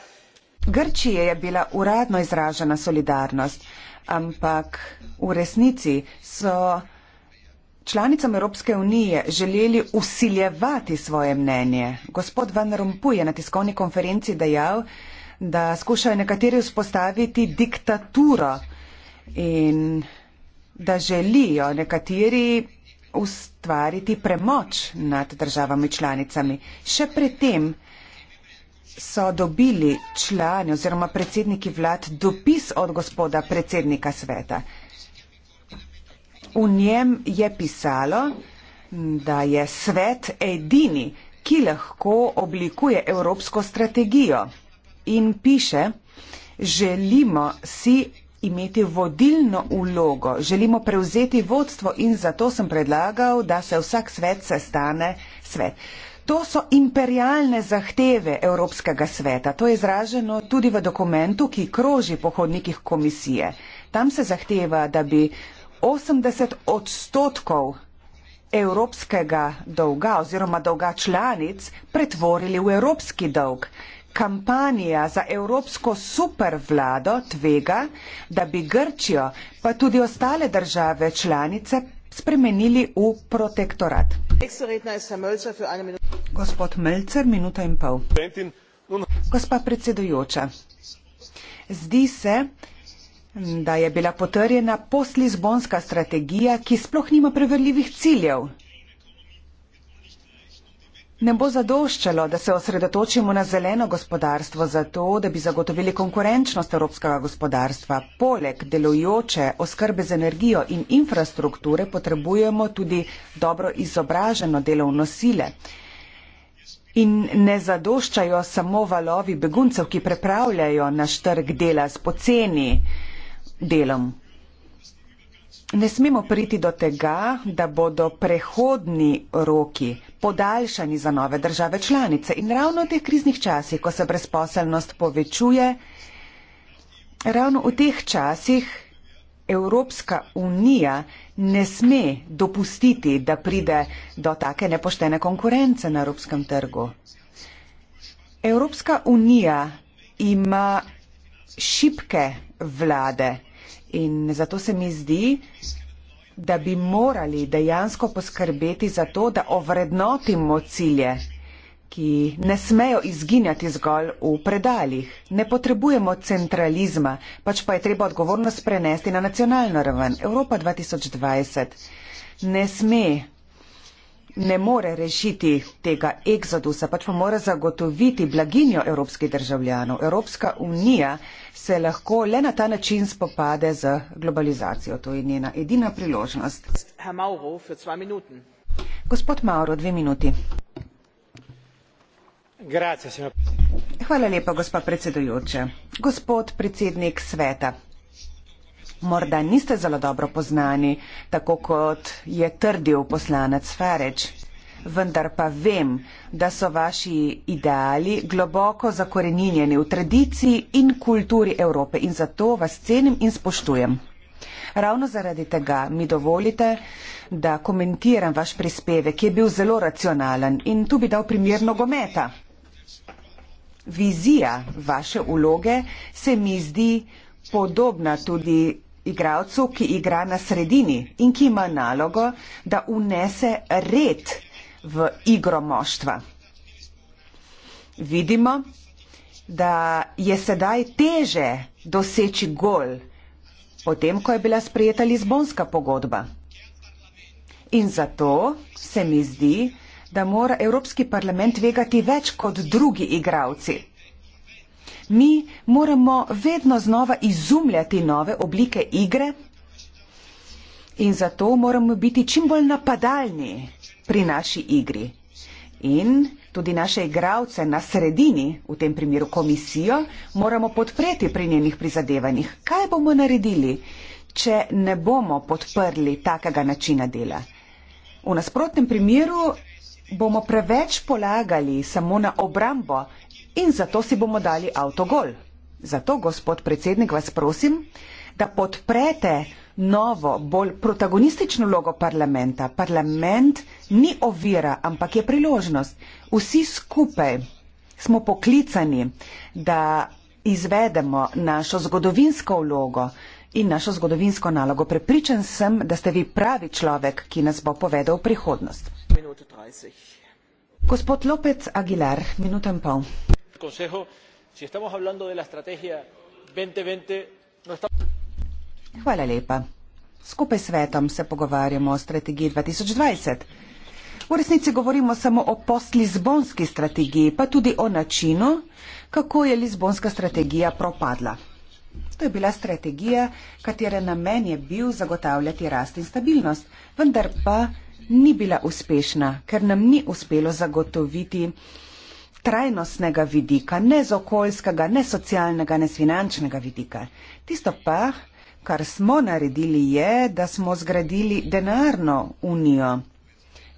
Grčije je bila uradno izražena solidarnost, ampak v resnici so članicam Evropske unije želeli usiljevati svoje mnenje. Gospod Van Rompuy je na tiskovni konferenci dejal, da skušajo nekateri vzpostaviti diktaturo in da želijo nekateri ustvariti premoč nad državami članicami. Še predtem so dobili člani oziroma predsedniki vlad dopis od gospoda predsednika sveta. V njem je pisalo, da je svet edini, ki lahko oblikuje evropsko strategijo. In piše, želimo si imeti vodilno ulogo, želimo prevzeti vodstvo in zato sem predlagal, da se vsak svet sestane svet. To so imperialne zahteve Evropskega sveta. To je izraženo tudi v dokumentu, ki kroži po hodnikih komisije. Tam se zahteva, da bi 80 odstotkov evropskega dolga oziroma dolga članic pretvorili v evropski dolg. Kampanja za evropsko supervlado tvega, da bi Grčijo pa tudi ostale države članice spremenili v protektorat. Gospod Melcer, minuta in pol. Gospa predsedujoča, zdi se, da je bila potrjena poslizbonska strategija, ki sploh nima preverljivih ciljev. Ne bo zadoščalo, da se osredotočimo na zeleno gospodarstvo zato, da bi zagotovili konkurenčnost evropskega gospodarstva. Poleg delujoče oskrbe z energijo in infrastrukture potrebujemo tudi dobro izobraženo delovno sile. In ne zadoščajo samo valovi beguncev, ki prepravljajo naš trg dela s poceni delom. Ne smemo priti do tega, da bodo prehodni roki podaljšani za nove države članice in ravno v teh kriznih časih, ko se brezposelnost povečuje, ravno v teh časih Evropska unija ne sme dopustiti, da pride do take nepoštene konkurence na evropskem trgu. Evropska unija ima šipke vlade In zato se mi zdi, da bi morali dejansko poskrbeti za to, da ovrednotimo cilje, ki ne smejo izginjati zgolj v predaljih. Ne potrebujemo centralizma, pač pa je treba odgovornost prenesti na nacionalno raven. Evropa 2020 ne sme ne more rešiti tega egzodusa, pač pa mora zagotoviti blaginjo evropskih državljanov. Evropska unija se lahko le na ta način spopade z globalizacijo. To je njena edina priložnost. Mauro, Gospod Mauro, dve minuti. Grazie, Hvala lepa, gospa predsedujoča. Gospod predsednik sveta morda niste zelo dobro poznani, tako kot je trdil poslanec Fereč. Vendar pa vem, da so vaši ideali globoko zakorenjeni v tradiciji in kulturi Evrope in zato vas cenim in spoštujem. Ravno zaradi tega mi dovolite, da komentiram vaš prispevek, ki je bil zelo racionalen in tu bi dal primer nogometa. Vizija vaše uloge se mi zdi podobna tudi igralcu, ki igra na sredini in ki ima nalogo, da unese red v igro moštva. Vidimo, da je sedaj teže doseči gol, potem, ko je bila sprejeta Lizbonska pogodba. In zato se mi zdi, da mora Evropski parlament vegati več kot drugi igralci mi moramo vedno znova izumljati nove oblike igre in zato moramo biti čim bolj napadalni pri naši igri. In tudi naše igralce na sredini, v tem primeru komisijo, moramo podpreti pri njenih prizadevanjih. Kaj bomo naredili, če ne bomo podprli takega načina dela? V nasprotnem primeru bomo preveč polagali samo na obrambo in zato si bomo dali avto gol. Zato, gospod predsednik, vas prosim, da podprete novo, bolj protagonistično logo parlamenta. Parlament ni ovira, ampak je priložnost. Vsi skupaj smo poklicani, da izvedemo našo zgodovinsko vlogo in našo zgodovinsko nalogo. Prepričan sem, da ste vi pravi človek, ki nas bo povedal v prihodnost. Gospod Lopec Aguilar, minuto in pol consejo si estamos hablando de la estrategia dos mil veinte no Skupaj s svetom se pogovarjamo o strategiji 2020. V resnici govorimo samo o post-Lizbonski strategiji, pa tudi o načinu, kako je Lizbonska strategija propadla. To je bila strategija, katere namen je bil zagotavljati rast in stabilnost, vendar pa ni bila uspešna, ker nam ni uspelo zagotoviti trajnostnega vidika, ne z okoljskega, ne socialnega, ne finančnega vidika. Tisto pa, kar smo naredili, je, da smo zgradili denarno unijo.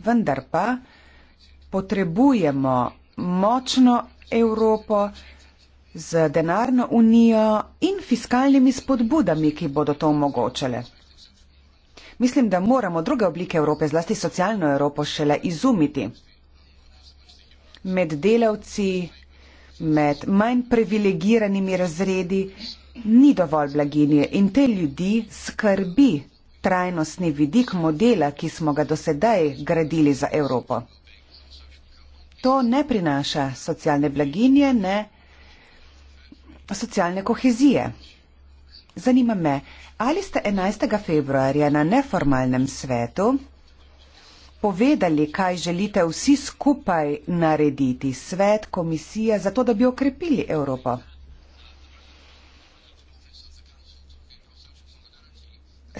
Vendar pa potrebujemo močno Evropo z denarno unijo in fiskalnimi spodbudami, ki bodo to omogočale. Mislim, da moramo druge oblike Evrope, zlasti socialno Evropo, šele izumiti med delavci, med manj privilegiranimi razredi ni dovolj blaginje in te ljudi skrbi trajnostni vidik modela, ki smo ga dosedaj gradili za Evropo. To ne prinaša socialne blaginje, ne socialne kohezije. Zanima me, ali ste 11. februarja na neformalnem svetu povedali, kaj želite vsi skupaj narediti, svet, komisija, zato da bi okrepili Evropo?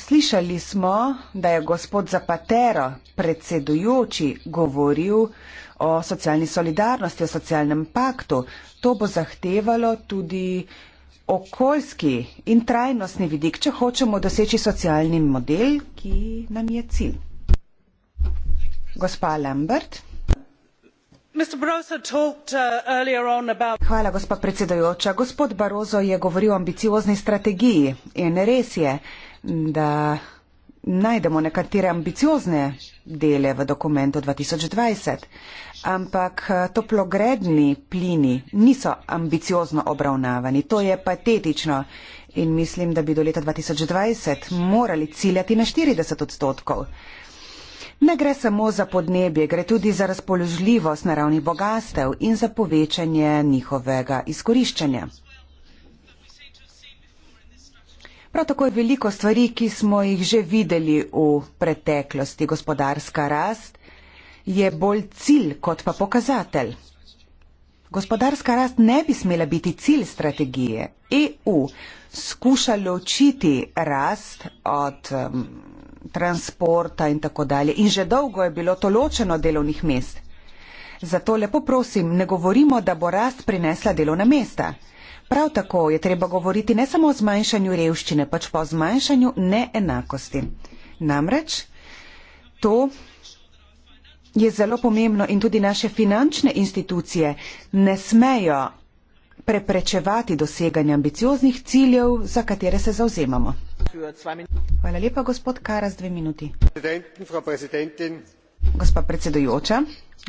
Slišali smo, da je gospod Zapatero, predsedujoči, govoril o socialni solidarnosti, o socialnem paktu. To bo zahtevalo tudi okoljski in trajnostni vidik, če hočemo doseči socialni model, ki nam je cilj. Uh, gospod barroso je govoril o ambiciozni strategiji in res je da najdemo nekatere ambiciozne dele v dokumentu dva tisoč dvajset ampak uh, toplogredni plini niso ambiciozno obravnavani to je patetično in mislim da bi do leta dva tisoč dvajset morali ciljati na štirideset odstotkov. Ne gre samo za podnebje, gre tudi za razpoložljivost naravnih bogastev in za povečanje njihovega izkoriščanja. Prav tako je veliko stvari, ki smo jih že videli v preteklosti. Gospodarska rast je bolj cilj kot pa pokazatelj. Gospodarska rast ne bi smela biti cilj strategije. EU skuša ločiti rast od. Um, transporta in tako dalje. In že dolgo je bilo to ločeno delovnih mest. Zato lepo prosim, ne govorimo, da bo rast prinesla delovna mesta. Prav tako je treba govoriti ne samo o zmanjšanju revščine, pač pa o zmanjšanju neenakosti. Namreč to je zelo pomembno in tudi naše finančne institucije ne smejo preprečevati doseganja ambicioznih ciljev, za katere se zauzemamo gospa predsedujoča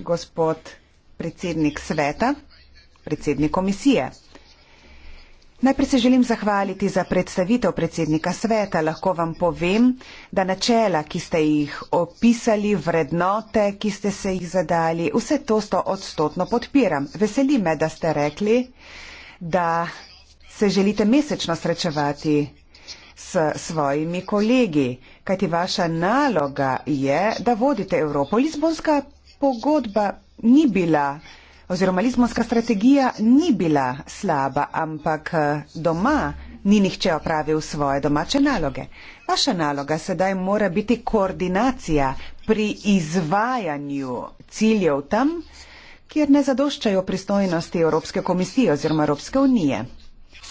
gospod predsednik sveta predsednik komisije najprej se želim zahvaliti za predstavitev predsednika sveta lahko vam povem da načela ki ste jih opisali vrednote ki ste se jih zadali vse to stoodstotno podpiram veseli me da ste rekli da se želite mesečno srečevati s svojimi kolegi, kajti vaša naloga je, da vodite Evropo. Lizbonska pogodba ni bila oziroma Lizbonska strategija ni bila slaba, ampak eh, doma ni nihče opravil svoje domače naloge. Vaša naloga sedaj mora biti koordinacija pri izvajanju ciljev tam, kjer ne zadoščajo pristojnosti Evropske komisije oziroma Evropske unije.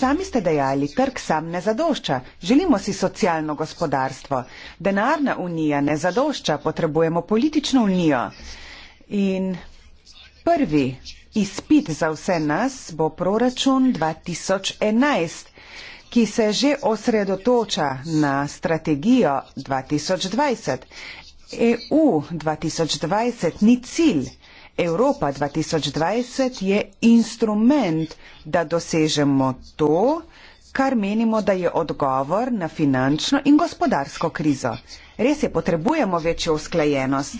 Sami ste dejali, trg sam ne zadošča. Želimo si socialno gospodarstvo. Denarna unija ne zadošča, potrebujemo politično unijo. In prvi izpit za vse nas bo proračun 2011, ki se že osredotoča na strategijo 2020. EU 2020 ni cilj. Evropa 2020 je instrument, da dosežemo to, kar menimo, da je odgovor na finančno in gospodarsko krizo. Res je, potrebujemo večjo usklajenost.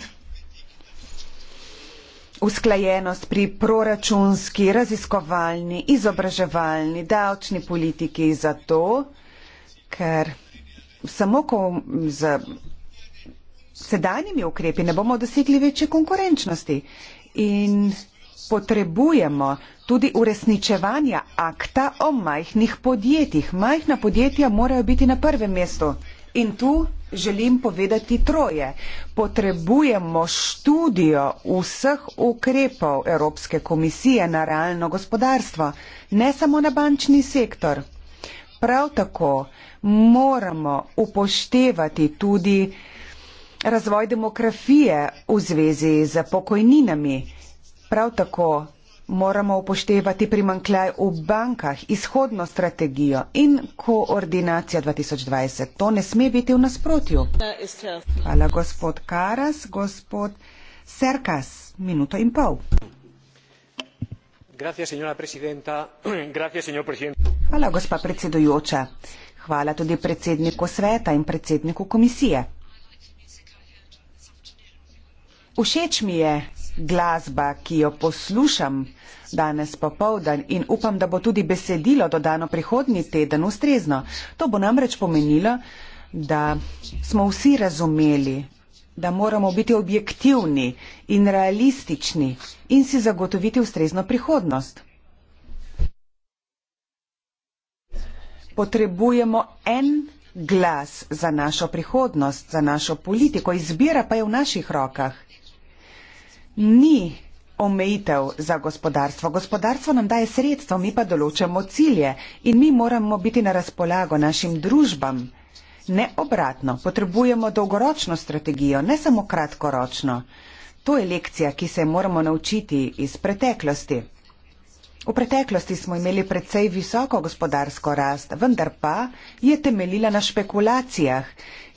Usklajenost pri proračunski, raziskovalni, izobraževalni, davčni politiki zato, ker samo ko z sedanjimi ukrepi ne bomo dosegli večje konkurenčnosti in potrebujemo tudi uresničevanja akta o majhnih podjetjih. Majhna podjetja morajo biti na prvem mestu. In tu želim povedati troje. Potrebujemo študijo vseh ukrepov Evropske komisije na realno gospodarstvo, ne samo na bančni sektor. Prav tako moramo upoštevati tudi uh, razvoj demografije v zvezi z pokojninami. Prav tako moramo upoštevati primankljaj v bankah, izhodno strategijo in koordinacijo 2020. To ne sme biti v nasprotju. Hvala, gospod Karas. Gospod Serkas, minuto in pol. Hvala, gospa predsedujoča. Hvala tudi predsedniku sveta in predsedniku komisije. Všeč mi je glasba, ki jo poslušam danes popovdan in upam, da bo tudi besedilo dodano prihodnji teden ustrezno. To bo namreč pomenilo, da smo vsi razumeli, da moramo biti objektivni in realistični in si zagotoviti ustrezno prihodnost. Potrebujemo en glas za našo prihodnost, za našo politiko, izbira pa je v naših rokah ni omejitev za gospodarstvo. Gospodarstvo nam daje sredstvo, mi pa določamo cilje in mi moramo biti na razpolago našim družbam. Ne obratno, potrebujemo dolgoročno strategijo, ne samo kratkoročno. To je lekcija, ki se moramo naučiti iz preteklosti. V preteklosti smo imeli precej visoko gospodarsko rast, vendar pa je temeljila na špekulacijah,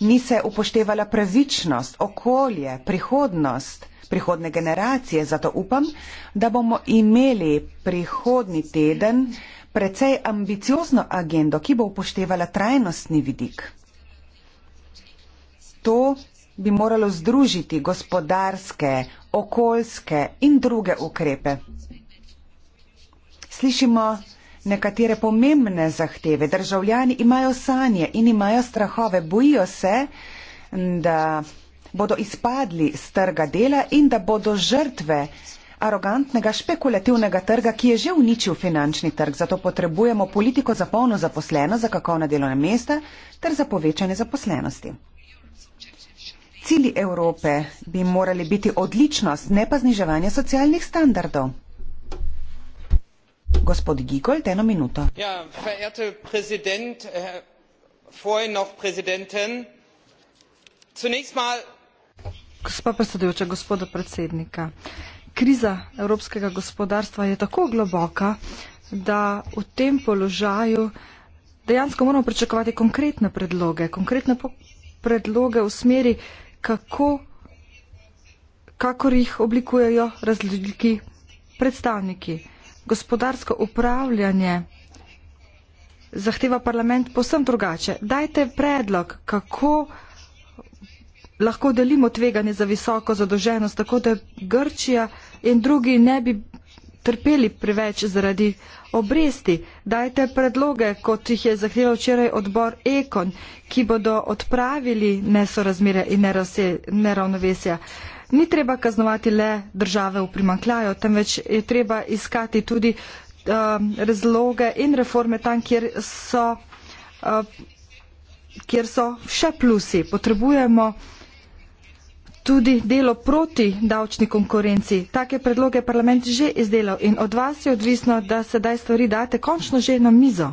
ni se upoštevala pravičnost, okolje, prihodnost prihodne generacije. Zato upam, da bomo imeli prihodni teden precej ambiciozno agendo, ki bo upoštevala trajnostni vidik. To bi moralo združiti gospodarske, okoljske in druge ukrepe. Slišimo nekatere pomembne zahteve. Državljani imajo sanje in imajo strahove. Bojijo se, da bodo izpadli z trga dela in da bodo žrtve arogantnega špekulativnega trga, ki je že uničil finančni trg. Zato potrebujemo politiko za polno zaposleno, za kakovna delovna mesta ter za povečanje zaposlenosti. Cili Evrope bi morali biti odličnost, ne pa zniževanje socialnih standardov. Gospod Gigold, eno minuto. Ja, verjete, prezident, eh, äh, foj noh prezidenten, zunaj smo. Gospa predsedujoča, gospoda predsednika, kriza evropskega gospodarstva je tako globoka, da v tem položaju dejansko moramo pričakovati konkretne predloge, konkretne predloge v smeri, kako, kakor jih oblikujejo različni predstavniki. Gospodarsko upravljanje zahteva parlament posem drugače. Dajte predlog, kako lahko delimo tveganje za visoko zadoženost, tako da Grčija in drugi ne bi trpeli preveč zaradi obresti. Dajte predloge, kot jih je zahteval včeraj odbor Ekon, ki bodo odpravili nesorazmere in neravnovesja. Ni treba kaznovati le države v primankljaju, temveč je treba iskati tudi um, razloge in reforme tam, kjer so, uh, kjer so še plusi. Potrebujemo uh, tudi delo proti davčni konkurenci. Take predloge je parlament že izdelal in od vas je odvisno, da sedaj stvari date končno že na mizo.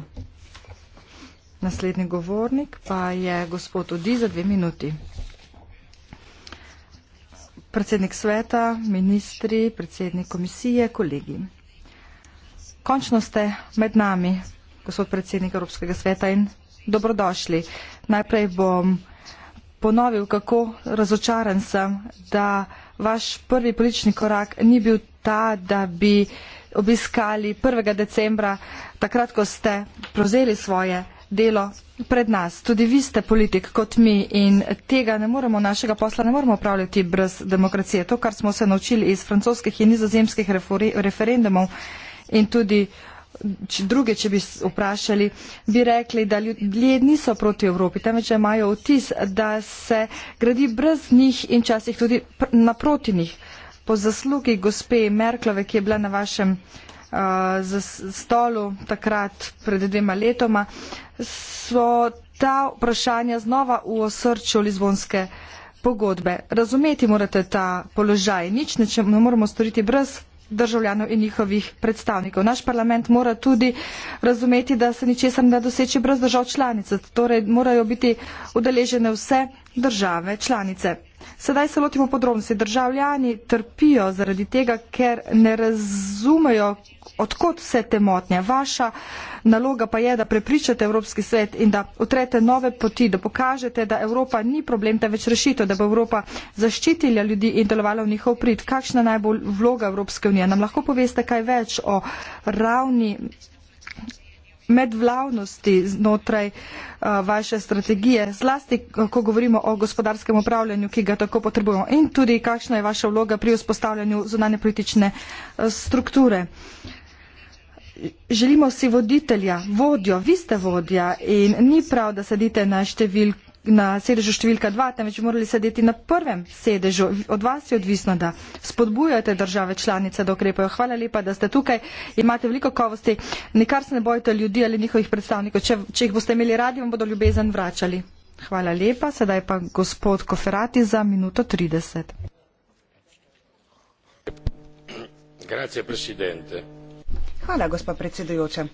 Naslednji govornik pa je gospod Odi za dve minuti. Predsednik sveta, ministri, predsednik komisije, kolegi. Končno ste med nami, gospod predsednik Evropskega sveta in dobrodošli. Najprej bom ponovil, kako razočaran sem, da vaš prvi politični korak ni bil ta, da bi obiskali 1. decembra, takrat, ko ste prevzeli svoje delo pred nas. Tudi vi ste politik kot mi in tega ne moremo, našega posla ne moremo upravljati brez demokracije. To, kar smo se naučili iz francoskih in nizozemskih referendumov in tudi druge, če bi vprašali, bi rekli, da ljudje niso proti Evropi, temveč imajo vtis, da se gradi brez njih in včasih tudi naproti njih. Po zaslugi gospe Merklove, ki je bila na vašem uh, stolu takrat pred dvema letoma, so ta vprašanja znova v osrčju Lizbonske pogodbe. Razumeti morate ta položaj. Nič ne, ne moramo storiti brez državljanov in njihovih predstavnikov. Naš parlament mora tudi razumeti, da se ničesar ne doseči brez držav članic, torej morajo biti udeležene vse države članice. Sedaj se lotimo podrobnosti. Državljani trpijo zaradi tega, ker ne razumejo, odkot vse te motnje. Vaša naloga pa je, da prepričate Evropski svet in da utrete nove poti, da pokažete, da Evropa ni problem, da več rešito, da bo Evropa zaščitila ljudi in delovala v njihov prid. Kakšna najbolj vloga Evropske unije? Nam lahko poveste kaj več o ravni medvlavnosti znotraj eh, vaše strategije, zlasti, eh, ko govorimo o gospodarskem upravljanju, ki ga tako potrebujemo in tudi kakšna je vaša vloga pri vzpostavljanju zunanje politične eh, strukture. Želimo si voditelja, vodjo, vi ste vodja in ni prav, da sedite na številki na sedežu številka dva, temveč bi morali sedeti na prvem sedežu. Od vas je odvisno, da spodbujate države članice, da ukrepajo. Hvala lepa, da ste tukaj. Imate veliko kovosti. Nikar se ne bojte ljudi ali njihovih predstavnikov. Če, če jih boste imeli radi, vam bodo ljubezen vračali. Hvala lepa. Sedaj pa gospod Koferati za minuto 30. Hvala, gospod predsedujoča.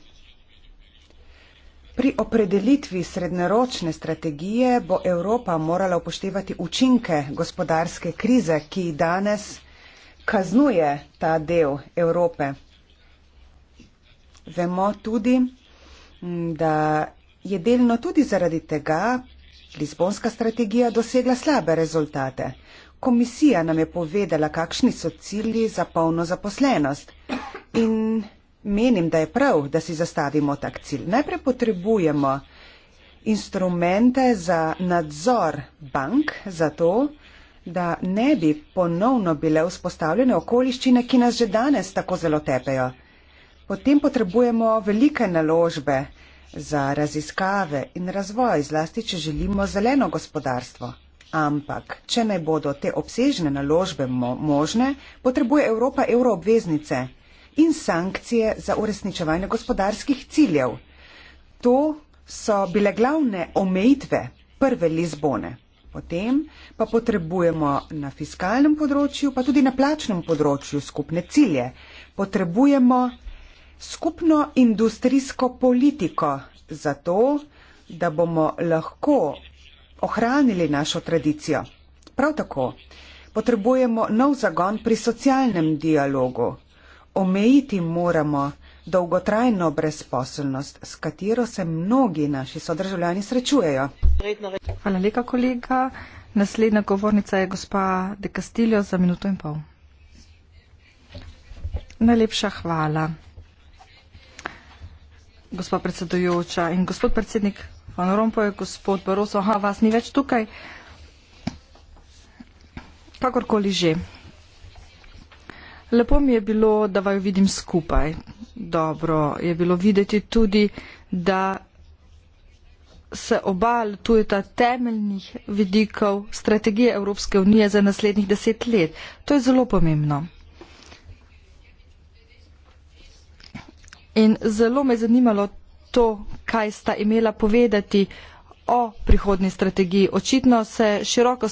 Pri opredelitvi srednjeročne strategije bo Evropa morala upoštevati učinke gospodarske krize, ki danes kaznuje ta del Evrope. Vemo tudi, da je delno tudi zaradi tega Lizbonska strategija dosegla slabe rezultate. Komisija nam je povedala, kakšni so cilji za polno zaposlenost. In menim, da je prav, da si zastavimo tak cilj. Najprej potrebujemo instrumente za nadzor bank, zato da ne bi ponovno bile vzpostavljene okoliščine, ki nas že danes tako zelo tepejo. Potem potrebujemo velike naložbe za raziskave in razvoj, zlasti če želimo zeleno gospodarstvo. Ampak, če naj bodo te obsežne naložbe mo možne, potrebuje Evropa euroobveznice in sankcije za uresničevanje gospodarskih ciljev. To so bile glavne omejitve prve Lizbone. Potem pa potrebujemo na fiskalnem področju, pa tudi na plačnem področju skupne cilje. Potrebujemo skupno industrijsko politiko za to, da bomo lahko ohranili našo tradicijo. Prav tako potrebujemo nov zagon pri socialnem dialogu. Omejiti moramo dolgotrajno brezposelnost, s katero se mnogi naši sodržavljani srečujejo. Hvala lepa, kolega. Naslednja govornica je gospa De Castillo za minuto in pol. Najlepša hvala, gospa predsedujoča in gospod predsednik Van Rompuy, gospod Baroso, aha, vas ni več tukaj. Kakorkoli že. Lepo mi je bilo, da vaju vidim skupaj. Dobro je bilo videti tudi, da se oba letujeta temeljnih vidikov strategije Evropske unije za naslednjih deset let. To je zelo pomembno. In zelo me je zanimalo to, kaj sta imela povedati o prihodni strategiji. Očitno se široko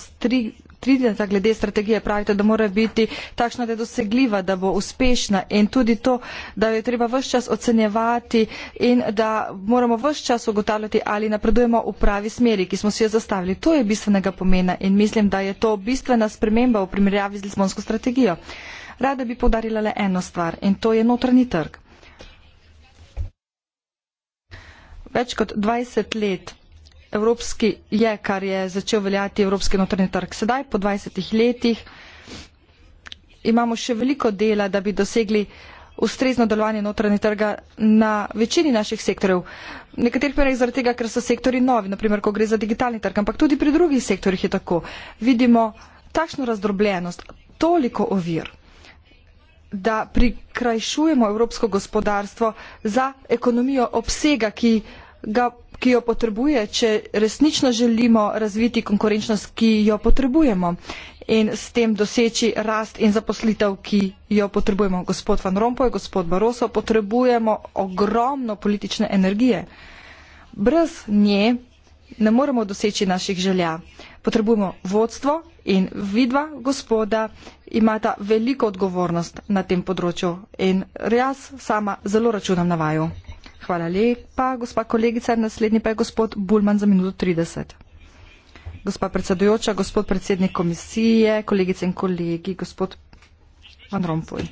trideseta glede strategije pravite, da mora biti takšna, da je dosegljiva, da bo uspešna in tudi to, da jo je treba vse čas ocenjevati in da moramo vse čas ugotavljati, ali napredujemo v pravi smeri, ki smo si jo zastavili. To je bistvenega pomena in mislim, da je to bistvena sprememba v primerjavi z Lizbonsko strategijo. Rada bi podarila le eno stvar in to je notranji trg. Več kot 20 let evropski je, kar je začel veljati evropski notrni trg. Sedaj, po 20 letih, imamo še veliko dela, da bi dosegli ustrezno delovanje notranje trga na večini naših sektorjev. V nekaterih primerih zaradi tega, ker so sektori novi, naprimer, ko gre za digitalni trg, ampak tudi pri drugih sektorjih je tako. Vidimo takšno razdrobljenost, toliko ovir, da prikrajšujemo evropsko gospodarstvo za ekonomijo obsega, ki ga ki jo potrebuje, če resnično želimo razviti konkurenčnost, ki jo potrebujemo in s tem doseči rast in zaposlitev, ki jo potrebujemo. Gospod Van Rompuy, gospod Barroso, potrebujemo ogromno politične energije. Brez nje ne moremo doseči naših želja. Potrebujemo vodstvo in vidva gospoda imata veliko odgovornost na tem področju in jaz sama zelo računam na vaju. Hvala lepa, gospa kolegica. Naslednji pa je gospod Bulman za minuto 30. Gospa predsedujoča, gospod predsednik komisije, kolegice in kolegi, gospod Van Rompuy.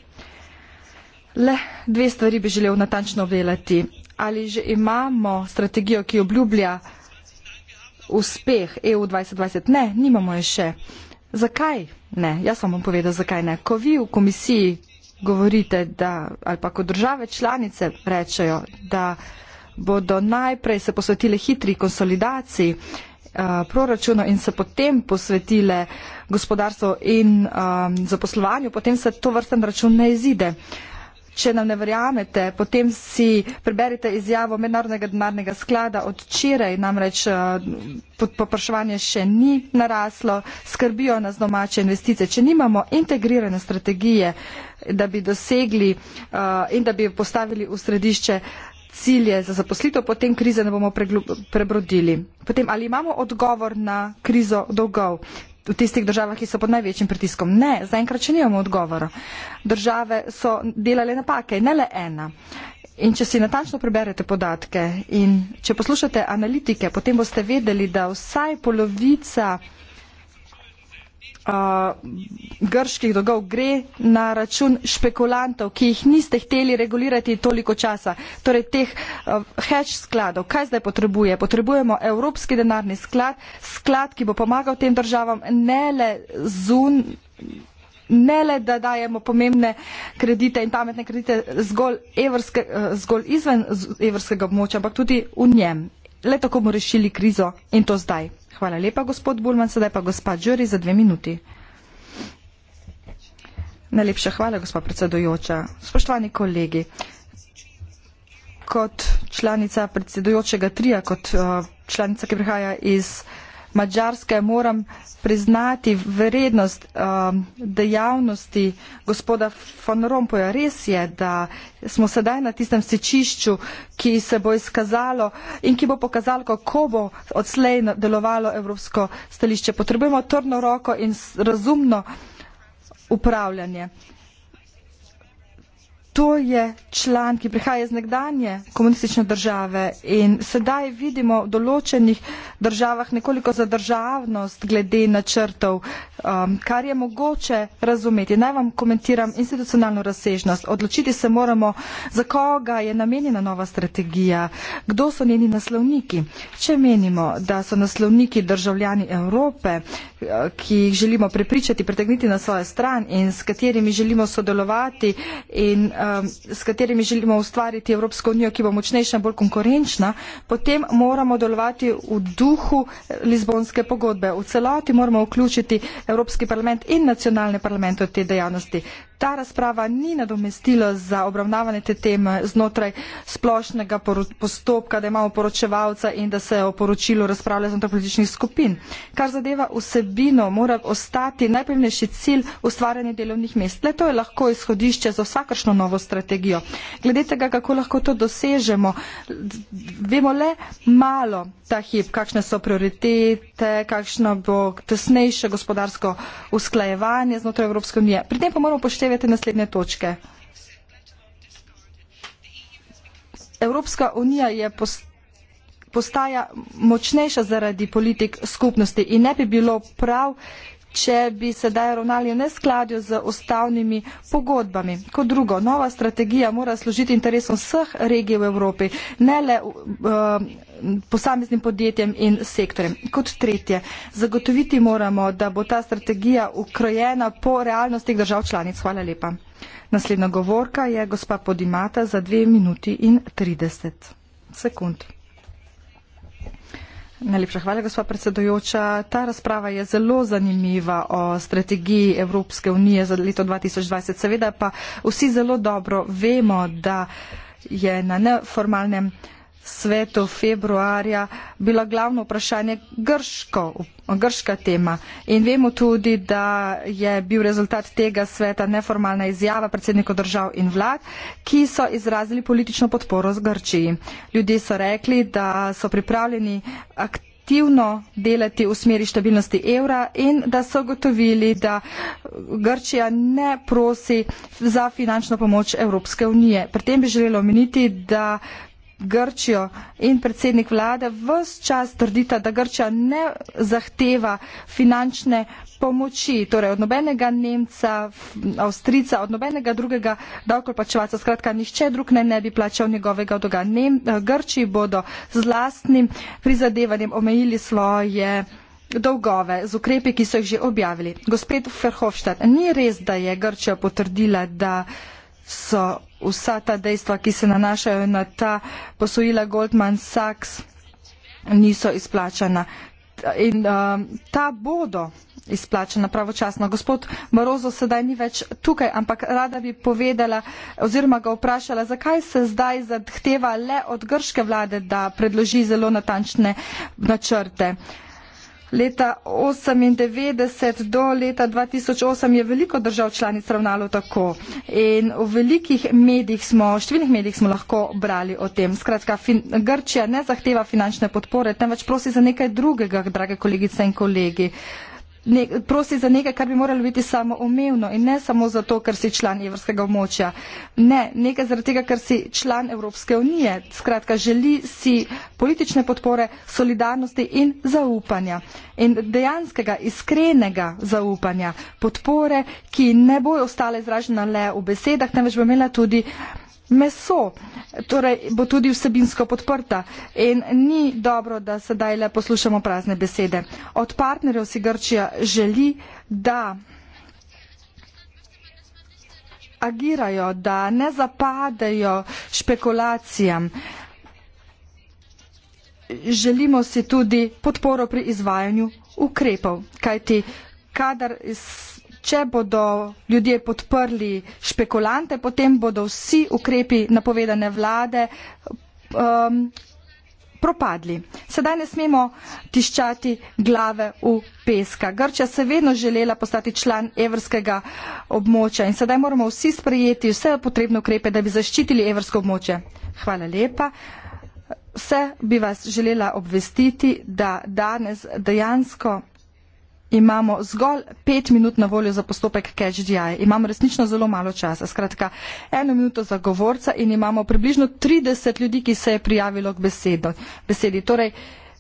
Le dve stvari bi želel natančno velati. Ali že imamo strategijo, ki obljublja uspeh EU 2020? Ne, nimamo je še. Zakaj ne? Jaz vam bom povedal, zakaj ne. Ko vi v komisiji govorite, da, ali pa kot države članice rečejo, da bodo najprej se posvetile hitri konsolidaciji uh, eh, proračuna in se potem posvetile gospodarstvo in um, zaposlovanju, potem se to vrsten račun ne izide. Uh, Če nam ne verjamete, potem si preberite izjavo mednarodnega denarnega sklada od včeraj, namreč eh, poprašovanje še ni naraslo, skrbijo nas domače investicije. Če nimamo integrirane strategije, da bi dosegli eh, in da bi postavili v središče cilje za zaposlitev, potem krize ne bomo prebrodili. Potem ali imamo odgovor na krizo dolgov? v tistih državah, ki so pod največjim pritiskom. Ne, zaenkrat še nimamo odgovora. Države so delale napake, ne le ena. In če si natančno preberete podatke in če poslušate analitike, potem boste vedeli, da vsaj polovica uh, grških dolgov gre na račun špekulantov, ki jih niste hteli regulirati toliko časa. Torej, teh uh, hedž skladov, kaj zdaj potrebuje? Potrebujemo Evropski denarni sklad, sklad, ki bo pomagal tem državam, ne le zun. Ne le, da dajemo pomembne kredite in pametne kredite zgolj, evrske, zgolj izven evrskega območja, ampak tudi v njem. Le tako bomo rešili krizo in to zdaj. Hvala lepa, gospod Bulman. Sedaj pa gospa Džuri za dve minuti. Najlepša hvala, gospa predsedujoča. Spoštovani kolegi, kot članica predsedujočega trija, kot uh, članica, ki prihaja iz predsedujočega trija, Mačarska je, moram priznati, vrednost um, dejavnosti gospoda von Rompuja. Res je, da smo sedaj na tistem sečišču, ki se bo izkazalo in ki bo pokazalo, kako bo odslej delovalo evropsko stališče. Potrebujemo trdno roko in razumno upravljanje. To je član, ki prihaja iz nekdanje komunistične države in sedaj vidimo v določenih državah nekoliko zadržavnost glede načrtov, um, kar je mogoče razumeti. Naj vam komentiram institucionalno razsežnost. Odločiti se moramo, za koga je namenjena nova strategija, kdo so njeni naslovniki. Če menimo, da so naslovniki državljani Evrope, Eh, ki jih želimo prepričati, pretegniti na svojo stran in s katerimi želimo sodelovati in um, s katerimi želimo ustvariti Evropsko unijo, ki bo močnejša in bolj konkurenčna, potem moramo delovati v duhu eh, Lizbonske pogodbe. V celoti moramo vključiti Evropski parlament in nacionalne parlamente v te dejavnosti ta razprava ni nadomestila za obravnavanje te teme znotraj splošnega postopka, da imamo poročevalca in da se o poročilu razpravlja znotraj političnih skupin. Kar zadeva vsebino, mora ostati najpomembnejši cilj ustvarjanje delovnih mest. Le to je lahko izhodišče za vsakršno novo strategijo. Glede tega, kako lahko to dosežemo, vemo le malo ta hip, kakšne so prioritete, kakšno bo tesnejše gospodarsko usklajevanje znotraj Evropske unije. Pri tem pa moramo pošteti presevete naslednje točke. Evropska unija je postavljena postaja močnejša zaradi politik skupnosti in ne bi bilo prav, če bi sedaj ravnali v neskladju z ustavnimi pogodbami. Kot drugo, nova strategija mora služiti interesom vseh regij v Evropi, ne le uh, posameznim podjetjem in sektorjem. Kot tretje, zagotoviti moramo, da bo ta strategija ukrojena po realnostih držav članic. Hvala lepa. Naslednja govorka je gospa Podimata za 2 minuti in 30 sekund. Najlepša hvala, gospa predsedujoča. Ta razprava je zelo zanimiva o strategiji Evropske unije za leto 2020. Seveda pa vsi zelo dobro vemo, da je na neformalnem svetu februarja bila glavno vprašanje grško, grška tema. In vemo tudi, da je bil rezultat tega sveta neformalna izjava predsednikov držav in vlad, ki so izrazili politično podporo z Grčiji. Ljudje so rekli, da so pripravljeni aktivno delati v smeri stabilnosti evra in da so gotovili, da Grčija ne prosi za finančno pomoč Evropske unije. Pri tem bi želelo omeniti, da Grčijo in predsednik vlade vse čas trdita, da Grčija ne zahteva finančne pomoči, torej od nobenega Nemca, Avstrica, od nobenega drugega davkoplačevalca. Skratka, nihče drug ne, ne bi plačal njegovega dolga. Grčiji bodo z lastnim prizadevanjem omejili svoje dolgove z ukrepi, ki so jih že objavili. Gospod Ferhofštad, ni res, da je Grčija potrdila, da so vsa ta dejstva, ki se nanašajo na ta posojila Goldman Sachs, niso izplačana. In um, ta bodo izplačena pravočasno. Gospod Morozo sedaj ni več tukaj, ampak rada bi povedala oziroma ga vprašala, zakaj se zdaj zahteva le od grške vlade, da predloži zelo natančne načrte. Uh, leta 1998 do leta 2008 je veliko držav članic ravnalo tako in v velikih medijih smo, številnih medijih smo lahko brali o tem. Skratka, fin Grčija ne zahteva finančne podpore, temveč prosi za nekaj drugega, drage kolegice in kolegi. Uh, ne, prosi za nekaj, kar bi moralo biti samo omevno in ne samo zato, ker si član evropskega območja. Ne, nekaj zaradi tega, ker si član Evropske unije. Skratka, želi si politične podpore, solidarnosti in zaupanja. In dejanskega, iskrenega zaupanja, podpore, ki ne bo ostale izražena le v besedah, temveč bo imela tudi meso, torej bo tudi vsebinsko podprta in ni dobro, da sedaj le poslušamo prazne besede. Od partnerjev si Grčija želi, da agirajo, da ne zapadajo špekulacijam. Želimo si tudi podporo pri izvajanju ukrepov, kajti kadar iz če bodo ljudje podprli špekulante, potem bodo vsi ukrepi napovedane vlade um, propadli. Sedaj ne smemo tiščati glave v peska. Grčija se vedno želela postati član evrskega območja in sedaj moramo vsi sprejeti vse potrebne ukrepe, da bi zaščitili evrsko območje. Hvala lepa. Vse bi vas želela obvestiti, da danes dejansko imamo zgolj pet minut na voljo za postopek catch DI. Imamo resnično zelo malo časa. Skratka, eno minuto za govorca in imamo približno 30 ljudi, ki se je prijavilo k besedo, besedi. Torej,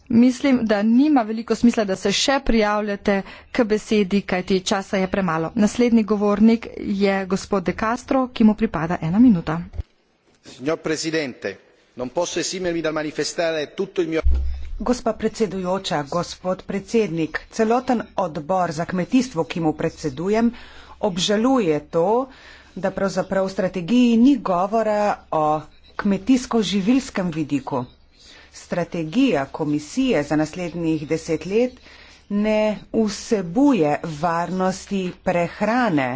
mislim, da nima veliko smisla, da se še prijavljate k besedi, kajti časa je premalo. Naslednji govornik je gospod De Castro, ki mu pripada ena minuta. Signor Presidente, non posso esimermi dal manifestare tutto il mio... Gospa predsedujoča, gospod predsednik, celoten odbor za kmetijstvo, ki mu predsedujem, obžaluje to, da pravzaprav v strategiji ni govora o kmetijsko-živilskem vidiku. Strategija komisije za naslednjih deset let ne vsebuje varnosti prehrane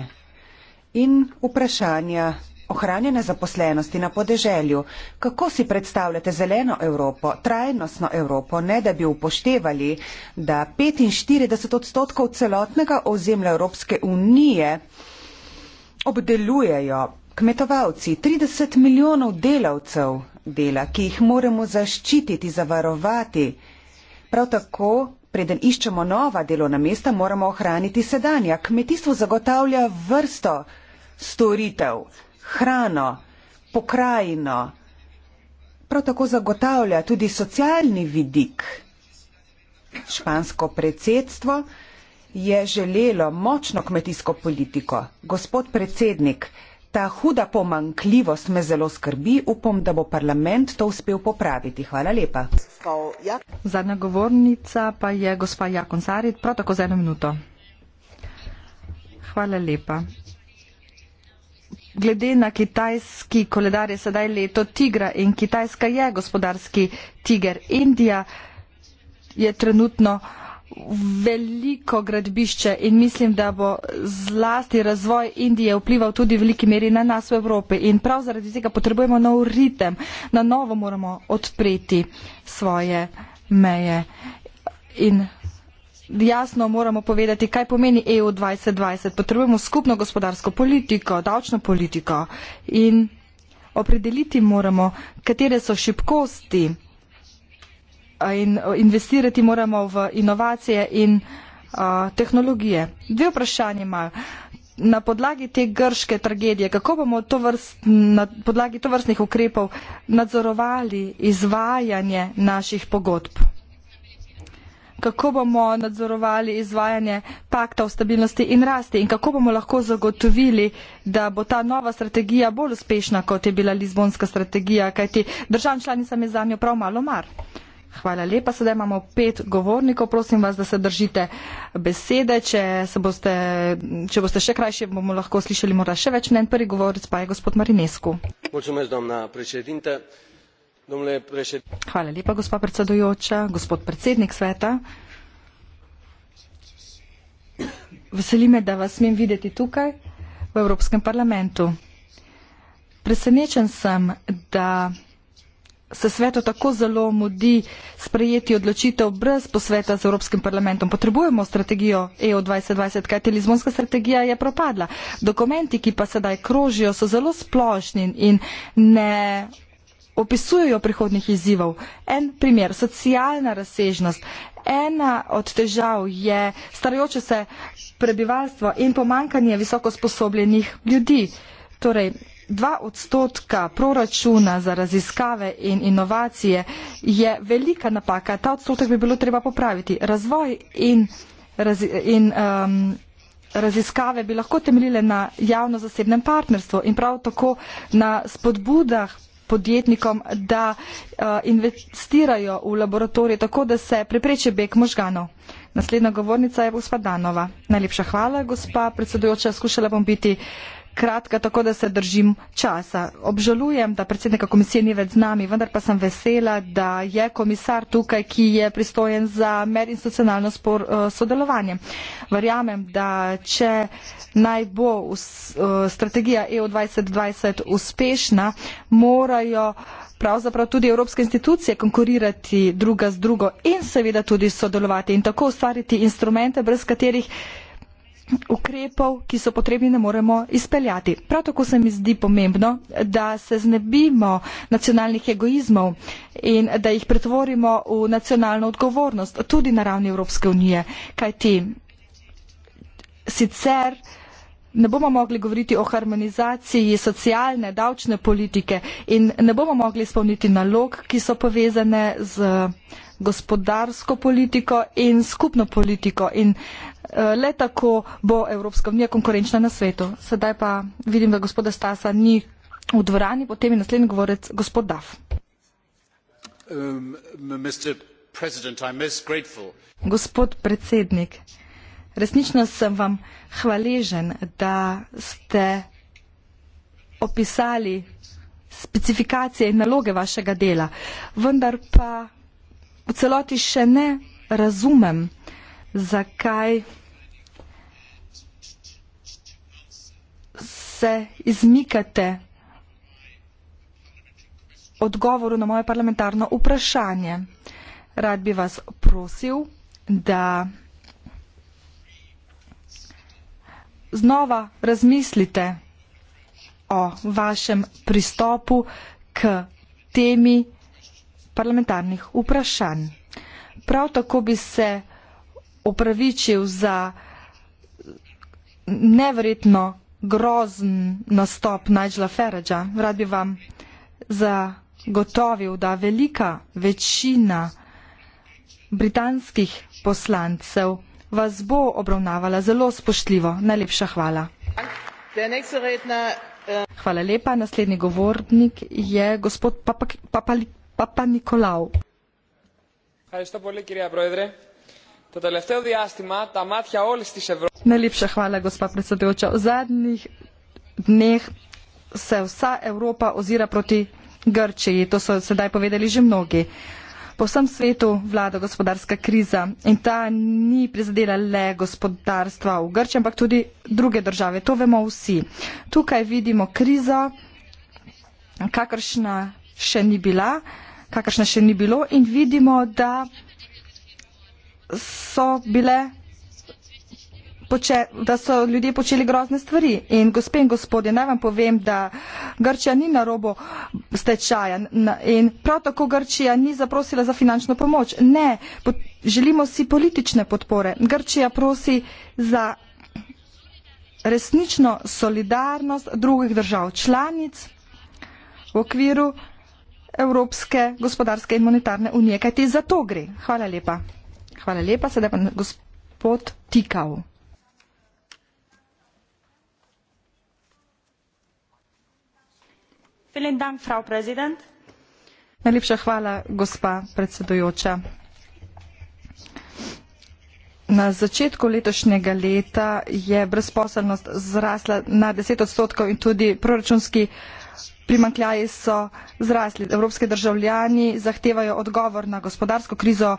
in vprašanja ohranjene zaposlenosti na podeželju. Kako si predstavljate zeleno Evropo, trajnostno Evropo, ne da bi upoštevali, da 45 odstotkov celotnega ozemlja Evropske unije obdelujejo kmetovalci, 30 milijonov delavcev dela, ki jih moramo zaščititi, zavarovati. Prav tako. Preden iščemo nova delovna mesta, moramo ohraniti sedanja. Kmetijstvo zagotavlja vrsto storitev hrano, pokrajino, prav tako zagotavlja tudi socialni vidik. Špansko predsedstvo je želelo močno kmetijsko politiko. Gospod predsednik, ta huda pomankljivost me zelo skrbi, upam, da bo parlament to uspel popraviti. Hvala lepa. Zadnja govornica pa je gospa Jakon Sarit, prav tako za eno minuto. Hvala lepa. Glede na kitajski koledar je sedaj leto tigra in Kitajska je gospodarski tiger. Indija je trenutno veliko gradbišče in mislim, da bo zlasti razvoj Indije vplival tudi v veliki meri na nas v Evropi in prav zaradi tega potrebujemo nov ritem, na novo moramo odpreti svoje meje in jasno moramo povedati, kaj pomeni EU 2020. Potrebujemo skupno gospodarsko politiko, davčno politiko in opredeliti moramo, katere so šibkosti in uh, investirati moramo v inovacije in uh, tehnologije. Dve vprašanje imajo. Na podlagi te grške tragedije, kako bomo to vrst, na podlagi to vrstnih ukrepov nadzorovali izvajanje naših pogodb? kako bomo nadzorovali izvajanje pakta o stabilnosti in rasti in kako bomo lahko zagotovili, da bo ta nova strategija bolj uspešna, kot je bila Lizbonska strategija, kajti državam članicam je za njo prav malo mar. Hvala lepa, sedaj imamo pet govornikov, prosim vas, da se držite besede, če, se boste, če boste še krajši, bomo lahko slišali morda še več mnen, prvi govorec pa je gospod Marinesku. Mulțumesc, doamna președinte. Hvala lepa, gospa predsedujoča. Gospod predsednik sveta, veseli me, da vas smem videti tukaj v Evropskem parlamentu. Presenečen sem, da se svetu tako zelo mudi sprejeti odločitev brez posveta z Evropskim parlamentom. Potrebujemo strategijo EU 2020, kajti Lizbonska strategija je propadla. Dokumenti, ki pa sedaj krožijo, so zelo splošni in ne opisujejo prihodnih izzivov. En primer, socialna razsežnost. Ena od težav je starajoče se prebivalstvo in pomankanje visoko sposobljenih ljudi. Torej, dva odstotka proračuna za raziskave in inovacije je velika napaka. Ta odstotek bi bilo treba popraviti. Razvoj in, raz, in um, raziskave bi lahko temeljile na javno-zasebnem partnerstvu in prav tako na spodbudah podjetnikom, da eh, investirajo v laboratorij, tako da se prepreče beg možganov. Naslednja govornica je gospa Danova. Najlepša hvala, gospa predsedujoča. Skušala bom biti uh, kratka, tako da se držim časa. Obžalujem, da predsednika komisije ni več z nami, vendar pa sem vesela, da je komisar tukaj, ki je pristojen za medinstitucionalno eh, sodelovanje. Verjamem, da če naj bo eh, strategija EU 2020 uspešna, morajo pravzaprav tudi evropske institucije konkurirati druga z drugo in seveda tudi sodelovati in tako ustvariti instrumente, brez katerih ukrepov, ki so potrebni, ne moremo izpeljati. Prav tako se mi zdi pomembno, da se znebimo nacionalnih egoizmov in da jih pretvorimo v nacionalno odgovornost, tudi na ravni Evropske unije, kajti sicer ne bomo mogli govoriti o harmonizaciji socialne, davčne politike in ne bomo mogli izpolniti nalog, ki so povezane z gospodarsko politiko in skupno politiko. In Eh, le tako bo Evropska unija konkurenčna na svetu. Sedaj pa vidim, da gospoda Stasa ni v dvorani, potem je naslednji govorec gospod Daf. Um, gospod predsednik, resnično sem vam hvaležen, da ste opisali specifikacije in naloge vašega dela, vendar pa v celoti še ne razumem, uh, zakaj se izmikate odgovoru na moje parlamentarno vprašanje. Rad bi vas prosil, da znova razmislite o vašem pristopu k temi parlamentarnih vprašanj. Prav tako bi se vprašanje opravičil za neverjetno grozen nastop Nigela Ferraja. Rad bi vam zagotovil, da velika večina britanskih poslancev vas bo obravnavala zelo spoštljivo. Najlepša hvala. Hvala lepa. Naslednji govornik je gospod Papa, Papa, Papa Nikolaov. Hvala lepa, gospod predsednik. Najlepša hvala, gospa predsedujoča. V zadnjih dneh se vsa Evropa ozira proti Grčiji. To so sedaj povedali že mnogi. Po vsem svetu vlada gospodarska kriza in ta ni prizadela le gospodarstva v Grčiji, ampak tudi druge države. To vemo vsi. Tukaj vidimo krizo, kakršna še ni bila, kakršna še ni bilo in vidimo, da so bile, poče, da so ljudje počeli grozne stvari. In gospe in gospodje, naj vam povem, da Grčija ni na robo stečaja in prav tako Grčija ni zaprosila za finančno pomoč. Ne, po, želimo si politične podpore. Grčija prosi za resnično solidarnost drugih držav članic v okviru Evropske gospodarske in monetarne unije, kaj ti za to gre. Hvala lepa. Hvala lepa. Sedaj pa gospod Tikav. Najlepša hvala, gospa predsedujoča. Na začetku letošnjega leta je brezposelnost zrasla na 10 odstotkov in tudi proračunski uh, primankljaji so zrasli. Evropske državljani zahtevajo odgovor na gospodarsko krizo,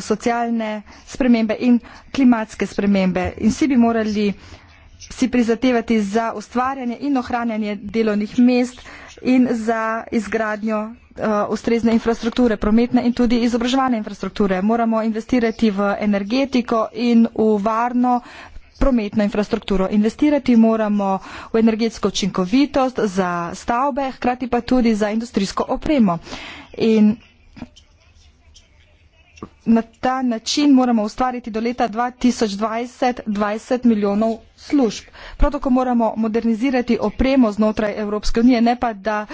socialne spremembe in klimatske spremembe. In vsi bi morali si prizatevati za ustvarjanje in ohranjanje delovnih mest in za izgradnjo uh, ustrezne infrastrukture, prometne in tudi izobraževalne infrastrukture. Moramo investirati v energetiko in v varno prometno infrastrukturo. Investirati moramo v energetsko učinkovitost za stavbe, hkrati pa tudi za industrijsko opremo. In na ta način moramo ustvariti do leta 2020 20 milijonov služb. Prav tako moramo modernizirati opremo znotraj Evropske unije, ne pa da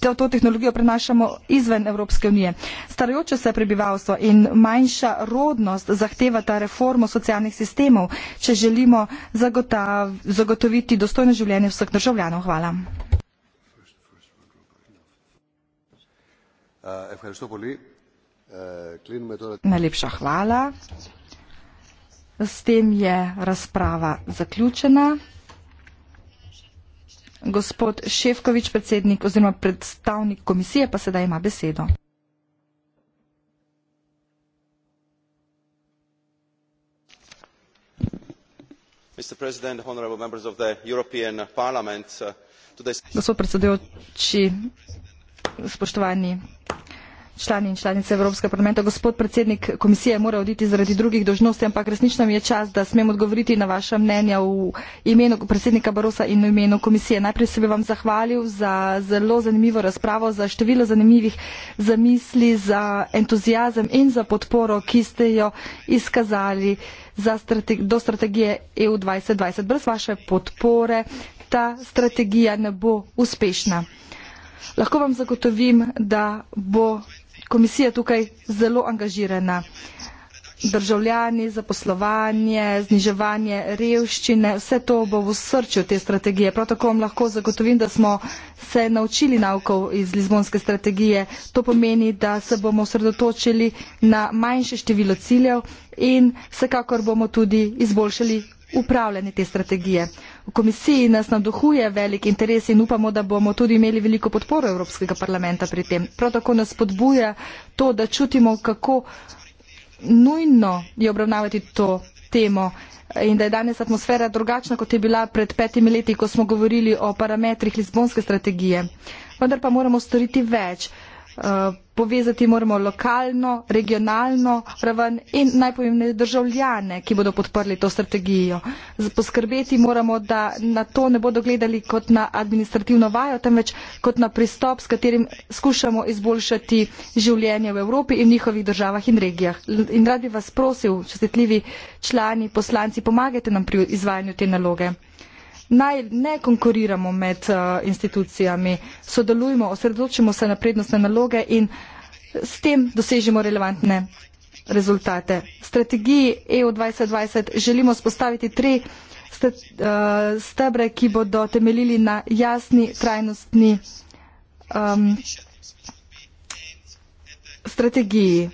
to, eh, to tehnologijo prenašamo izven Evropske unije. Starajoče se prebivalstvo in manjša rodnost zahteva ta reformo socialnih sistemov, če želimo zagotav, zagotoviti dostojno življenje vseh državljanov. Hvala. Uh, Najlepša hvala. S tem je razprava zaključena. Gospod Šefkovič, predsednik oziroma predstavnik komisije, pa sedaj ima besedo. Uh, Gospod predsedujoči, spoštovani člani in članice Evropskega parlamenta. Gospod predsednik komisije mora oditi zaradi drugih dožnosti, ampak resnično mi je čas, da smem odgovoriti na vaša mnenja v imenu predsednika Barosa in v imenu komisije. Najprej se bi vam zahvalil za zelo zanimivo razpravo, za število zanimivih zamisli, za entuzijazem in za podporo, ki ste jo izkazali strateg do strategije EU 2020. Brez vaše podpore ta strategija ne bo uspešna. Lahko vam zagotovim, da bo komisija tukaj zelo angažirana. Državljani, zaposlovanje, zniževanje revščine, vse to bo v srčju te strategije. Prav tako vam lahko zagotovim, da smo se naučili naukov iz Lizbonske strategije. To pomeni, da se bomo sredotočili na manjše število ciljev in vsekakor bomo tudi izboljšali upravljanje te strategije. V komisiji nas navduhuje velik interes in upamo, da bomo tudi imeli veliko podporo Evropskega parlamenta pri tem. Prav tako nas spodbuja to, da čutimo, kako nujno je obravnavati to temo in da je danes atmosfera drugačna, kot je bila pred petimi leti, ko smo govorili o parametrih Lizbonske strategije. Vendar pa moramo storiti več. Eh, povezati moramo lokalno, regionalno raven in najpomembne državljane, ki bodo podprli to strategijo. Poskrbeti moramo, da na to ne bodo gledali kot na administrativno vajo, temveč kot na pristop, s katerim skušamo izboljšati življenje v Evropi in v njihovih državah in regijah. In rad bi vas prosil, čestitljivi člani, poslanci, pomagajte nam pri izvajanju te naloge naj ne konkuriramo med uh, institucijami, sodelujmo, osredotočimo se na prednostne naloge in s tem dosežemo relevantne rezultate. V strategiji EU 2020 želimo spostaviti tri eh, stebre, ki bodo temeljili na jasni trajnostni um, strategiji.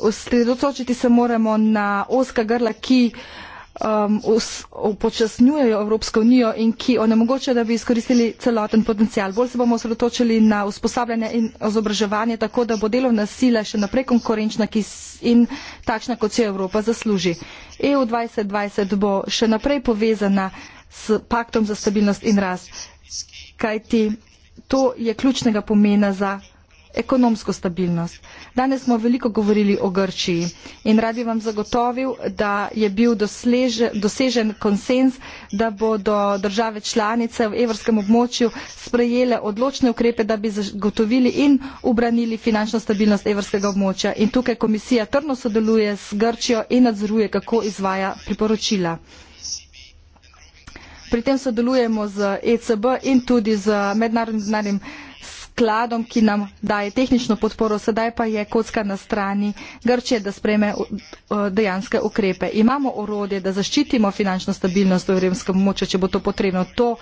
Osredotočiti se moramo na oska grla, ki uh, um, upočasnjujejo Evropsko unijo in ki onemogočajo, da bi izkoristili celoten potencial. Bolj se bomo osredotočili na usposabljanje in ozobraževanje, tako da bo delovna sila še naprej konkurenčna in takšna, kot jo Evropa zasluži. EU 2020 bo še naprej povezana s paktom za stabilnost in rast, kajti to je ključnega pomena za ekonomsko stabilnost. Danes smo veliko govorili o Grčiji in radi vam zagotovil, da je bil dosleže, dosežen konsens, da bodo države članice v evropskem območju sprejele odločne ukrepe, da bi zagotovili in ubranili finančno stabilnost evropskega območja. In tukaj komisija trdno sodeluje z Grčijo in nadzoruje, kako izvaja priporočila. Pri tem sodelujemo z ECB in tudi z mednarodnim denarnim skladom, ki nam daje tehnično podporo, sedaj pa je kocka na strani Grčije, da spreme uh, dejanske ukrepe. Imamo orodje, da zaščitimo finančno stabilnost v evropskem območju, če bo to potrebno. To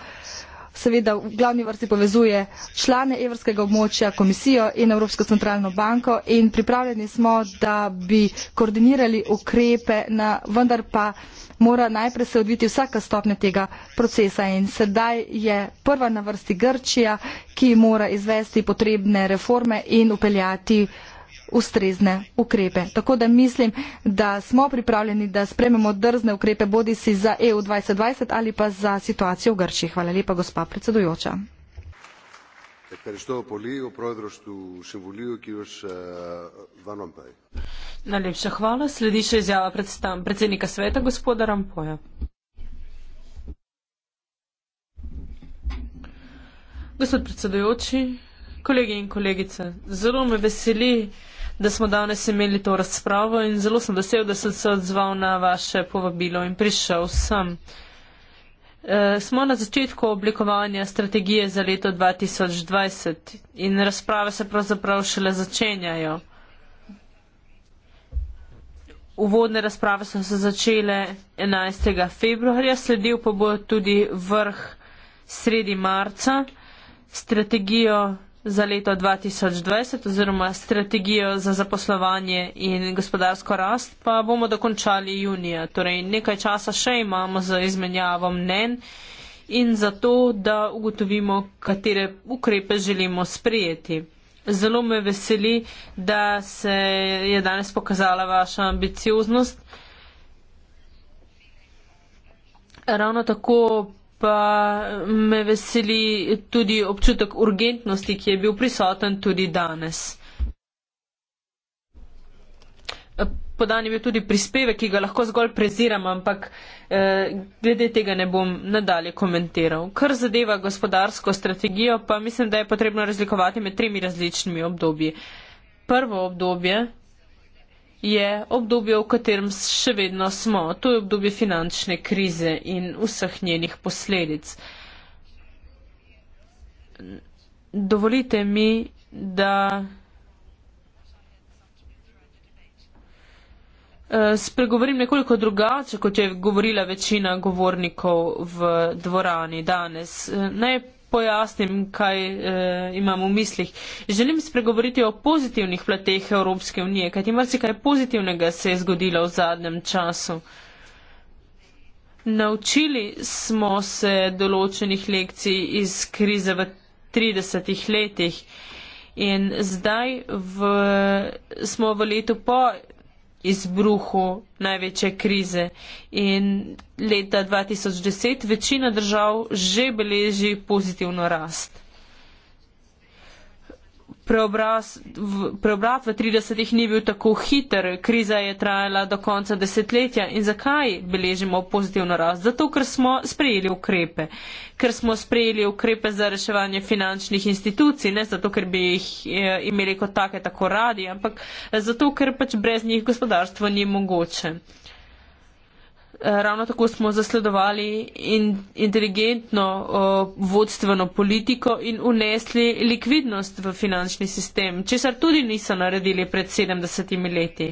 seveda v glavni vrsti povezuje člane evropskega območja, komisijo in Evropsko centralno banko in pripravljeni smo, da bi koordinirali ukrepe, na, vendar pa mora najprej se odviti vsaka stopnja tega procesa in sedaj je prva na vrsti Grčija, ki mora izvesti potrebne reforme in upeljati ustrezne ukrepe. Tako da mislim, da smo pripravljeni, da sprememo drzne ukrepe, bodi si za EU 2020 ali pa za situacijo v Grčiji. Hvala lepa, gospa predsedujoča. Ευχαριστώ πολύ. Ο πρόεδρος του Συμβουλίου, κύριος Βανόμπαϊ. Uh, Najlepša hvala. Sledi še izjava predsednika sveta, gospoda Rampoja. Gospod predsedujoči, kolegi in kolegice, zelo me veseli, da smo danes imeli to razpravo in zelo sem vesel, da sem se odzval na vaše povabilo in prišel sem. E, smo na začetku oblikovanja strategije za leto 2020 in razprave se pravzaprav šele začenjajo. Uvodne razprave so se začele 11. februarja, sledil pa bo tudi vrh sredi marca, strategijo za leto 2020 oziroma strategijo za zaposlovanje in gospodarsko rast pa bomo dokončali junija. Torej nekaj časa še imamo za izmenjavo mnen in za to, da ugotovimo, katere ukrepe želimo sprejeti. Zelo me veseli, da se je danes pokazala vaša ambicioznost. Ravno tako pa me veseli tudi občutek urgentnosti, ki je bil prisoten tudi danes. podan je bil tudi prispevek, ki ga lahko zgolj preziram, ampak eh, glede tega ne bom nadalje komentiral. Kar zadeva gospodarsko strategijo, pa mislim, da je potrebno razlikovati med tremi različnimi obdobji. Prvo obdobje je obdobje, v katerem še vedno smo. To je obdobje finančne krize in vseh njenih posledic. Dovolite mi, da Eh, spregovorim nekoliko drugače, kot je govorila večina govornikov v dvorani danes. Eh, naj pojasnim, kaj eh, imam v mislih. Želim spregovoriti o pozitivnih plateh Evropske unije, kajti marsikaj pozitivnega se je zgodilo v zadnjem času. Naučili smo se določenih lekcij iz krize v 30 letih in zdaj v, smo v letu po izbruhu največje krize. In leta 2010 večina držav že beleži pozitivno rast preobrat v 30-ih ni bil tako hiter, kriza je trajala do konca desetletja in zakaj beležimo pozitivno rast? Zato, ker smo sprejeli ukrepe, ker smo sprejeli ukrepe za reševanje finančnih institucij, ne zato, ker bi jih eh, imeli kot take tako radi, ampak zato, ker pač brez njih gospodarstvo ni mogoče. Eh, ravno tako smo zasledovali in inteligentno o, eh, vodstveno politiko in unesli likvidnost v finančni sistem, česar tudi niso naredili pred 70 leti.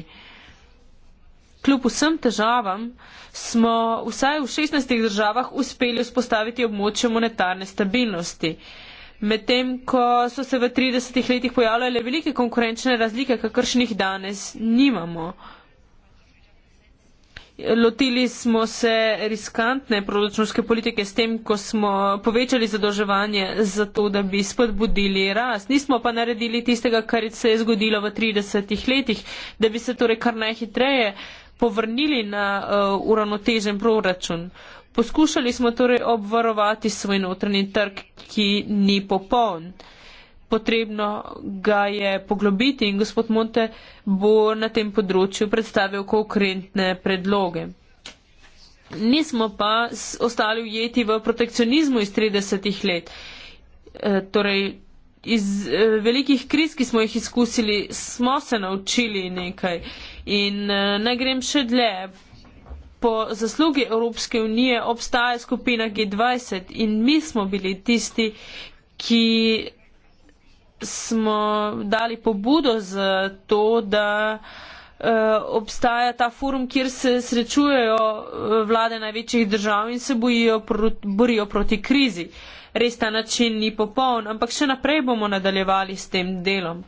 Kljub vsem težavam smo vsaj v 16 državah uspeli vzpostaviti območje monetarne stabilnosti. Medtem, ko so se v 30 letih pojavljale velike konkurenčne razlike, kakršnih danes nimamo. Lotili smo se riskantne proračunske politike s tem, ko smo povečali zadolževanje za to, da bi spodbudili rast. Nismo pa naredili tistega, kar se je zgodilo v 30 letih, da bi se torej kar najhitreje povrnili na uh, uravnotežen proračun. Poskušali smo torej obvarovati svoj notranji trg, ki ni popoln. Uh, potrebno ga je poglobiti in gospod Monte bo na tem področju predstavil konkurentne predloge. Nismo pa ostali ujeti v protekcionizmu iz 30-ih let. E, torej, iz e, velikih kriz, ki smo jih izkusili, smo se naučili nekaj. In e, naj grem še dlje. Po zaslugi Evropske unije obstaja skupina G20 in mi smo bili tisti, ki smo dali pobudo za to, da eh, obstaja ta forum, kjer se srečujejo eh, vlade največjih držav in se borijo proti krizi. Res ta način ni popoln, ampak še naprej bomo nadaljevali s tem delom.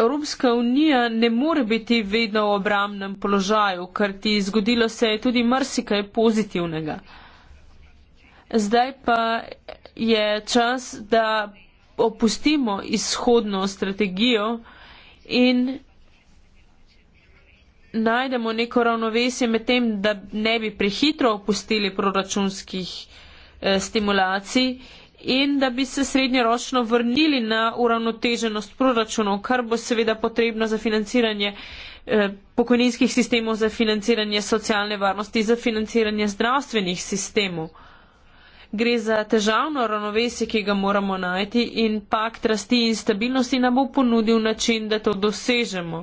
Evropska unija ne more biti vedno v obramnem položaju, ker ti zgodilo se je tudi mrsikaj pozitivnega. Zdaj pa je čas, da opustimo izhodno strategijo in najdemo neko ravnovesje med tem, da ne bi prehitro opustili proračunskih eh, stimulacij in da bi se srednjeročno vrnili na uravnoteženost proračunov, kar bo seveda potrebno za financiranje eh, pokojninskih sistemov za financiranje socialne varnosti, za financiranje zdravstvenih sistemov gre za težavno ravnovesje, ki ga moramo najti in pakt rasti in stabilnosti nam bo ponudil način, da to dosežemo.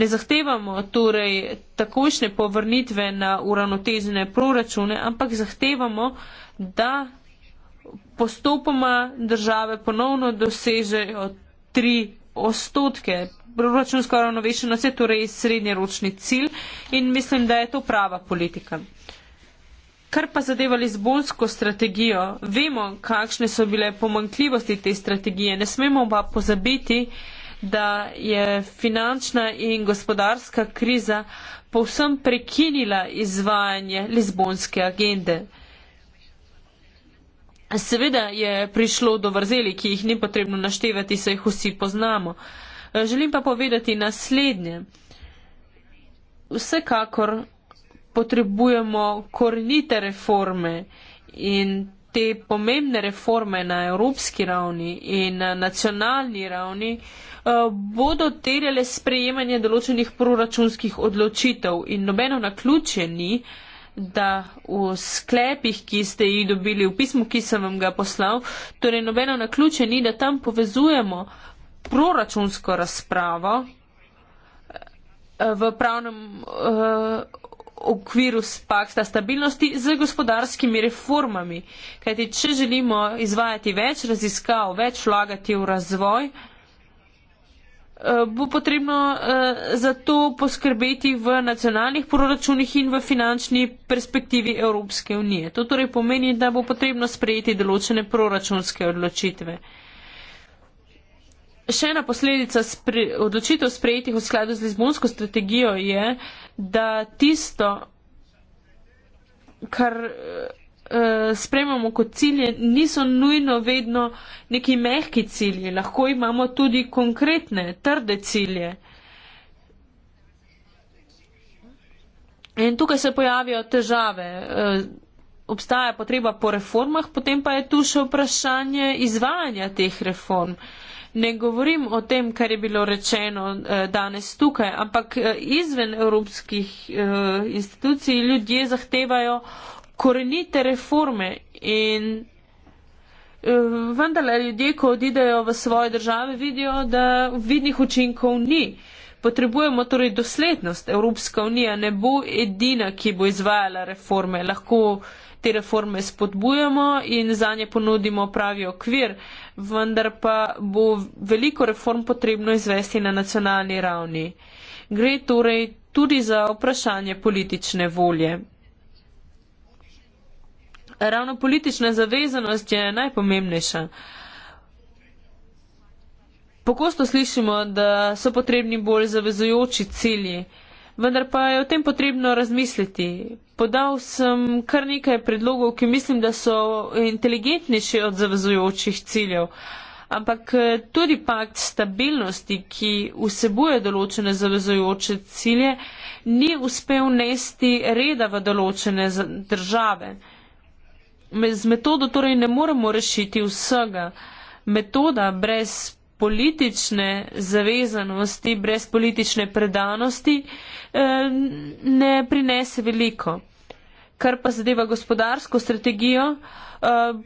Ne zahtevamo torej takošne povrnitve na uravnotežene proračune, ampak zahtevamo, da postopoma države ponovno dosežejo tri odstotke. Proračunsko ravnovešenost je torej srednjeročni cilj in mislim, da je to prava politika. Kar pa zadeva Lizbonsko strategijo, vemo, kakšne so bile pomankljivosti te strategije. Ne smemo pa pozabiti, da je finančna in gospodarska kriza povsem prekinila izvajanje Lizbonske agende. Seveda je prišlo do vrzeli, ki jih ni potrebno naštevati, saj jih vsi poznamo. Želim pa povedati naslednje. Vsekakor potrebujemo korenite reforme in te pomembne reforme na evropski ravni in na nacionalni ravni eh, bodo terjale sprejemanje določenih proračunskih odločitev in nobeno naključje ni, da v sklepih, ki ste jih dobili v pismu, ki sem vam ga poslal, torej nobeno naključje ni, da tam povezujemo proračunsko razpravo eh, v pravnem eh, okviru pakta stabilnosti z gospodarskimi reformami. Kajti, če želimo izvajati več raziskav, več vlagati v razvoj, eh, bo potrebno eh, za to poskrbeti v nacionalnih proračunih in v finančni perspektivi Evropske unije. To torej pomeni, da bo potrebno sprejeti določene proračunske odločitve še ena posledica spre, odločitev sprejetih v skladu z Lizbonsko strategijo je, da tisto, kar uh, eh, sprememo kot cilje, niso nujno vedno neki mehki cilji. Lahko imamo tudi konkretne, trde cilje. In tukaj se pojavijo težave. Eh, obstaja potreba po reformah, potem pa je tu še vprašanje izvajanja teh reform ne govorim o tem, kar je bilo rečeno eh, danes tukaj, ampak eh, izven evropskih eh, institucij ljudje zahtevajo korenite reforme in vendar ljudje, ko odidejo v svoje države, vidijo, da vidnih učinkov ni. Potrebujemo torej doslednost. Evropska unija ne bo edina, ki bo izvajala reforme. Lahko te reforme spodbujamo in za nje ponudimo pravi okvir, vendar pa bo veliko reform potrebno izvesti na nacionalni ravni. Gre torej tudi za vprašanje politične volje. Ravno politična zavezanost je najpomembnejša. Pogosto slišimo, da so potrebni bolj zavezujoči cilji vendar pa je o tem potrebno razmisliti. Podal sem kar nekaj predlogov, ki mislim, da so inteligentnejši od zavezujočih ciljev. Ampak eh, tudi pakt stabilnosti, ki vsebuje določene zavezojoče cilje, ni uspel nesti reda v določene države. Z metodo torej ne moremo rešiti vsega. Metoda brez politične zavezanosti, brez politične predanosti, eh, ne prinese veliko. Kar pa zadeva gospodarsko strategijo, eh,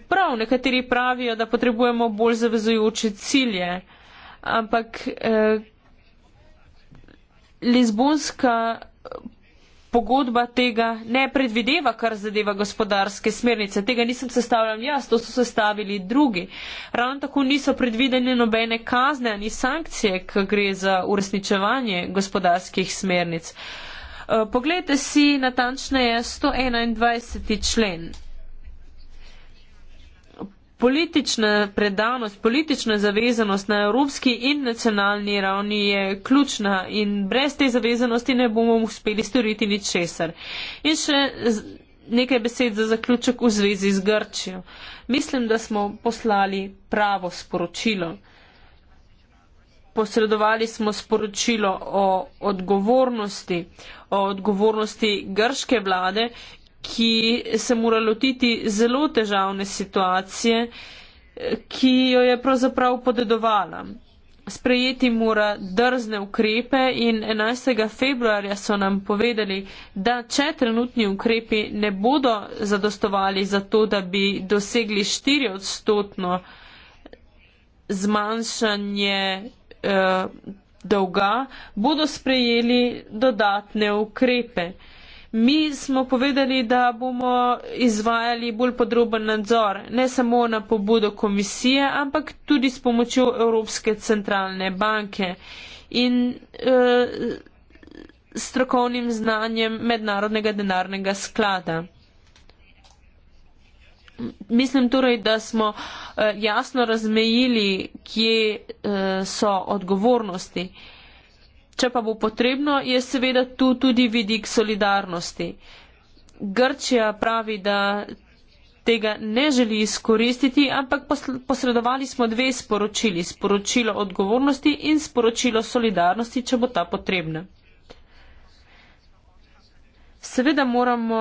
prav nekateri pravijo, da potrebujemo bolj zavezujoče cilje, ampak eh, Lizbonska pogodba tega ne predvideva, kar zadeva gospodarske smernice. Tega nisem sestavljal jaz, to so sestavili drugi. Ravno tako niso predvidene nobene kazne ani sankcije, ko gre za uresničevanje gospodarskih smernic. Eh, poglejte si natančneje 121. člen. Politična predanost, politična zavezanost na evropski in nacionalni ravni je ključna in brez te zavezanosti ne bomo uspeli storiti ničesar. In še nekaj besed za zaključek v zvezi z Grčijo. Mislim, da smo poslali pravo sporočilo. Posredovali smo sporočilo o odgovornosti, o odgovornosti grške vlade ki se mora lotiti zelo težavne situacije, ki jo je pravzaprav podedovala. Sprejeti mora drzne ukrepe in 11. februarja so nam povedali, da če trenutni ukrepi ne bodo zadostovali za to, da bi dosegli 4 odstotno zmanjšanje eh, dolga, bodo sprejeli dodatne ukrepe. Eh, Mi smo povedali, da bomo izvajali bolj podroben nadzor, ne samo na pobudo komisije, ampak tudi s pomočjo Evropske centralne banke in eh, strokovnim znanjem mednarodnega denarnega sklada. Mislim torej, da smo eh, jasno razmejili, kje eh, so odgovornosti. Če pa bo potrebno, je seveda tu tudi vidik solidarnosti. Grčija pravi, da tega ne želi izkoristiti, ampak posredovali smo dve sporočili. Sporočilo odgovornosti in sporočilo solidarnosti, če bo ta potrebna. Seveda moramo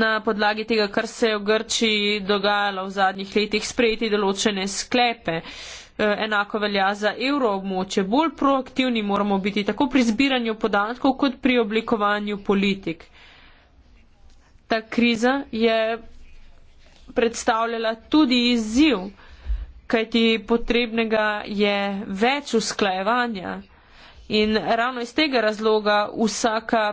na podlagi tega, kar se je v Grčiji dogajalo v zadnjih letih, sprejeti določene sklepe. Uh, Eh, enako velja za evroobmoče. Bolj proaktivni moramo biti tako pri zbiranju podatkov, kot pri oblikovanju politik. Ta kriza je predstavljala tudi izziv, kajti potrebnega je več usklajevanja. In ravno iz tega razloga vsaka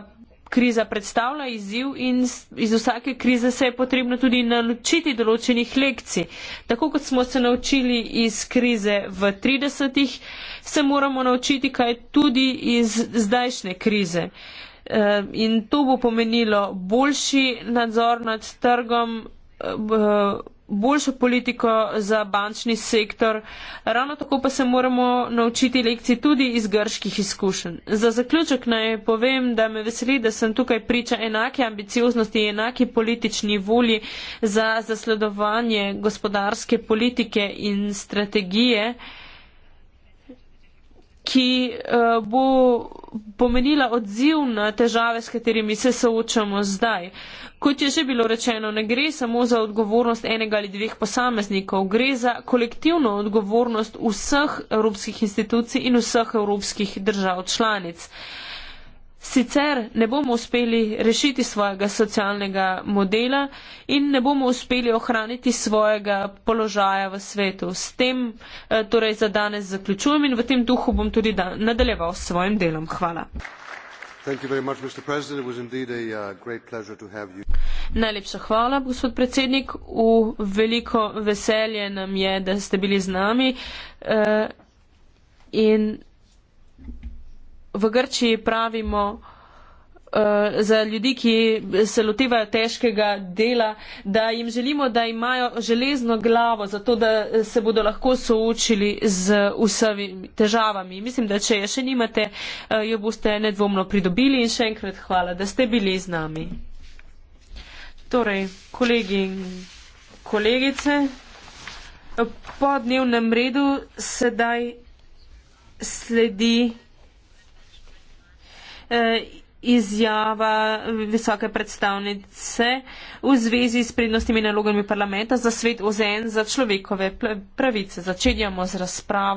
kriza predstavlja izziv in iz vsake krize se je potrebno tudi naučiti določenih lekcij. Tako kot smo se naučili iz krize v 30-ih, se moramo naučiti kaj tudi iz zdajšnje krize. Eh, in to bo pomenilo boljši nadzor nad trgom, eh, boljšo politiko za bančni sektor, ravno tako pa se moramo naučiti lekcij tudi iz grških izkušenj. Za zaključek naj povem, da me veseli, da sem tukaj priča enake ambicioznosti, enake politični volji za zasledovanje gospodarske politike in strategije ki eh, bo pomenila odziv na težave, s katerimi se soočamo zdaj. Kot je že bilo rečeno, ne gre samo za odgovornost enega ali dveh posameznikov, gre za kolektivno odgovornost vseh evropskih institucij in vseh evropskih držav članic. Uh, Sicer ne bomo uspeli rešiti svojega socialnega modela in ne bomo uspeli ohraniti svojega položaja v svetu. S tem eh, torej za danes zaključujem in v tem duhu bom tudi nadaljeval s svojim delom. Hvala. Uh, Najlepša hvala, gospod predsednik. V veliko veselje nam je, da ste bili z nami. Uh, v Grčiji pravimo uh, za ljudi, ki se lotevajo težkega dela, da jim želimo, da imajo železno glavo, zato da se bodo lahko soočili z vsemi težavami. Mislim, da če je še nimate, uh, jo boste nedvomno pridobili in še enkrat hvala, da ste bili z nami. Torej, kolegi in kolegice, po dnevnem redu sedaj sledi Eh, izjava visoke predstavnice v zvezi s prednostimi nalogami parlamenta za svet OZN za človekove pravice. Začenjamo z razpravo.